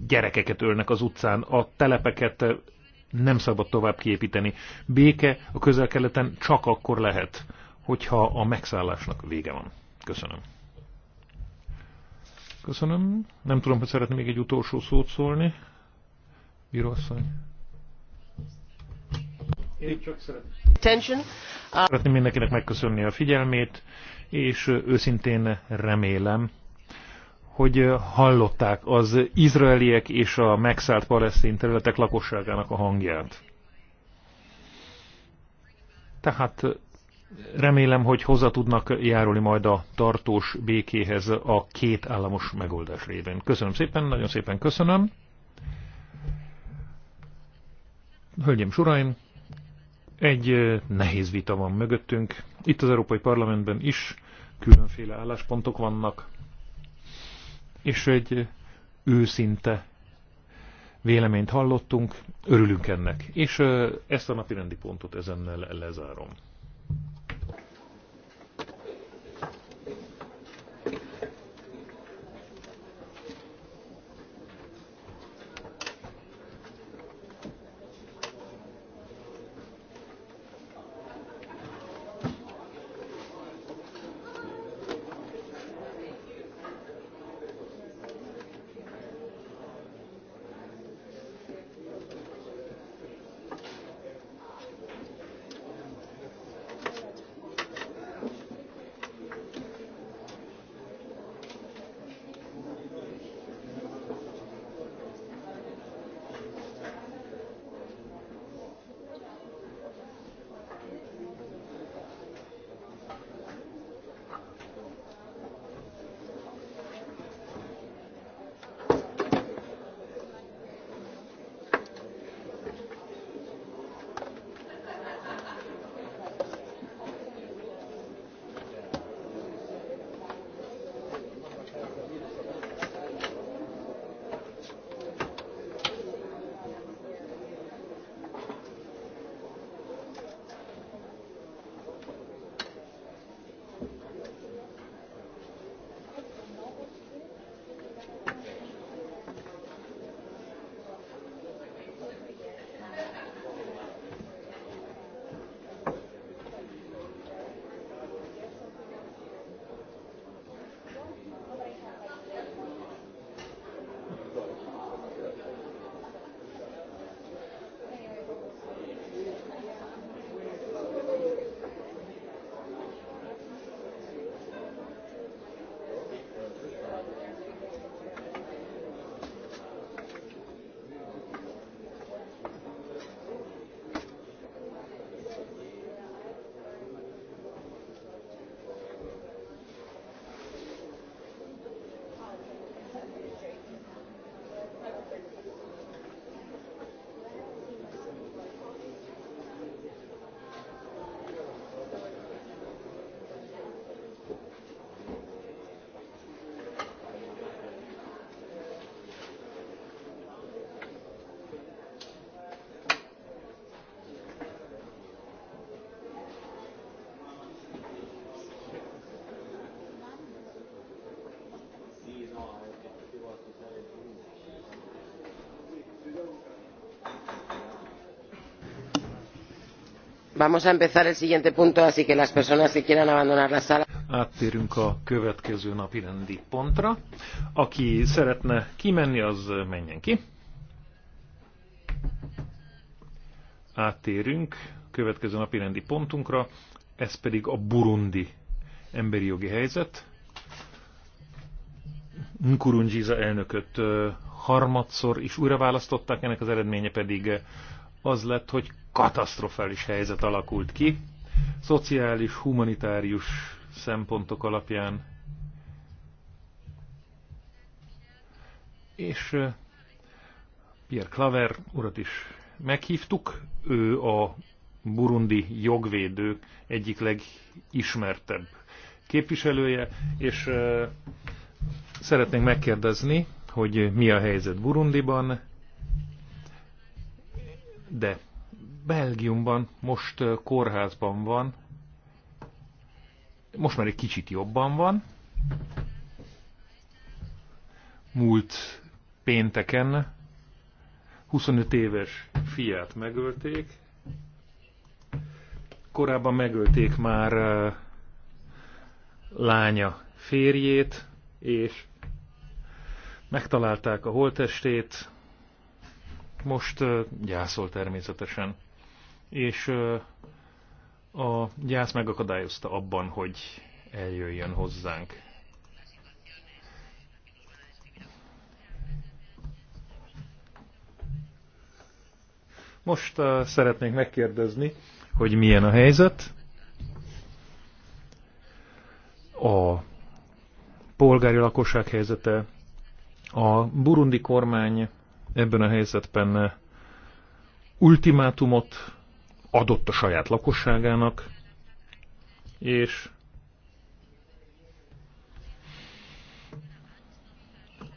gyerekeket ölnek az utcán, a telepeket nem szabad tovább kiépíteni. Béke a közel-keleten csak akkor lehet, hogyha a megszállásnak vége van. Köszönöm. Köszönöm. Nem tudom, hogy szeretném még egy utolsó szót szólni. asszony szeretném. Uh, szeretném mindenkinek megköszönni a figyelmét, és őszintén remélem, hogy hallották az izraeliek és a megszállt palesztin területek lakosságának a hangját. Tehát remélem, hogy hozzá tudnak járulni majd a tartós békéhez a két államos megoldás révén. Köszönöm szépen, nagyon szépen köszönöm. Hölgyeim, uraim, egy nehéz vita van mögöttünk. Itt az Európai Parlamentben is különféle álláspontok vannak, és egy őszinte véleményt hallottunk, örülünk ennek. És ezt a napi rendi pontot ezennel lezárom. Vamos a empezar el siguiente punto, así que las personas que quieran abandonar la sala. Áttérünk a következő napi rendi pontra. Aki szeretne kimenni, az menjen ki. Áttérünk következő napi rendi pontunkra, ez pedig a burundi emberi jogi helyzet. Nkurunjiza elnököt harmadszor is újra választották, ennek az eredménye pedig az lett, hogy katasztrofális helyzet alakult ki, szociális, humanitárius szempontok alapján. És Pierre Claver urat is meghívtuk, ő a burundi jogvédő egyik legismertebb képviselője, és szeretnénk megkérdezni, hogy mi a helyzet Burundiban, de Belgiumban most kórházban van, most már egy kicsit jobban van. Múlt pénteken 25 éves fiát megölték. Korábban megölték már lánya férjét, és megtalálták a holttestét. Most gyászol természetesen és a gyász megakadályozta abban, hogy eljöjjön hozzánk. Most szeretnék megkérdezni, hogy milyen a helyzet. A polgári lakosság helyzete, a burundi kormány ebben a helyzetben ultimátumot adott a saját lakosságának, és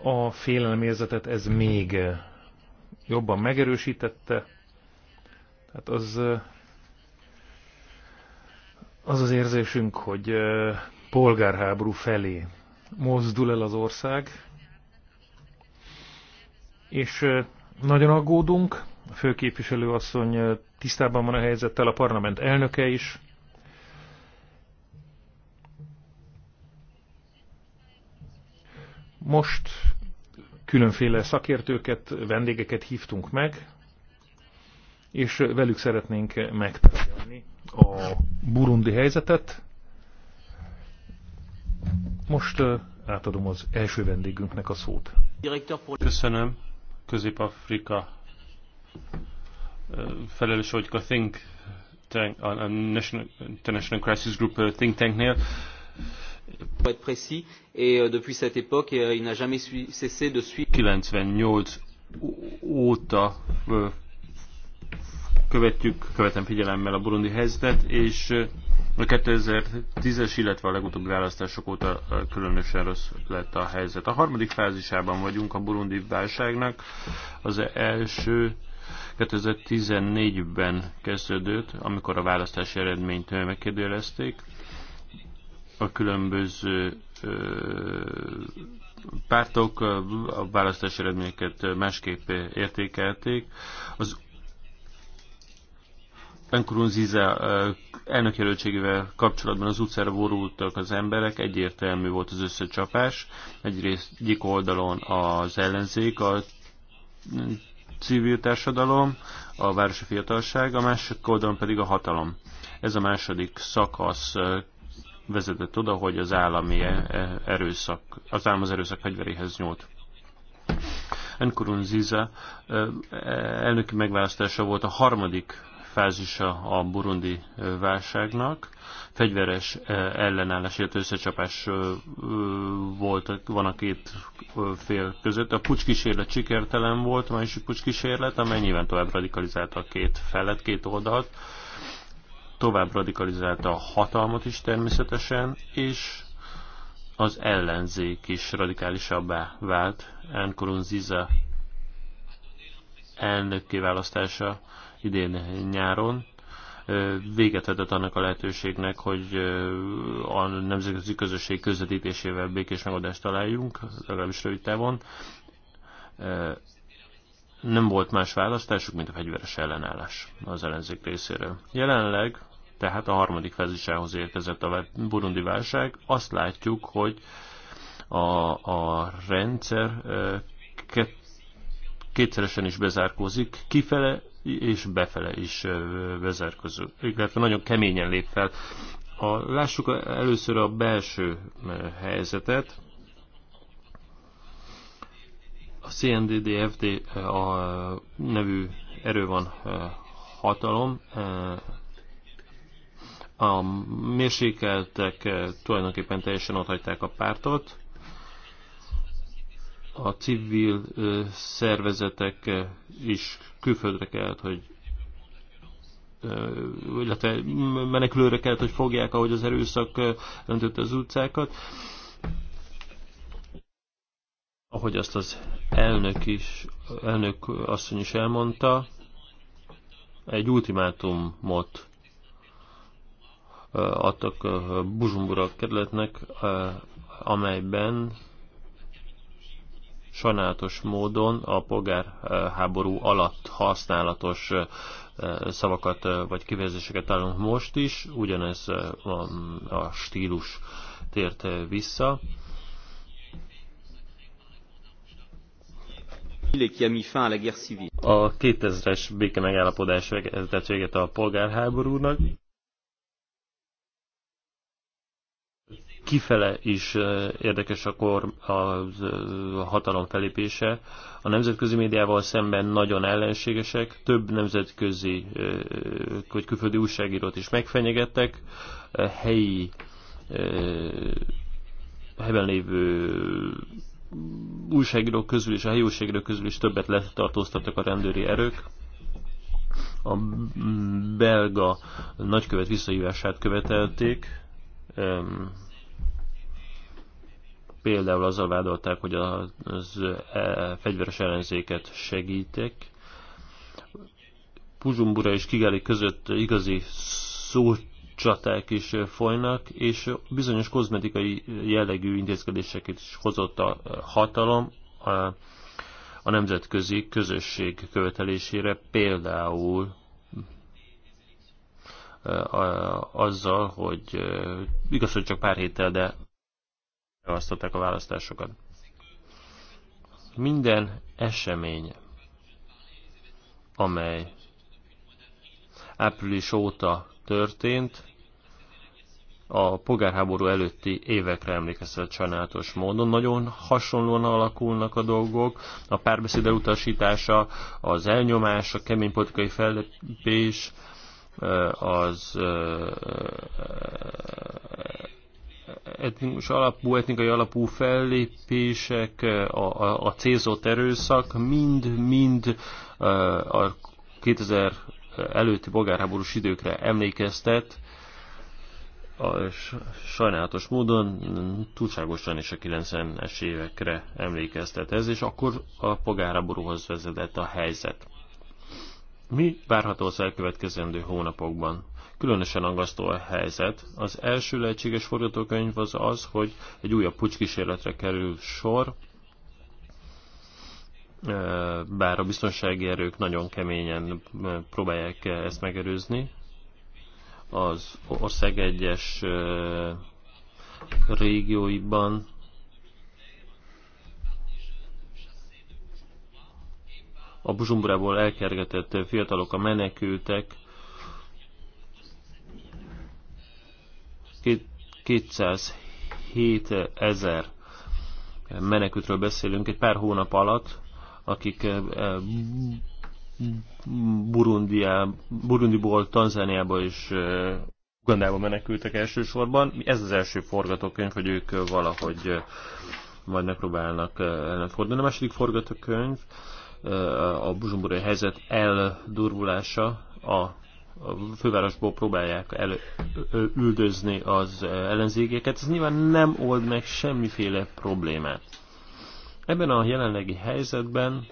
a félelmérzetet ez még jobban megerősítette. Tehát az az, az érzésünk, hogy polgárháború felé mozdul el az ország, és nagyon aggódunk. A főképviselő asszony tisztában van a helyzettel, a parlament elnöke is. Most különféle szakértőket, vendégeket hívtunk meg, és velük szeretnénk megtalálni a burundi helyzetet. Most átadom az első vendégünknek a szót. Köszönöm. Közép-Afrika felelős vagyok a Think Tank, a National, International Crisis Group uh, Think Tanknél. Pour être précis, et euh, depuis cette époque, euh, il n'a jamais cessé de suivre. 98 óta követjük, követem figyelemmel a burundi helyzetet, és a 2010-es, illetve a legutóbbi választások óta különösen rossz lett a helyzet. A harmadik fázisában vagyunk a burundi válságnak. Az első 2014-ben kezdődött, amikor a választási eredményt megkérdőjelezték. A különböző pártok a választási eredményeket másképp értékelték. Az Enkurunziza elnökjelöltségével kapcsolatban az utcára vorultak az emberek, egyértelmű volt az összecsapás. Egyrészt egyik oldalon az ellenzék, a civil társadalom, a városi fiatalság, a másik oldalon pedig a hatalom. Ez a második szakasz vezetett oda, hogy az állami e, e, erőszak, az állam az erőszak fegyveréhez nyúlt. Enkurun Ziza e, elnöki megválasztása volt a harmadik fázisa a burundi válságnak. Fegyveres ellenállás, illetve összecsapás volt, van a két fél között. A pucskísérlet sikertelen volt, van is pucskísérlet, amely nyilván tovább radikalizálta a két felet, két oldalt. Tovább radikalizálta a hatalmat is természetesen, és az ellenzék is radikálisabbá vált. Ziza elnökké választása idén nyáron véget vetett annak a lehetőségnek, hogy a nemzetközi közösség közvetítésével békés megoldást találjunk, legalábbis rövid távon. Nem volt más választásuk, mint a fegyveres ellenállás az ellenzék részéről. Jelenleg, tehát a harmadik fázisához érkezett a burundi válság, azt látjuk, hogy a, a rendszer kétszeresen is bezárkózik, kifele és befele is vezerkozó, illetve nagyon keményen lép fel. A, lássuk először a belső helyzetet. A CNDDFD a nevű erő van hatalom. A mérsékeltek tulajdonképpen teljesen ott a pártot a civil szervezetek is külföldre kellett, hogy illetve menekülőre kellett, hogy fogják, ahogy az erőszak öntötte az utcákat. Ahogy azt az elnök is, elnök asszony is elmondta, egy ultimátumot adtak Buzsumbura kerületnek, amelyben sanátos módon a polgárháború eh, alatt használatos eh, szavakat eh, vagy kifejezéseket találunk most is, ugyanez a stílus tért vissza. A 2000-es béke megállapodás vezetett véget a polgárháborúnak. kifele is érdekes a, kor, a hatalom felépése. A nemzetközi médiával szemben nagyon ellenségesek, több nemzetközi vagy külföldi újságírót is megfenyegettek, helyi helyben lévő újságírók közül és a helyi újságírók közül is többet letartóztattak a rendőri erők. A belga nagykövet visszahívását követelték, Például azzal vádolták, hogy az e, fegyveres ellenzéket segítik. Puzsumbura és Kigali között igazi szócsaták is folynak, és bizonyos kozmetikai jellegű intézkedéseket is hozott a hatalom a, a nemzetközi közösség követelésére, például e, azzal, hogy e, igaz, hogy csak pár héttel, de elvasztották a választásokat. Minden esemény, amely április óta történt, a polgárháború előtti évekre emlékeztet sajnálatos módon. Nagyon hasonlóan alakulnak a dolgok, a párbeszéd elutasítása, az elnyomás, a kemény politikai fellépés, az etnikus alapú, etnikai alapú fellépések, a, a, a célzott erőszak mind-mind a 2000 előtti polgárháborús időkre emlékeztet, a, sajnálatos módon túlságosan is a 90-es évekre emlékeztet ez, és akkor a polgárháborúhoz vezetett a helyzet. Mi várható az elkövetkezendő hónapokban? Különösen angasztó a helyzet. Az első lehetséges forgatókönyv az az, hogy egy újabb pucskísérletre kerül sor, bár a biztonsági erők nagyon keményen próbálják ezt megerőzni. Az ország egyes régióiban a Buzsumburából elkergetett fiatalok, a menekültek 207 ezer menekültről beszélünk egy pár hónap alatt, akik eh, Burundiá, Burundiból, Tanzániába és eh, Ugandába menekültek elsősorban. Ez az első forgatókönyv, hogy ők valahogy eh, majd megpróbálnak ellenfordulni. A második forgatókönyv a buzsumburai helyzet eldurvulása a a fővárosból próbálják elő, üldözni az ellenzégeket, ez nyilván nem old meg semmiféle problémát. Ebben a jelenlegi helyzetben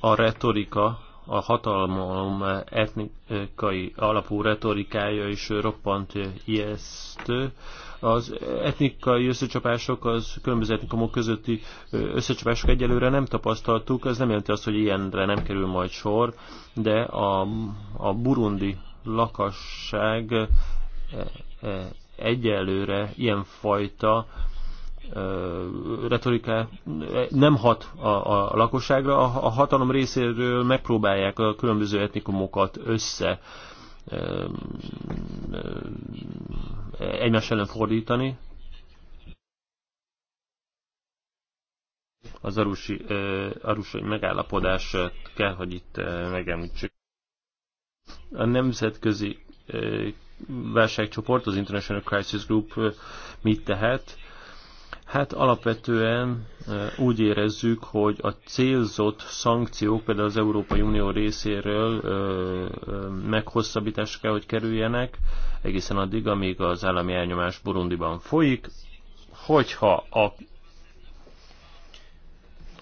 a retorika, a hatalom etnikai alapú retorikája is roppant ijesztő. Az etnikai összecsapások, az különböző etnikumok közötti összecsapások egyelőre nem tapasztaltuk, ez nem jelenti azt, hogy ilyenre nem kerül majd sor, de a, a burundi lakasság egyelőre ilyenfajta retoriká nem hat a, a, lakosságra. A, a hatalom részéről megpróbálják a különböző etnikumokat össze egymás ellen fordítani. Az arusi, arusai megállapodás kell, hogy itt megemlítsük. A nemzetközi válságcsoport, az International Crisis Group mit tehet? Hát alapvetően e, úgy érezzük, hogy a célzott szankciók például az Európai Unió részéről e, e, meghosszabbításra kell, hogy kerüljenek, egészen addig, amíg az állami elnyomás Burundiban folyik. Hogyha a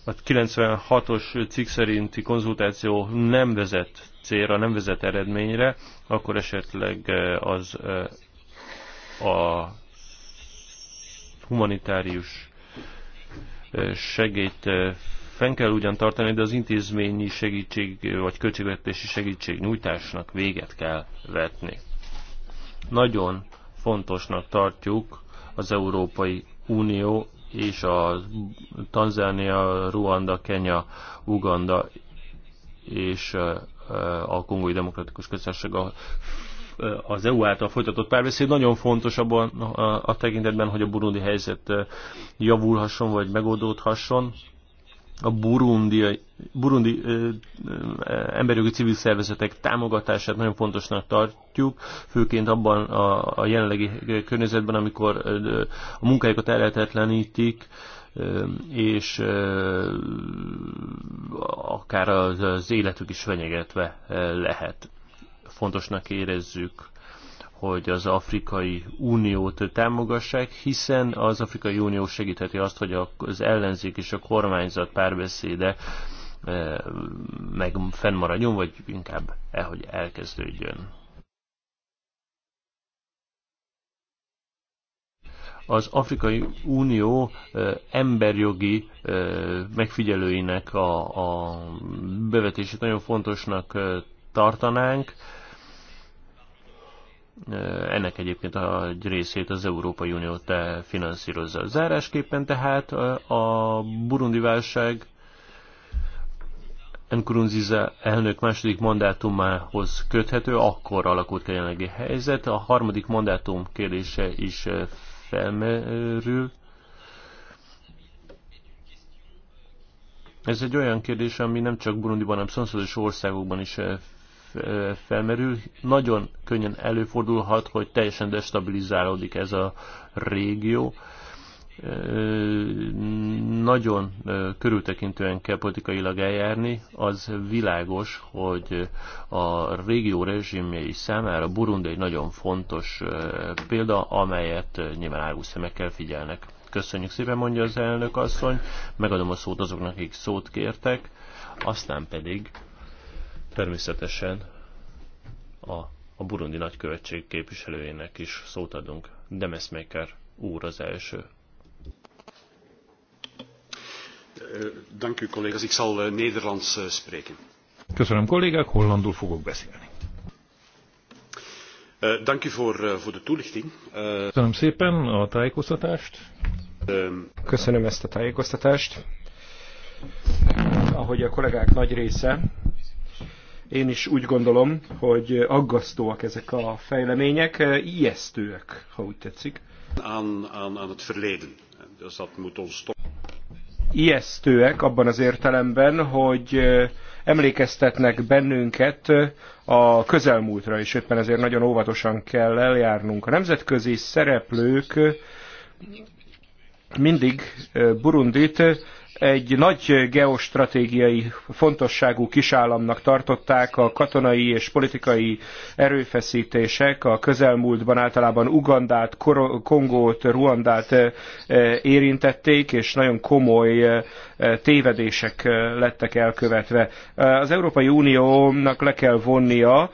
a 96-os cikk szerinti konzultáció nem vezet célra, nem vezet eredményre, akkor esetleg az a humanitárius segélyt fenn kell ugyan tartani, de az intézményi segítség vagy költségvetési segítség nyújtásnak véget kell vetni. Nagyon fontosnak tartjuk az Európai Unió és a Tanzánia, Ruanda, Kenya, Uganda és a Kongói Demokratikus Köztársaság a az EU által folytatott párbeszéd nagyon fontos abban a, tekintetben, hogy a burundi helyzet javulhasson vagy megoldódhasson. A burundi, burundi emberjogi civil szervezetek támogatását nagyon fontosnak tartjuk, főként abban a, a jelenlegi környezetben, amikor a munkájukat ellehetetlenítik, és akár az, az életük is fenyegetve lehet fontosnak érezzük, hogy az Afrikai Uniót támogassák, hiszen az Afrikai Unió segítheti azt, hogy az ellenzék és a kormányzat párbeszéde eh, meg fennmaradjon, vagy inkább el, hogy elkezdődjön. az Afrikai Unió eh, emberjogi eh, megfigyelőinek a, a bevetését nagyon fontosnak tartanánk. Ennek egyébként a részét az Európai Unió te finanszírozza. Zárásképpen tehát a burundi válság Nkurunziza elnök második mandátumához köthető, akkor alakult a jelenlegi helyzet. A harmadik mandátum kérdése is felmerül. Ez egy olyan kérdés, ami nem csak Burundiban, hanem szomszédos országokban is felmerül. Nagyon könnyen előfordulhat, hogy teljesen destabilizálódik ez a régió. Nagyon körültekintően kell politikailag eljárni. Az világos, hogy a régió rezsimjei számára Burundi egy nagyon fontos példa, amelyet nyilván árgus szemekkel figyelnek. Köszönjük szépen, mondja az elnök asszony. Megadom a szót azoknak, akik szót kértek, aztán pedig Természetesen a, a burundi nagykövetség képviselőjének is szót adunk. Demesmaker úr az első. Dank u collega's, ik zal eh, Nederlands eh, spreken. Köszönöm kollégák, hollandul fogok beszélni. Eh, dank u voor, voor de toelichting. Köszönöm szépen a tájékoztatást. Ehm, Köszönöm ezt a tájékoztatást. Ahogy a kollégák nagy része én is úgy gondolom, hogy aggasztóak ezek a fejlemények, ijesztőek, ha úgy tetszik. verleden. ijesztőek abban az értelemben, hogy emlékeztetnek bennünket a közelmúltra, és éppen ezért nagyon óvatosan kell eljárnunk. A nemzetközi szereplők mindig Burundit egy nagy geostratégiai fontosságú kisállamnak tartották a katonai és politikai erőfeszítések a közelmúltban általában Ugandát, Kongót, Ruandát eh, eh, érintették, és nagyon komoly eh, tévedések lettek elkövetve. Az Európai Uniónak le kell vonnia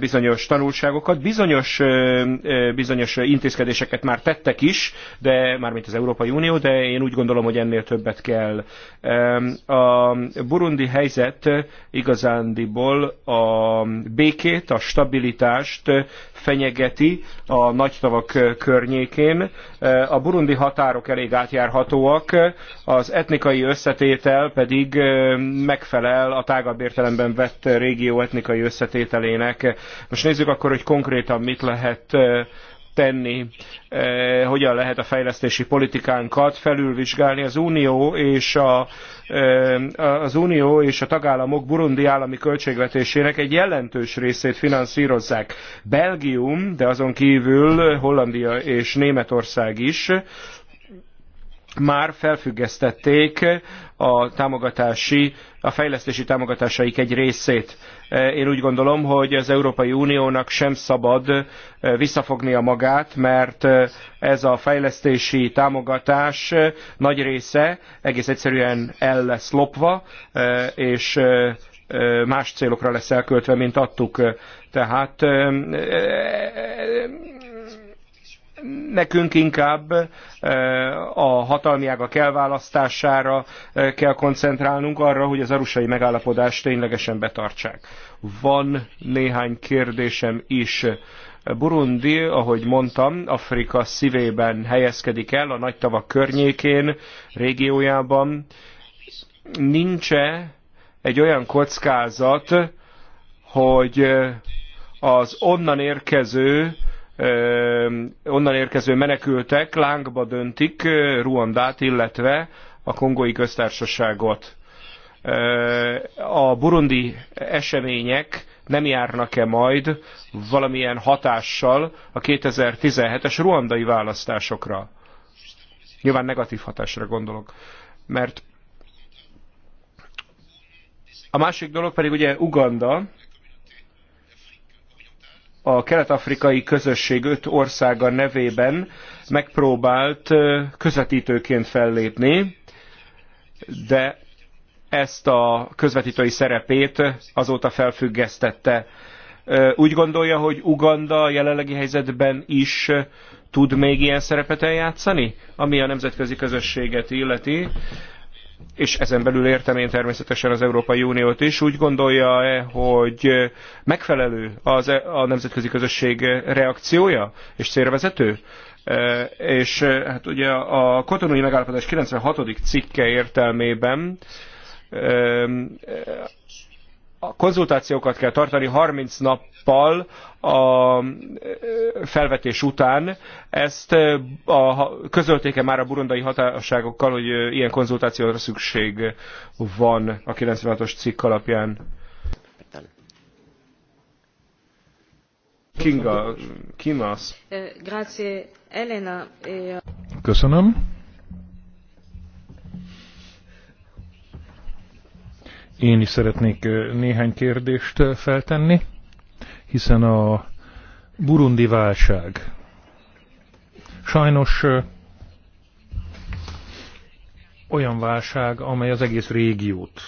bizonyos tanulságokat, bizonyos, bizonyos intézkedéseket már tettek is, de mármint az Európai Unió, de én úgy gondolom, hogy ennél többet kell a burundi helyzet igazándiból a békét, a stabilitást fenyegeti a nagy tavak környékén. A burundi határok elég átjárhatóak, az etnikai összetétel pedig megfelel a tágabb értelemben vett régió etnikai összetételének. Most nézzük akkor, hogy konkrétan mit lehet tenni, eh, hogyan lehet a fejlesztési politikánkat felülvizsgálni. Az Unió és a, eh, az Unió és a tagállamok burundi állami költségvetésének egy jelentős részét finanszírozzák. Belgium, de azon kívül Hollandia és Németország is már felfüggesztették a támogatási, a fejlesztési támogatásaik egy részét én úgy gondolom, hogy az Európai Uniónak sem szabad visszafognia magát, mert ez a fejlesztési támogatás nagy része egész egyszerűen el lesz lopva, és más célokra lesz elköltve, mint adtuk. Tehát nekünk inkább eh, a hatalmi ágak elválasztására eh, kell koncentrálnunk arra, hogy az arusai megállapodást ténylegesen betartsák. Van néhány kérdésem is. Burundi, ahogy mondtam, Afrika szívében helyezkedik el, a nagy tavak környékén, régiójában. Nincs-e egy olyan kockázat, hogy az onnan érkező onnan érkező menekültek lángba döntik Ruandát, illetve a kongói köztársaságot. A burundi események nem járnak-e majd valamilyen hatással a 2017-es ruandai választásokra? Nyilván negatív hatásra gondolok, mert a másik dolog pedig ugye Uganda, a kelet-afrikai közösség öt országa nevében megpróbált közvetítőként fellépni, de ezt a közvetítői szerepét azóta felfüggesztette. Úgy gondolja, hogy Uganda a jelenlegi helyzetben is tud még ilyen szerepet eljátszani, ami a nemzetközi közösséget illeti és ezen belül értem én természetesen az Európai Uniót is, úgy gondolja-e, hogy megfelelő az, e- a nemzetközi közösség reakciója és célvezető? E, és e, hát ugye a kotonói megállapodás 96. cikke értelmében a konzultációkat kell tartani 30 nappal a felvetés után. Ezt a, közölték-e már a burundai hatóságokkal, hogy ilyen konzultációra szükség van a 96-os cikk alapján? Kinga, Kimas. Grazie, Elena. Köszönöm. Én is szeretnék néhány kérdést feltenni, hiszen a burundi válság sajnos olyan válság, amely az egész régiót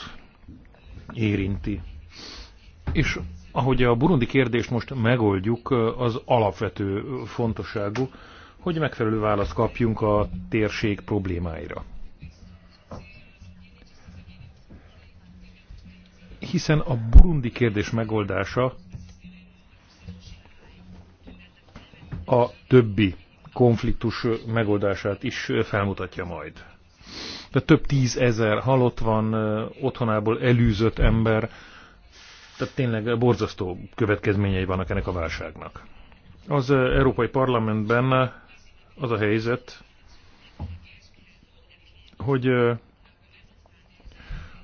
érinti. És ahogy a burundi kérdést most megoldjuk, az alapvető fontosságú, hogy megfelelő választ kapjunk a térség problémáira. hiszen a burundi kérdés megoldása a többi konfliktus megoldását is felmutatja majd. De több tízezer halott van, otthonából elűzött ember, tehát tényleg borzasztó következményei vannak ennek a válságnak. Az Európai Parlamentben az a helyzet, hogy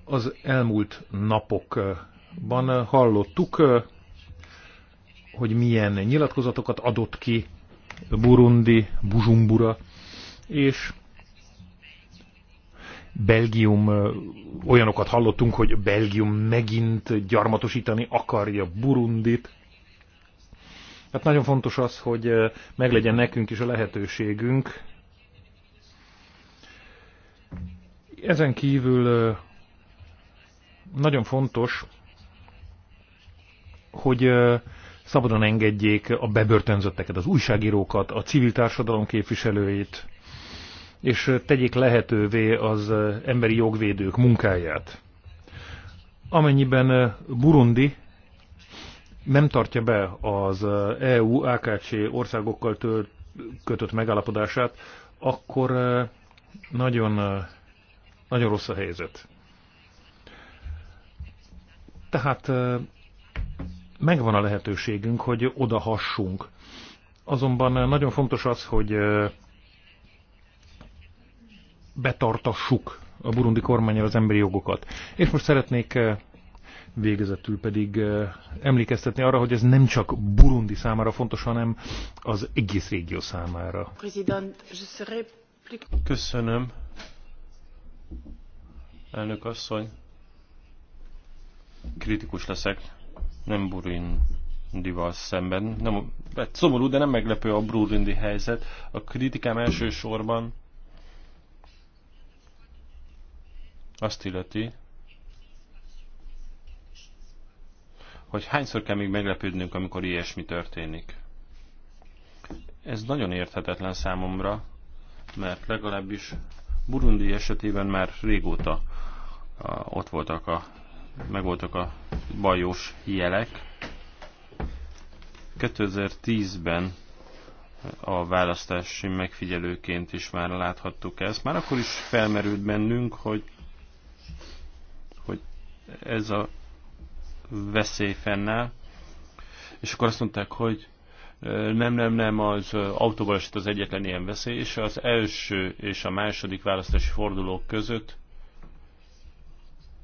az elmúlt napokban hallottuk, hogy milyen nyilatkozatokat adott ki Burundi, Buzsumbura, és Belgium, olyanokat hallottunk, hogy Belgium megint gyarmatosítani akarja Burundit. Hát nagyon fontos az, hogy meglegyen nekünk is a lehetőségünk. Ezen kívül nagyon fontos, hogy szabadon engedjék a bebörtönzötteket, az újságírókat, a civil társadalom képviselőit, és tegyék lehetővé az emberi jogvédők munkáját. Amennyiben Burundi nem tartja be az EU-AKC országokkal tört, kötött megállapodását, akkor nagyon, nagyon rossz a helyzet. Tehát megvan a lehetőségünk, hogy odahassunk. Azonban nagyon fontos az, hogy betartassuk a burundi kormányra az emberi jogokat. És most szeretnék végezetül pedig emlékeztetni arra, hogy ez nem csak Burundi számára fontos, hanem az egész régió számára. Köszönöm, elnök asszony kritikus leszek, nem Burundival szemben. Nem, hát szomorú, de nem meglepő a Burundi helyzet. A kritikám elsősorban azt illeti, hogy hányszor kell még meglepődnünk, amikor ilyesmi történik. Ez nagyon érthetetlen számomra, mert legalábbis Burundi esetében már régóta ott voltak a megvoltak a bajos jelek. 2010-ben a választási megfigyelőként is már láthattuk ezt. Már akkor is felmerült bennünk, hogy, hogy ez a veszély fennáll. És akkor azt mondták, hogy nem, nem, nem, az autóbaleset az egyetlen ilyen veszély, és az első és a második választási fordulók között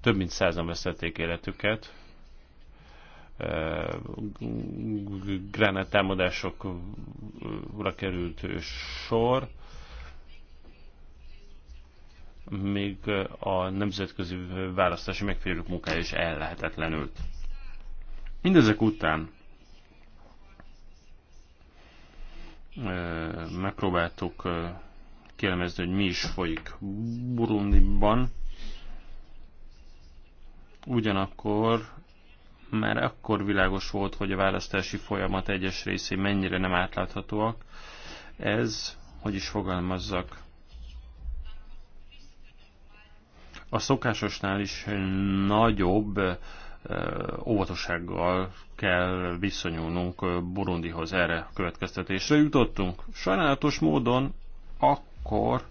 több mint százan veszették életüket. Gránát támadásokra került sor. Még a nemzetközi választási megfigyelők munkája is ellehetetlenült. Mindezek után megpróbáltuk kielemezni, hogy mi is folyik Burundiban. Ugyanakkor már akkor világos volt, hogy a választási folyamat egyes részé mennyire nem átláthatóak. Ez, hogy is fogalmazzak, a szokásosnál is nagyobb óvatossággal kell viszonyulnunk Burundihoz erre a következtetésre jutottunk. Sajnálatos módon akkor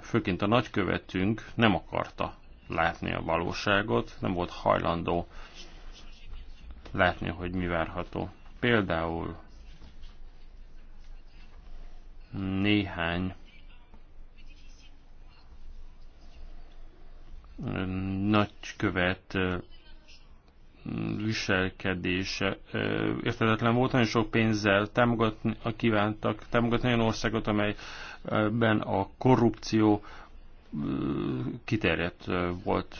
főként a nagykövetünk nem akarta látni a valóságot, nem volt hajlandó látni, hogy mi várható. Például néhány nagykövet viselkedése értetetlen volt, nagyon sok pénzzel támogatni kívántak, támogatni olyan országot, amely ben a korrupció kiterjedt volt.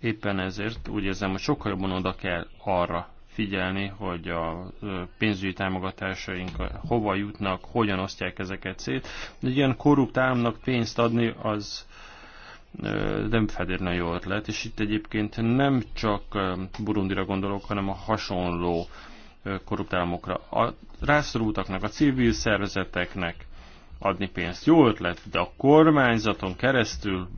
Éppen ezért úgy érzem, hogy sokkal jobban oda kell arra figyelni, hogy a pénzügyi támogatásaink hova jutnak, hogyan osztják ezeket szét. Egy ilyen korrupt államnak pénzt adni az nem nagyon jó ötlet, és itt egyébként nem csak Burundira gondolok, hanem a hasonló korrupt államokra. A rászorultaknak, a civil szervezeteknek adni pénzt. Jó ötlet, de a kormányzaton keresztül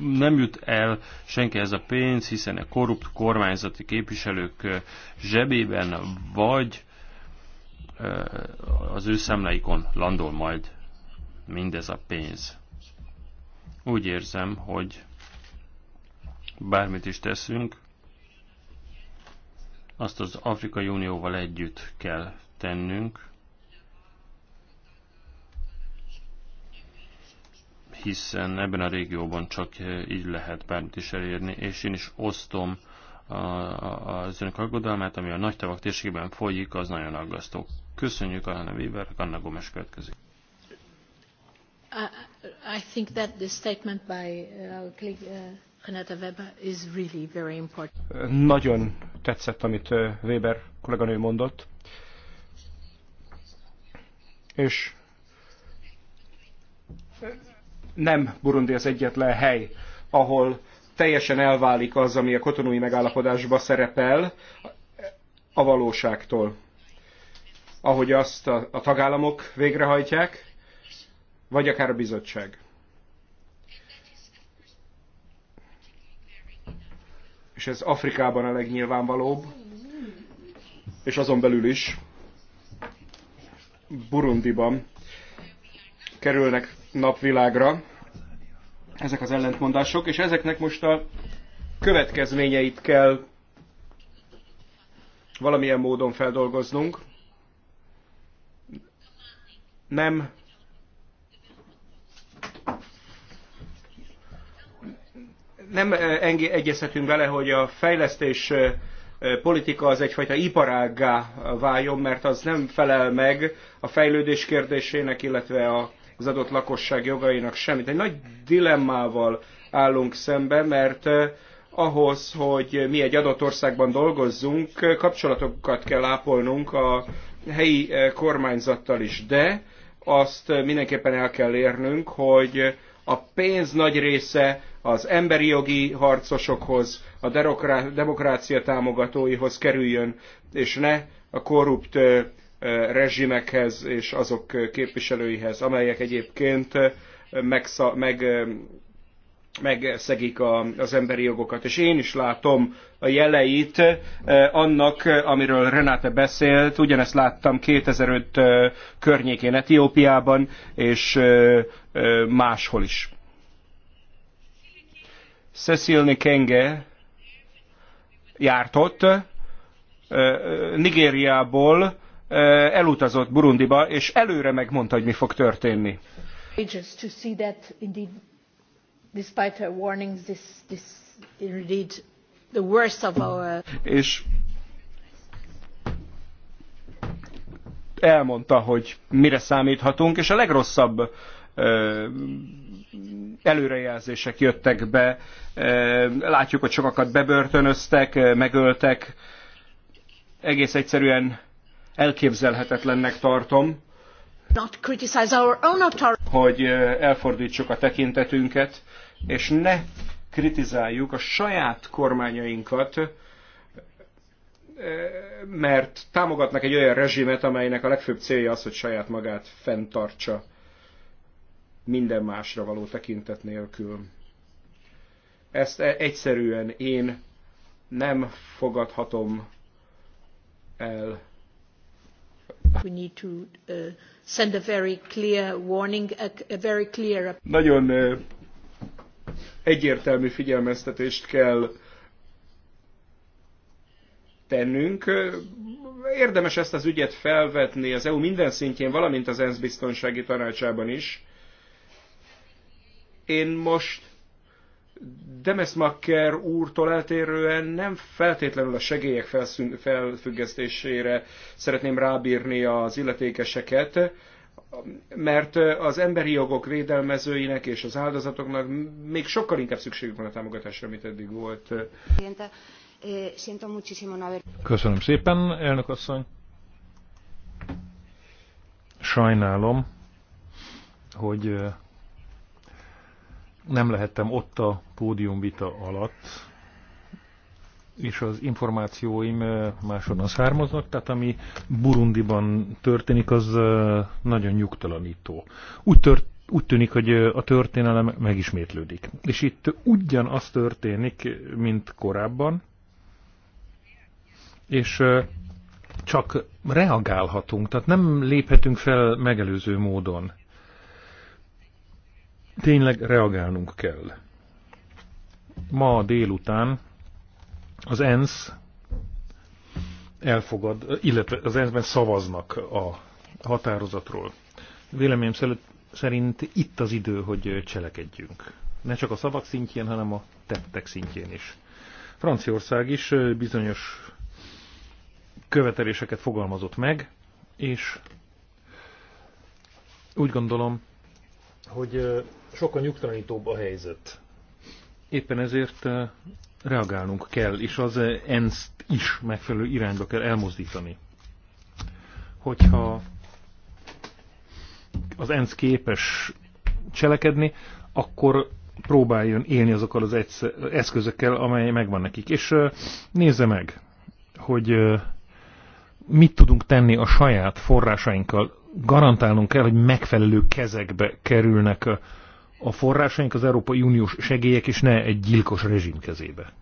nem jut el senki ez a pénz, hiszen a korrupt kormányzati képviselők zsebében vagy az ő szemleikon landol majd mindez a pénz. Úgy érzem, hogy bármit is teszünk, azt az Afrikai Unióval együtt kell tennünk, hiszen ebben a régióban csak eh, így lehet bármit is elérni, és én is osztom az önök aggodalmát, ami a nagy tavak térségében folyik, az nagyon aggasztó. Köszönjük a Hanna Weber, Anna Gomes következik. I think that the statement by uh, our colleague uh, nagyon tetszett, amit Weber kolléganő mondott. És nem Burundi az egyetlen hely, ahol teljesen elválik az, ami a kotonói megállapodásba szerepel, a valóságtól. Ahogy azt a, a tagállamok végrehajtják, vagy akár a bizottság. és ez Afrikában a legnyilvánvalóbb, és azon belül is Burundiban kerülnek napvilágra ezek az ellentmondások, és ezeknek most a következményeit kell valamilyen módon feldolgoznunk. Nem nem eh, egyezhetünk bele, hogy a fejlesztés eh, eh, politika az egyfajta iparággá váljon, mert az nem felel meg a fejlődés kérdésének, illetve az adott lakosság jogainak semmit. Egy nagy dilemmával állunk szembe, mert ahhoz, hogy mi egy adott országban dolgozzunk, kapcsolatokat kell ápolnunk a helyi kormányzattal is, de azt mindenképpen el kell érnünk, hogy a pénz nagy része az emberi jogi harcosokhoz, a demokrácia támogatóihoz kerüljön, és ne a korrupt rezsimekhez és azok képviselőihez, amelyek egyébként megsza, meg, megszegik a, az emberi jogokat. És én is látom a jeleit annak, amiről Renate beszélt. Ugyanezt láttam 2005 környékén Etiópiában, és máshol is. Cecilni Kenge járt ott, Nigériából elutazott Burundiba, és előre megmondta, hogy mi fog történni. És elmondta, hogy mire számíthatunk, és a legrosszabb előrejelzések jöttek be Látjuk, hogy sokakat bebörtönöztek, megöltek. Egész egyszerűen elképzelhetetlennek tartom, hogy elfordítsuk a tekintetünket, és ne kritizáljuk a saját kormányainkat, mert támogatnak egy olyan rezsimet, amelynek a legfőbb célja az, hogy saját magát fenntartsa minden másra való tekintet nélkül. Ezt e- egyszerűen én nem fogadhatom el. We need to uh, send a very clear warning, a, a very clear... Nagyon uh, egyértelmű figyelmeztetést kell tennünk. Érdemes ezt az ügyet felvetni az EU minden szintjén, valamint az ENSZ biztonsági tanácsában is. Én most Demesmaker úrtól eltérően nem feltétlenül a segélyek felfüggesztésére szeretném rábírni az illetékeseket, mert az emberi jogok védelmezőinek és az áldozatoknak még sokkal inkább szükségük van a támogatásra, mint eddig volt. Eh, Köszönöm szépen, elnök asszony. Sajnálom, hogy eh, nem lehettem ott a pódiumvita alatt, és az információim máshonnan származnak, tehát ami Burundiban történik, az nagyon nyugtalanító. Úgy, tört, úgy tűnik, hogy a történelem megismétlődik. És itt ugyanaz történik, mint korábban, és csak reagálhatunk, tehát nem léphetünk fel megelőző módon. Tényleg reagálnunk kell. Ma délután az ENSZ elfogad, illetve az ENSZ-ben szavaznak a határozatról. Véleményem szerint itt az idő, hogy cselekedjünk. Ne csak a szavak szintjén, hanem a tettek szintjén is. Franciaország is bizonyos követeléseket fogalmazott meg, és úgy gondolom, hogy sokkal nyugtalanítóbb a helyzet. Éppen ezért reagálnunk kell, és az ensz is megfelelő irányba kell elmozdítani. Hogyha az ENSZ képes cselekedni, akkor próbáljon élni azokkal az eszközökkel, amely megvan nekik. És nézze meg, hogy mit tudunk tenni a saját forrásainkkal. Garantálnunk kell, hogy megfelelő kezekbe kerülnek a forrásaink, az Európai Uniós segélyek, és ne egy gyilkos rezsim kezébe.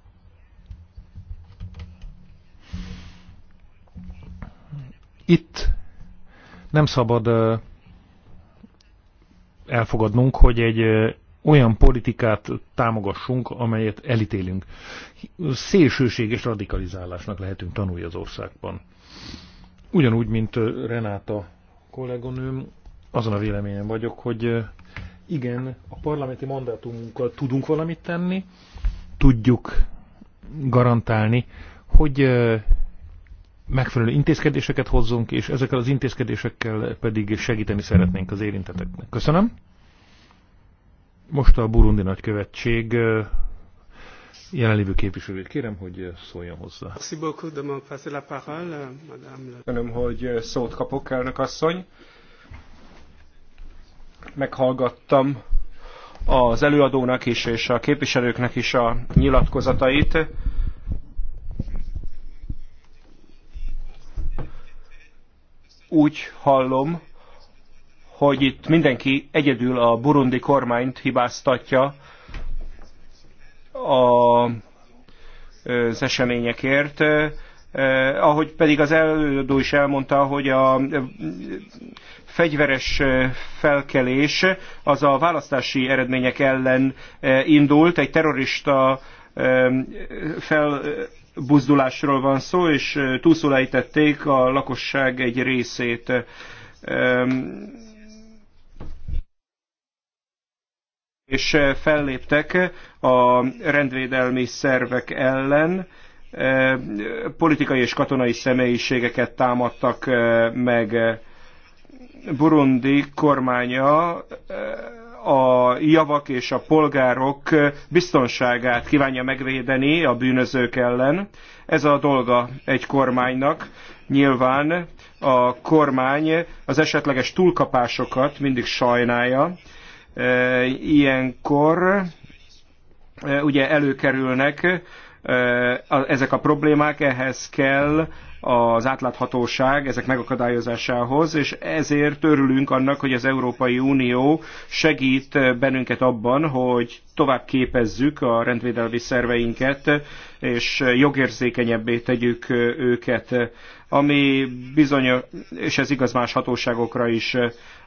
Itt nem szabad elfogadnunk, hogy egy olyan politikát támogassunk, amelyet elítélünk. Szélsőséges radikalizálásnak lehetünk tanulni az országban. Ugyanúgy, mint Renáta kolléganőm, azon a véleményen vagyok, hogy igen, a parlamenti mandátumunkkal tudunk valamit tenni, tudjuk garantálni, hogy megfelelő intézkedéseket hozzunk, és ezekkel az intézkedésekkel pedig segíteni szeretnénk az érinteteknek. Köszönöm. Most a Burundi Nagykövetség jelenlévő képviselőjét kérem, hogy szóljon hozzá. Köszönöm, hogy szót kapok, elnök asszony meghallgattam az előadónak is és a képviselőknek is a nyilatkozatait. Úgy hallom, hogy itt mindenki egyedül a burundi kormányt hibáztatja a, az eseményekért, eh, ahogy pedig az előadó is elmondta, hogy a fegyveres felkelés az a választási eredmények ellen indult, egy terrorista felbuzdulásról van szó, és túlszólejtették a lakosság egy részét. És felléptek a rendvédelmi szervek ellen, politikai és katonai személyiségeket támadtak meg Burundi kormánya eh, a javak és a polgárok eh, biztonságát kívánja megvédeni a bűnözők ellen. Ez a dolga egy kormánynak. Nyilván a kormány az esetleges túlkapásokat mindig sajnálja. Eh, ilyenkor ugye előkerülnek ezek a problémák, ehhez kell az átláthatóság ezek megakadályozásához, és ezért örülünk annak, hogy az Európai Unió segít bennünket abban, hogy tovább képezzük a rendvédelmi szerveinket, és jogérzékenyebbé tegyük őket, ami bizony, és ez igaz más hatóságokra is,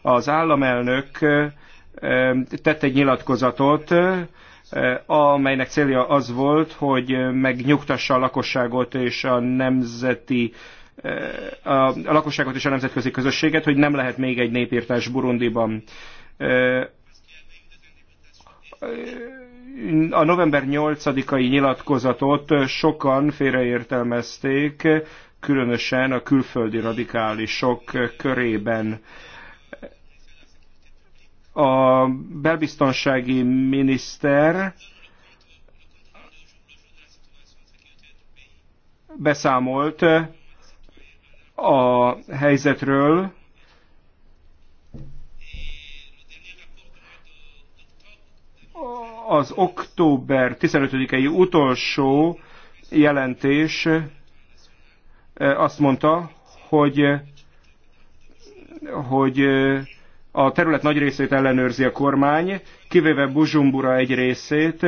az államelnök eh, tett egy nyilatkozatot, Eh, amelynek célja az volt, hogy megnyugtassa a lakosságot és a nemzeti eh, a, lakosságot és a nemzetközi közösséget, hogy nem lehet még egy népírtás Burundiban. Eh, a november 8-ai nyilatkozatot sokan félreértelmezték, különösen a külföldi radikálisok körében a belbiztonsági miniszter beszámolt a helyzetről, az október 15-i utolsó jelentés azt mondta, hogy, hogy a terület nagy részét ellenőrzi a kormány, kivéve Bujumbura egy részét.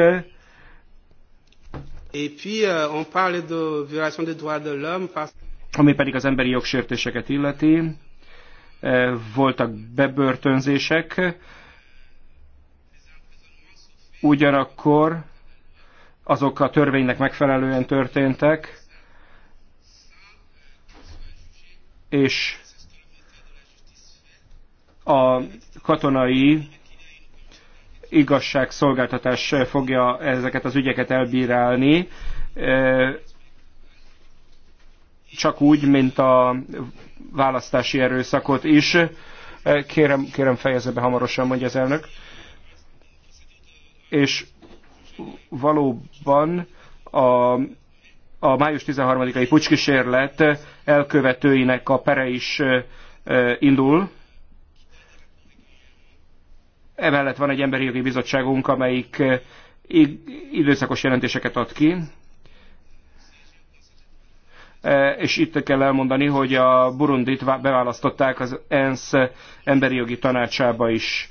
Et puis, euh, on parle de violation des droits de l'homme parce... Ami pedig az emberi jogsértéseket illeti, eh, voltak bebörtönzések, ugyanakkor azok a törvénynek megfelelően történtek, és a katonai igazságszolgáltatás fogja ezeket az ügyeket elbírálni, e, csak úgy, mint a választási erőszakot is. E, kérem, kérem fejezze be hamarosan, mondja az elnök. És valóban a, a május 13-ai pucskísérlet elkövetőinek a pere is e, indul, Emellett van egy emberi jogi bizottságunk, amelyik eh, időszakos jelentéseket ad ki, eh, és itt kell elmondani, hogy a Burundit beválasztották az ENSZ emberi jogi tanácsába is.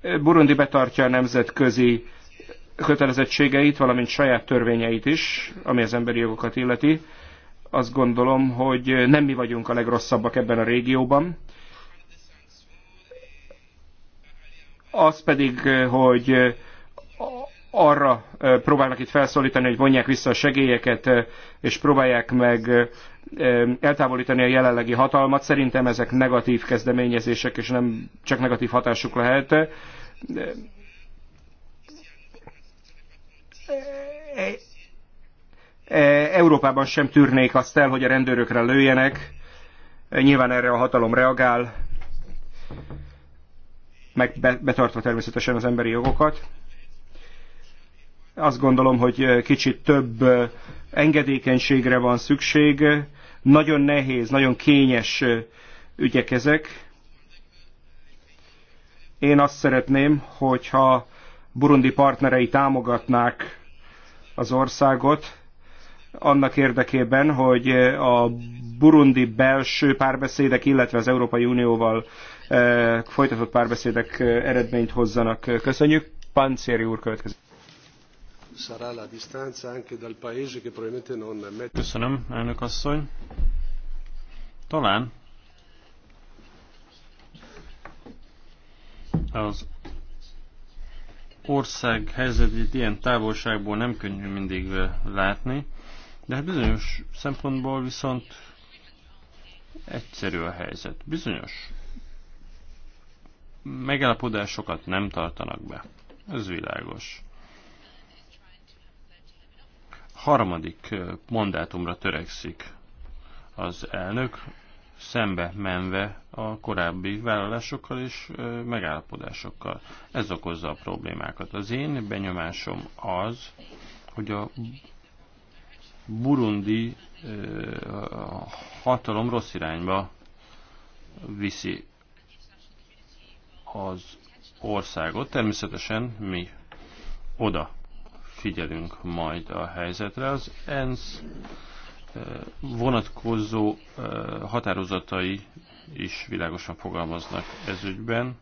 Eh, Burundi betartja a nemzetközi kötelezettségeit, valamint saját törvényeit is, ami az emberi jogokat illeti. Azt gondolom, hogy nem mi vagyunk a legrosszabbak ebben a régióban. az pedig, eh, hogy eh, arra eh, próbálnak itt felszólítani, hogy vonják vissza a segélyeket, és próbálják meg eltávolítani a jelenlegi hatalmat. Szerintem ezek negatív kezdeményezések, és nem csak negatív hatásuk lehet. Európában sem tűrnék azt el, hogy a rendőrökre lőjenek. Nyilván erre a hatalom reagál meg betartva természetesen az emberi jogokat. Azt gondolom, hogy kicsit több engedékenységre van szükség. Nagyon nehéz, nagyon kényes ügyek ezek. Én azt szeretném, hogyha burundi partnerei támogatnák az országot, annak érdekében, hogy a burundi belső párbeszédek, illetve az Európai Unióval Eh, folytatott párbeszédek eh, eredményt hozzanak. Köszönjük. Pancéri úr következik. Köszönöm, elnök asszony. Talán az ország helyzetét ilyen távolságból nem könnyű mindig eh, látni, de hát bizonyos szempontból viszont egyszerű a helyzet. Bizonyos megállapodásokat nem tartanak be. Ez világos. Harmadik mandátumra törekszik az elnök, szembe menve a korábbi vállalásokkal és megállapodásokkal. Ez okozza a problémákat. Az én benyomásom az, hogy a burundi hatalom rossz irányba viszi az országot. Természetesen mi oda figyelünk majd a helyzetre. Az ENSZ eh, vonatkozó eh, határozatai is világosan fogalmaznak ez ügyben.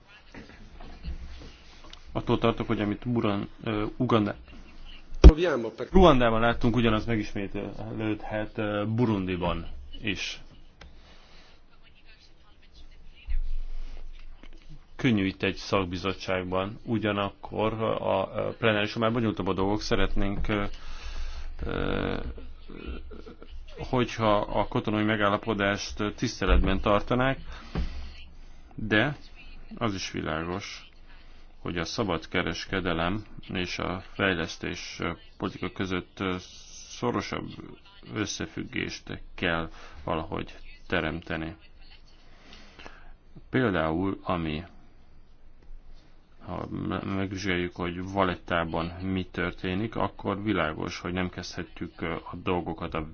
Attól tartok, hogy amit Buran, uh, eh, Uganda, Ruandában láttunk, ugyanaz megismétlődhet Burundiban is. könnyű itt egy szakbizottságban, ugyanakkor a plenáris már bonyolultabb a dolgok, szeretnénk hogyha a katonai megállapodást tiszteletben tartanák, de az is világos, hogy a szabad kereskedelem és a fejlesztés politika között szorosabb összefüggést kell valahogy teremteni. Például, ami ha megvizsgáljuk, hogy valettában mi történik, akkor világos, hogy nem kezdhetjük a dolgokat a,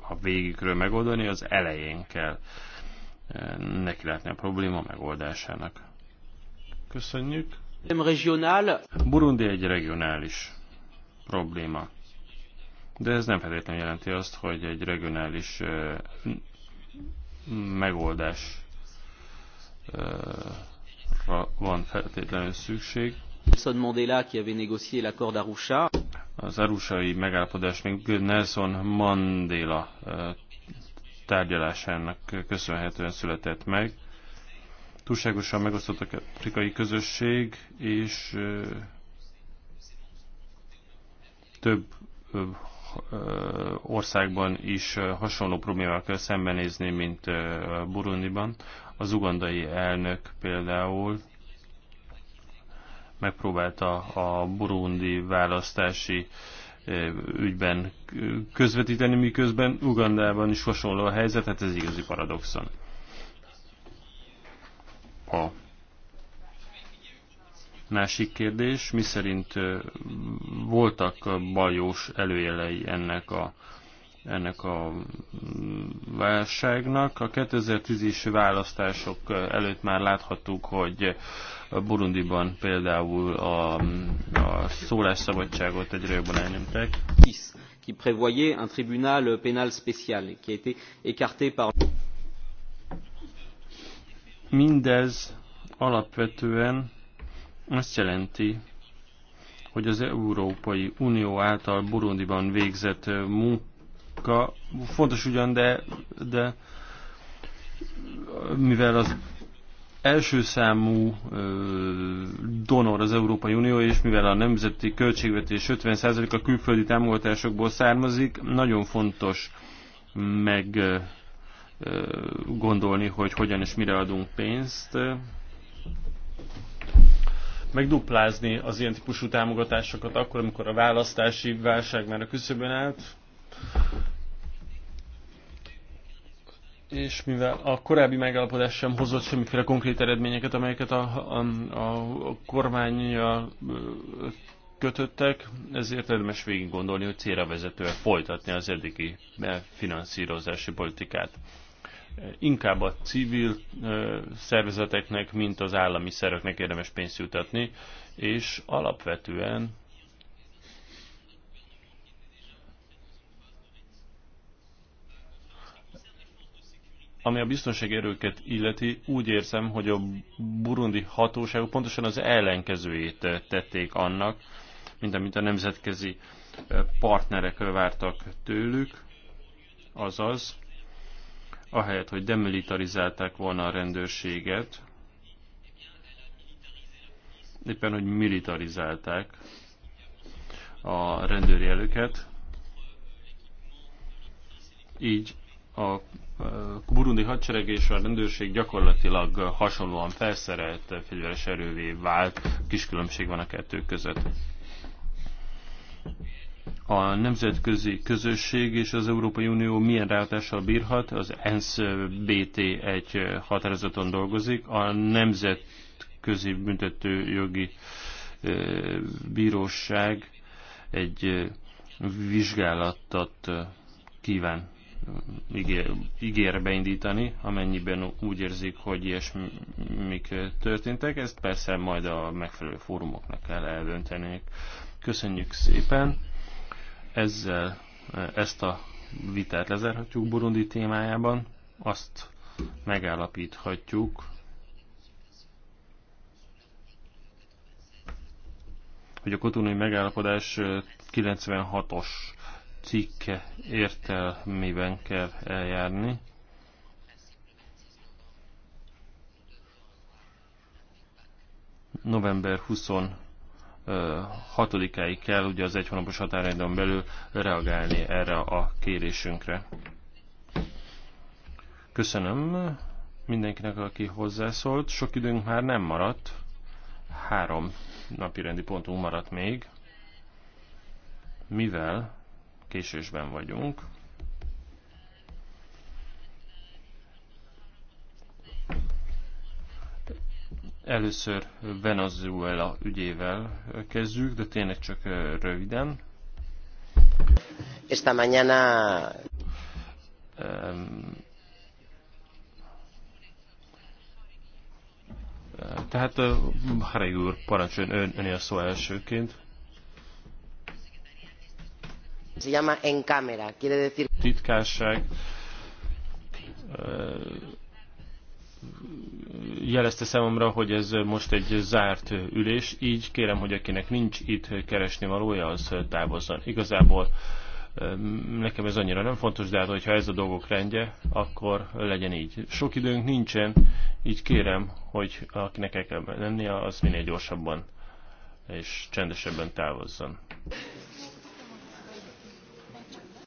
a végükről megoldani, az elején kell neki látni a probléma megoldásának. Köszönjük. Burundi egy regionális probléma. De ez nem feltétlenül jelenti azt, hogy egy regionális megoldás van feltétlenül szükség. Nelson Mandela, qui avait négocié l'accord d'Arusha. Az arusai megállapodás még Nelson Mandela tárgyalásának köszönhetően született meg. Túlságosan megosztott a afrikai közösség, és több országban is hasonló problémákkal szembenézni, mint Burundiban. Az ugandai elnök például megpróbálta a burundi választási ügyben közvetíteni, miközben Ugandában is hasonló a helyzet, hát ez igazi paradoxon. A másik kérdés, mi szerint voltak baljós előjelei ennek a ennek a mm, válságnak. A 2010-es választások előtt már láthattuk, hogy Burundiban például a, a szólásszabadságot egyre jobban elnyomták. qui prévoyait un tribunal pénal spécial, qui a été écarté par... Mindez alapvetően azt jelenti, hogy az Európai Unió által Burundiban végzett munka munka fontos ugyan, de, de mivel az első számú donor az Európai Unió, és mivel a nemzeti költségvetés 50%-a külföldi támogatásokból származik, nagyon fontos meg gondolni, hogy hogyan és mire adunk pénzt. Megduplázni az ilyen típusú támogatásokat akkor, amikor a választási válság már a küszöbön állt, és mivel a korábbi megállapodás sem hozott semmiféle konkrét eredményeket, amelyeket a, a, a kormányjal kötöttek, ezért érdemes végig gondolni, hogy célra vezetően folytatni az eddigi finanszírozási politikát. Inkább a civil szervezeteknek, mint az állami szerveknek érdemes pénzt jutatni, és alapvetően Ami a biztonsági erőket illeti, úgy érzem, hogy a burundi hatóságok pontosan az ellenkezőjét tették annak, mint amit a nemzetközi partnerek vártak tőlük, azaz, ahelyett, hogy demilitarizálták volna a rendőrséget, éppen, hogy militarizálták a rendőri előket, így a burundi hadsereg és a rendőrség gyakorlatilag hasonlóan felszerelt fegyveres erővé vált, kis különbség van a kettő között. A nemzetközi közösség és az Európai Unió milyen ráhatással bírhat? Az ENSZ BT egy határozaton dolgozik, a nemzetközi büntetőjogi bíróság egy vizsgálatot kíván ígér, ígér beindítani, amennyiben úgy érzik, hogy ilyesmik történtek. Ezt persze majd a megfelelő fórumoknak kell eldönteniük. Köszönjük szépen! Ezzel eh, ezt a vitát lezárhatjuk Burundi témájában. Azt megállapíthatjuk, hogy a kotonai megállapodás 96-os eh, cikke értelmében kell eljárni. November 26-áig kell ugye az egyhónapos határidőn belül reagálni erre a kérésünkre. Köszönöm mindenkinek, aki hozzászólt. Sok időnk már nem maradt. Három napi rendi pontunk maradt még. Mivel késősben vagyunk. Először Venezuela ügyével kezdjük, de tényleg csak röviden. Esta mañana... Tehát Harry úr, parancsoljon ön, öné a szó elsőként. Se Titkárság eh, jelezte számomra, hogy ez most egy zárt ülés, így kérem, hogy akinek nincs itt keresni valója, az távozzon. Igazából eh, nekem ez annyira nem fontos, de hát hogyha ez a dolgok rendje, akkor legyen így. Sok időnk nincsen, így kérem, hogy akinek el kell lennie, az minél gyorsabban és csendesebben távozzon.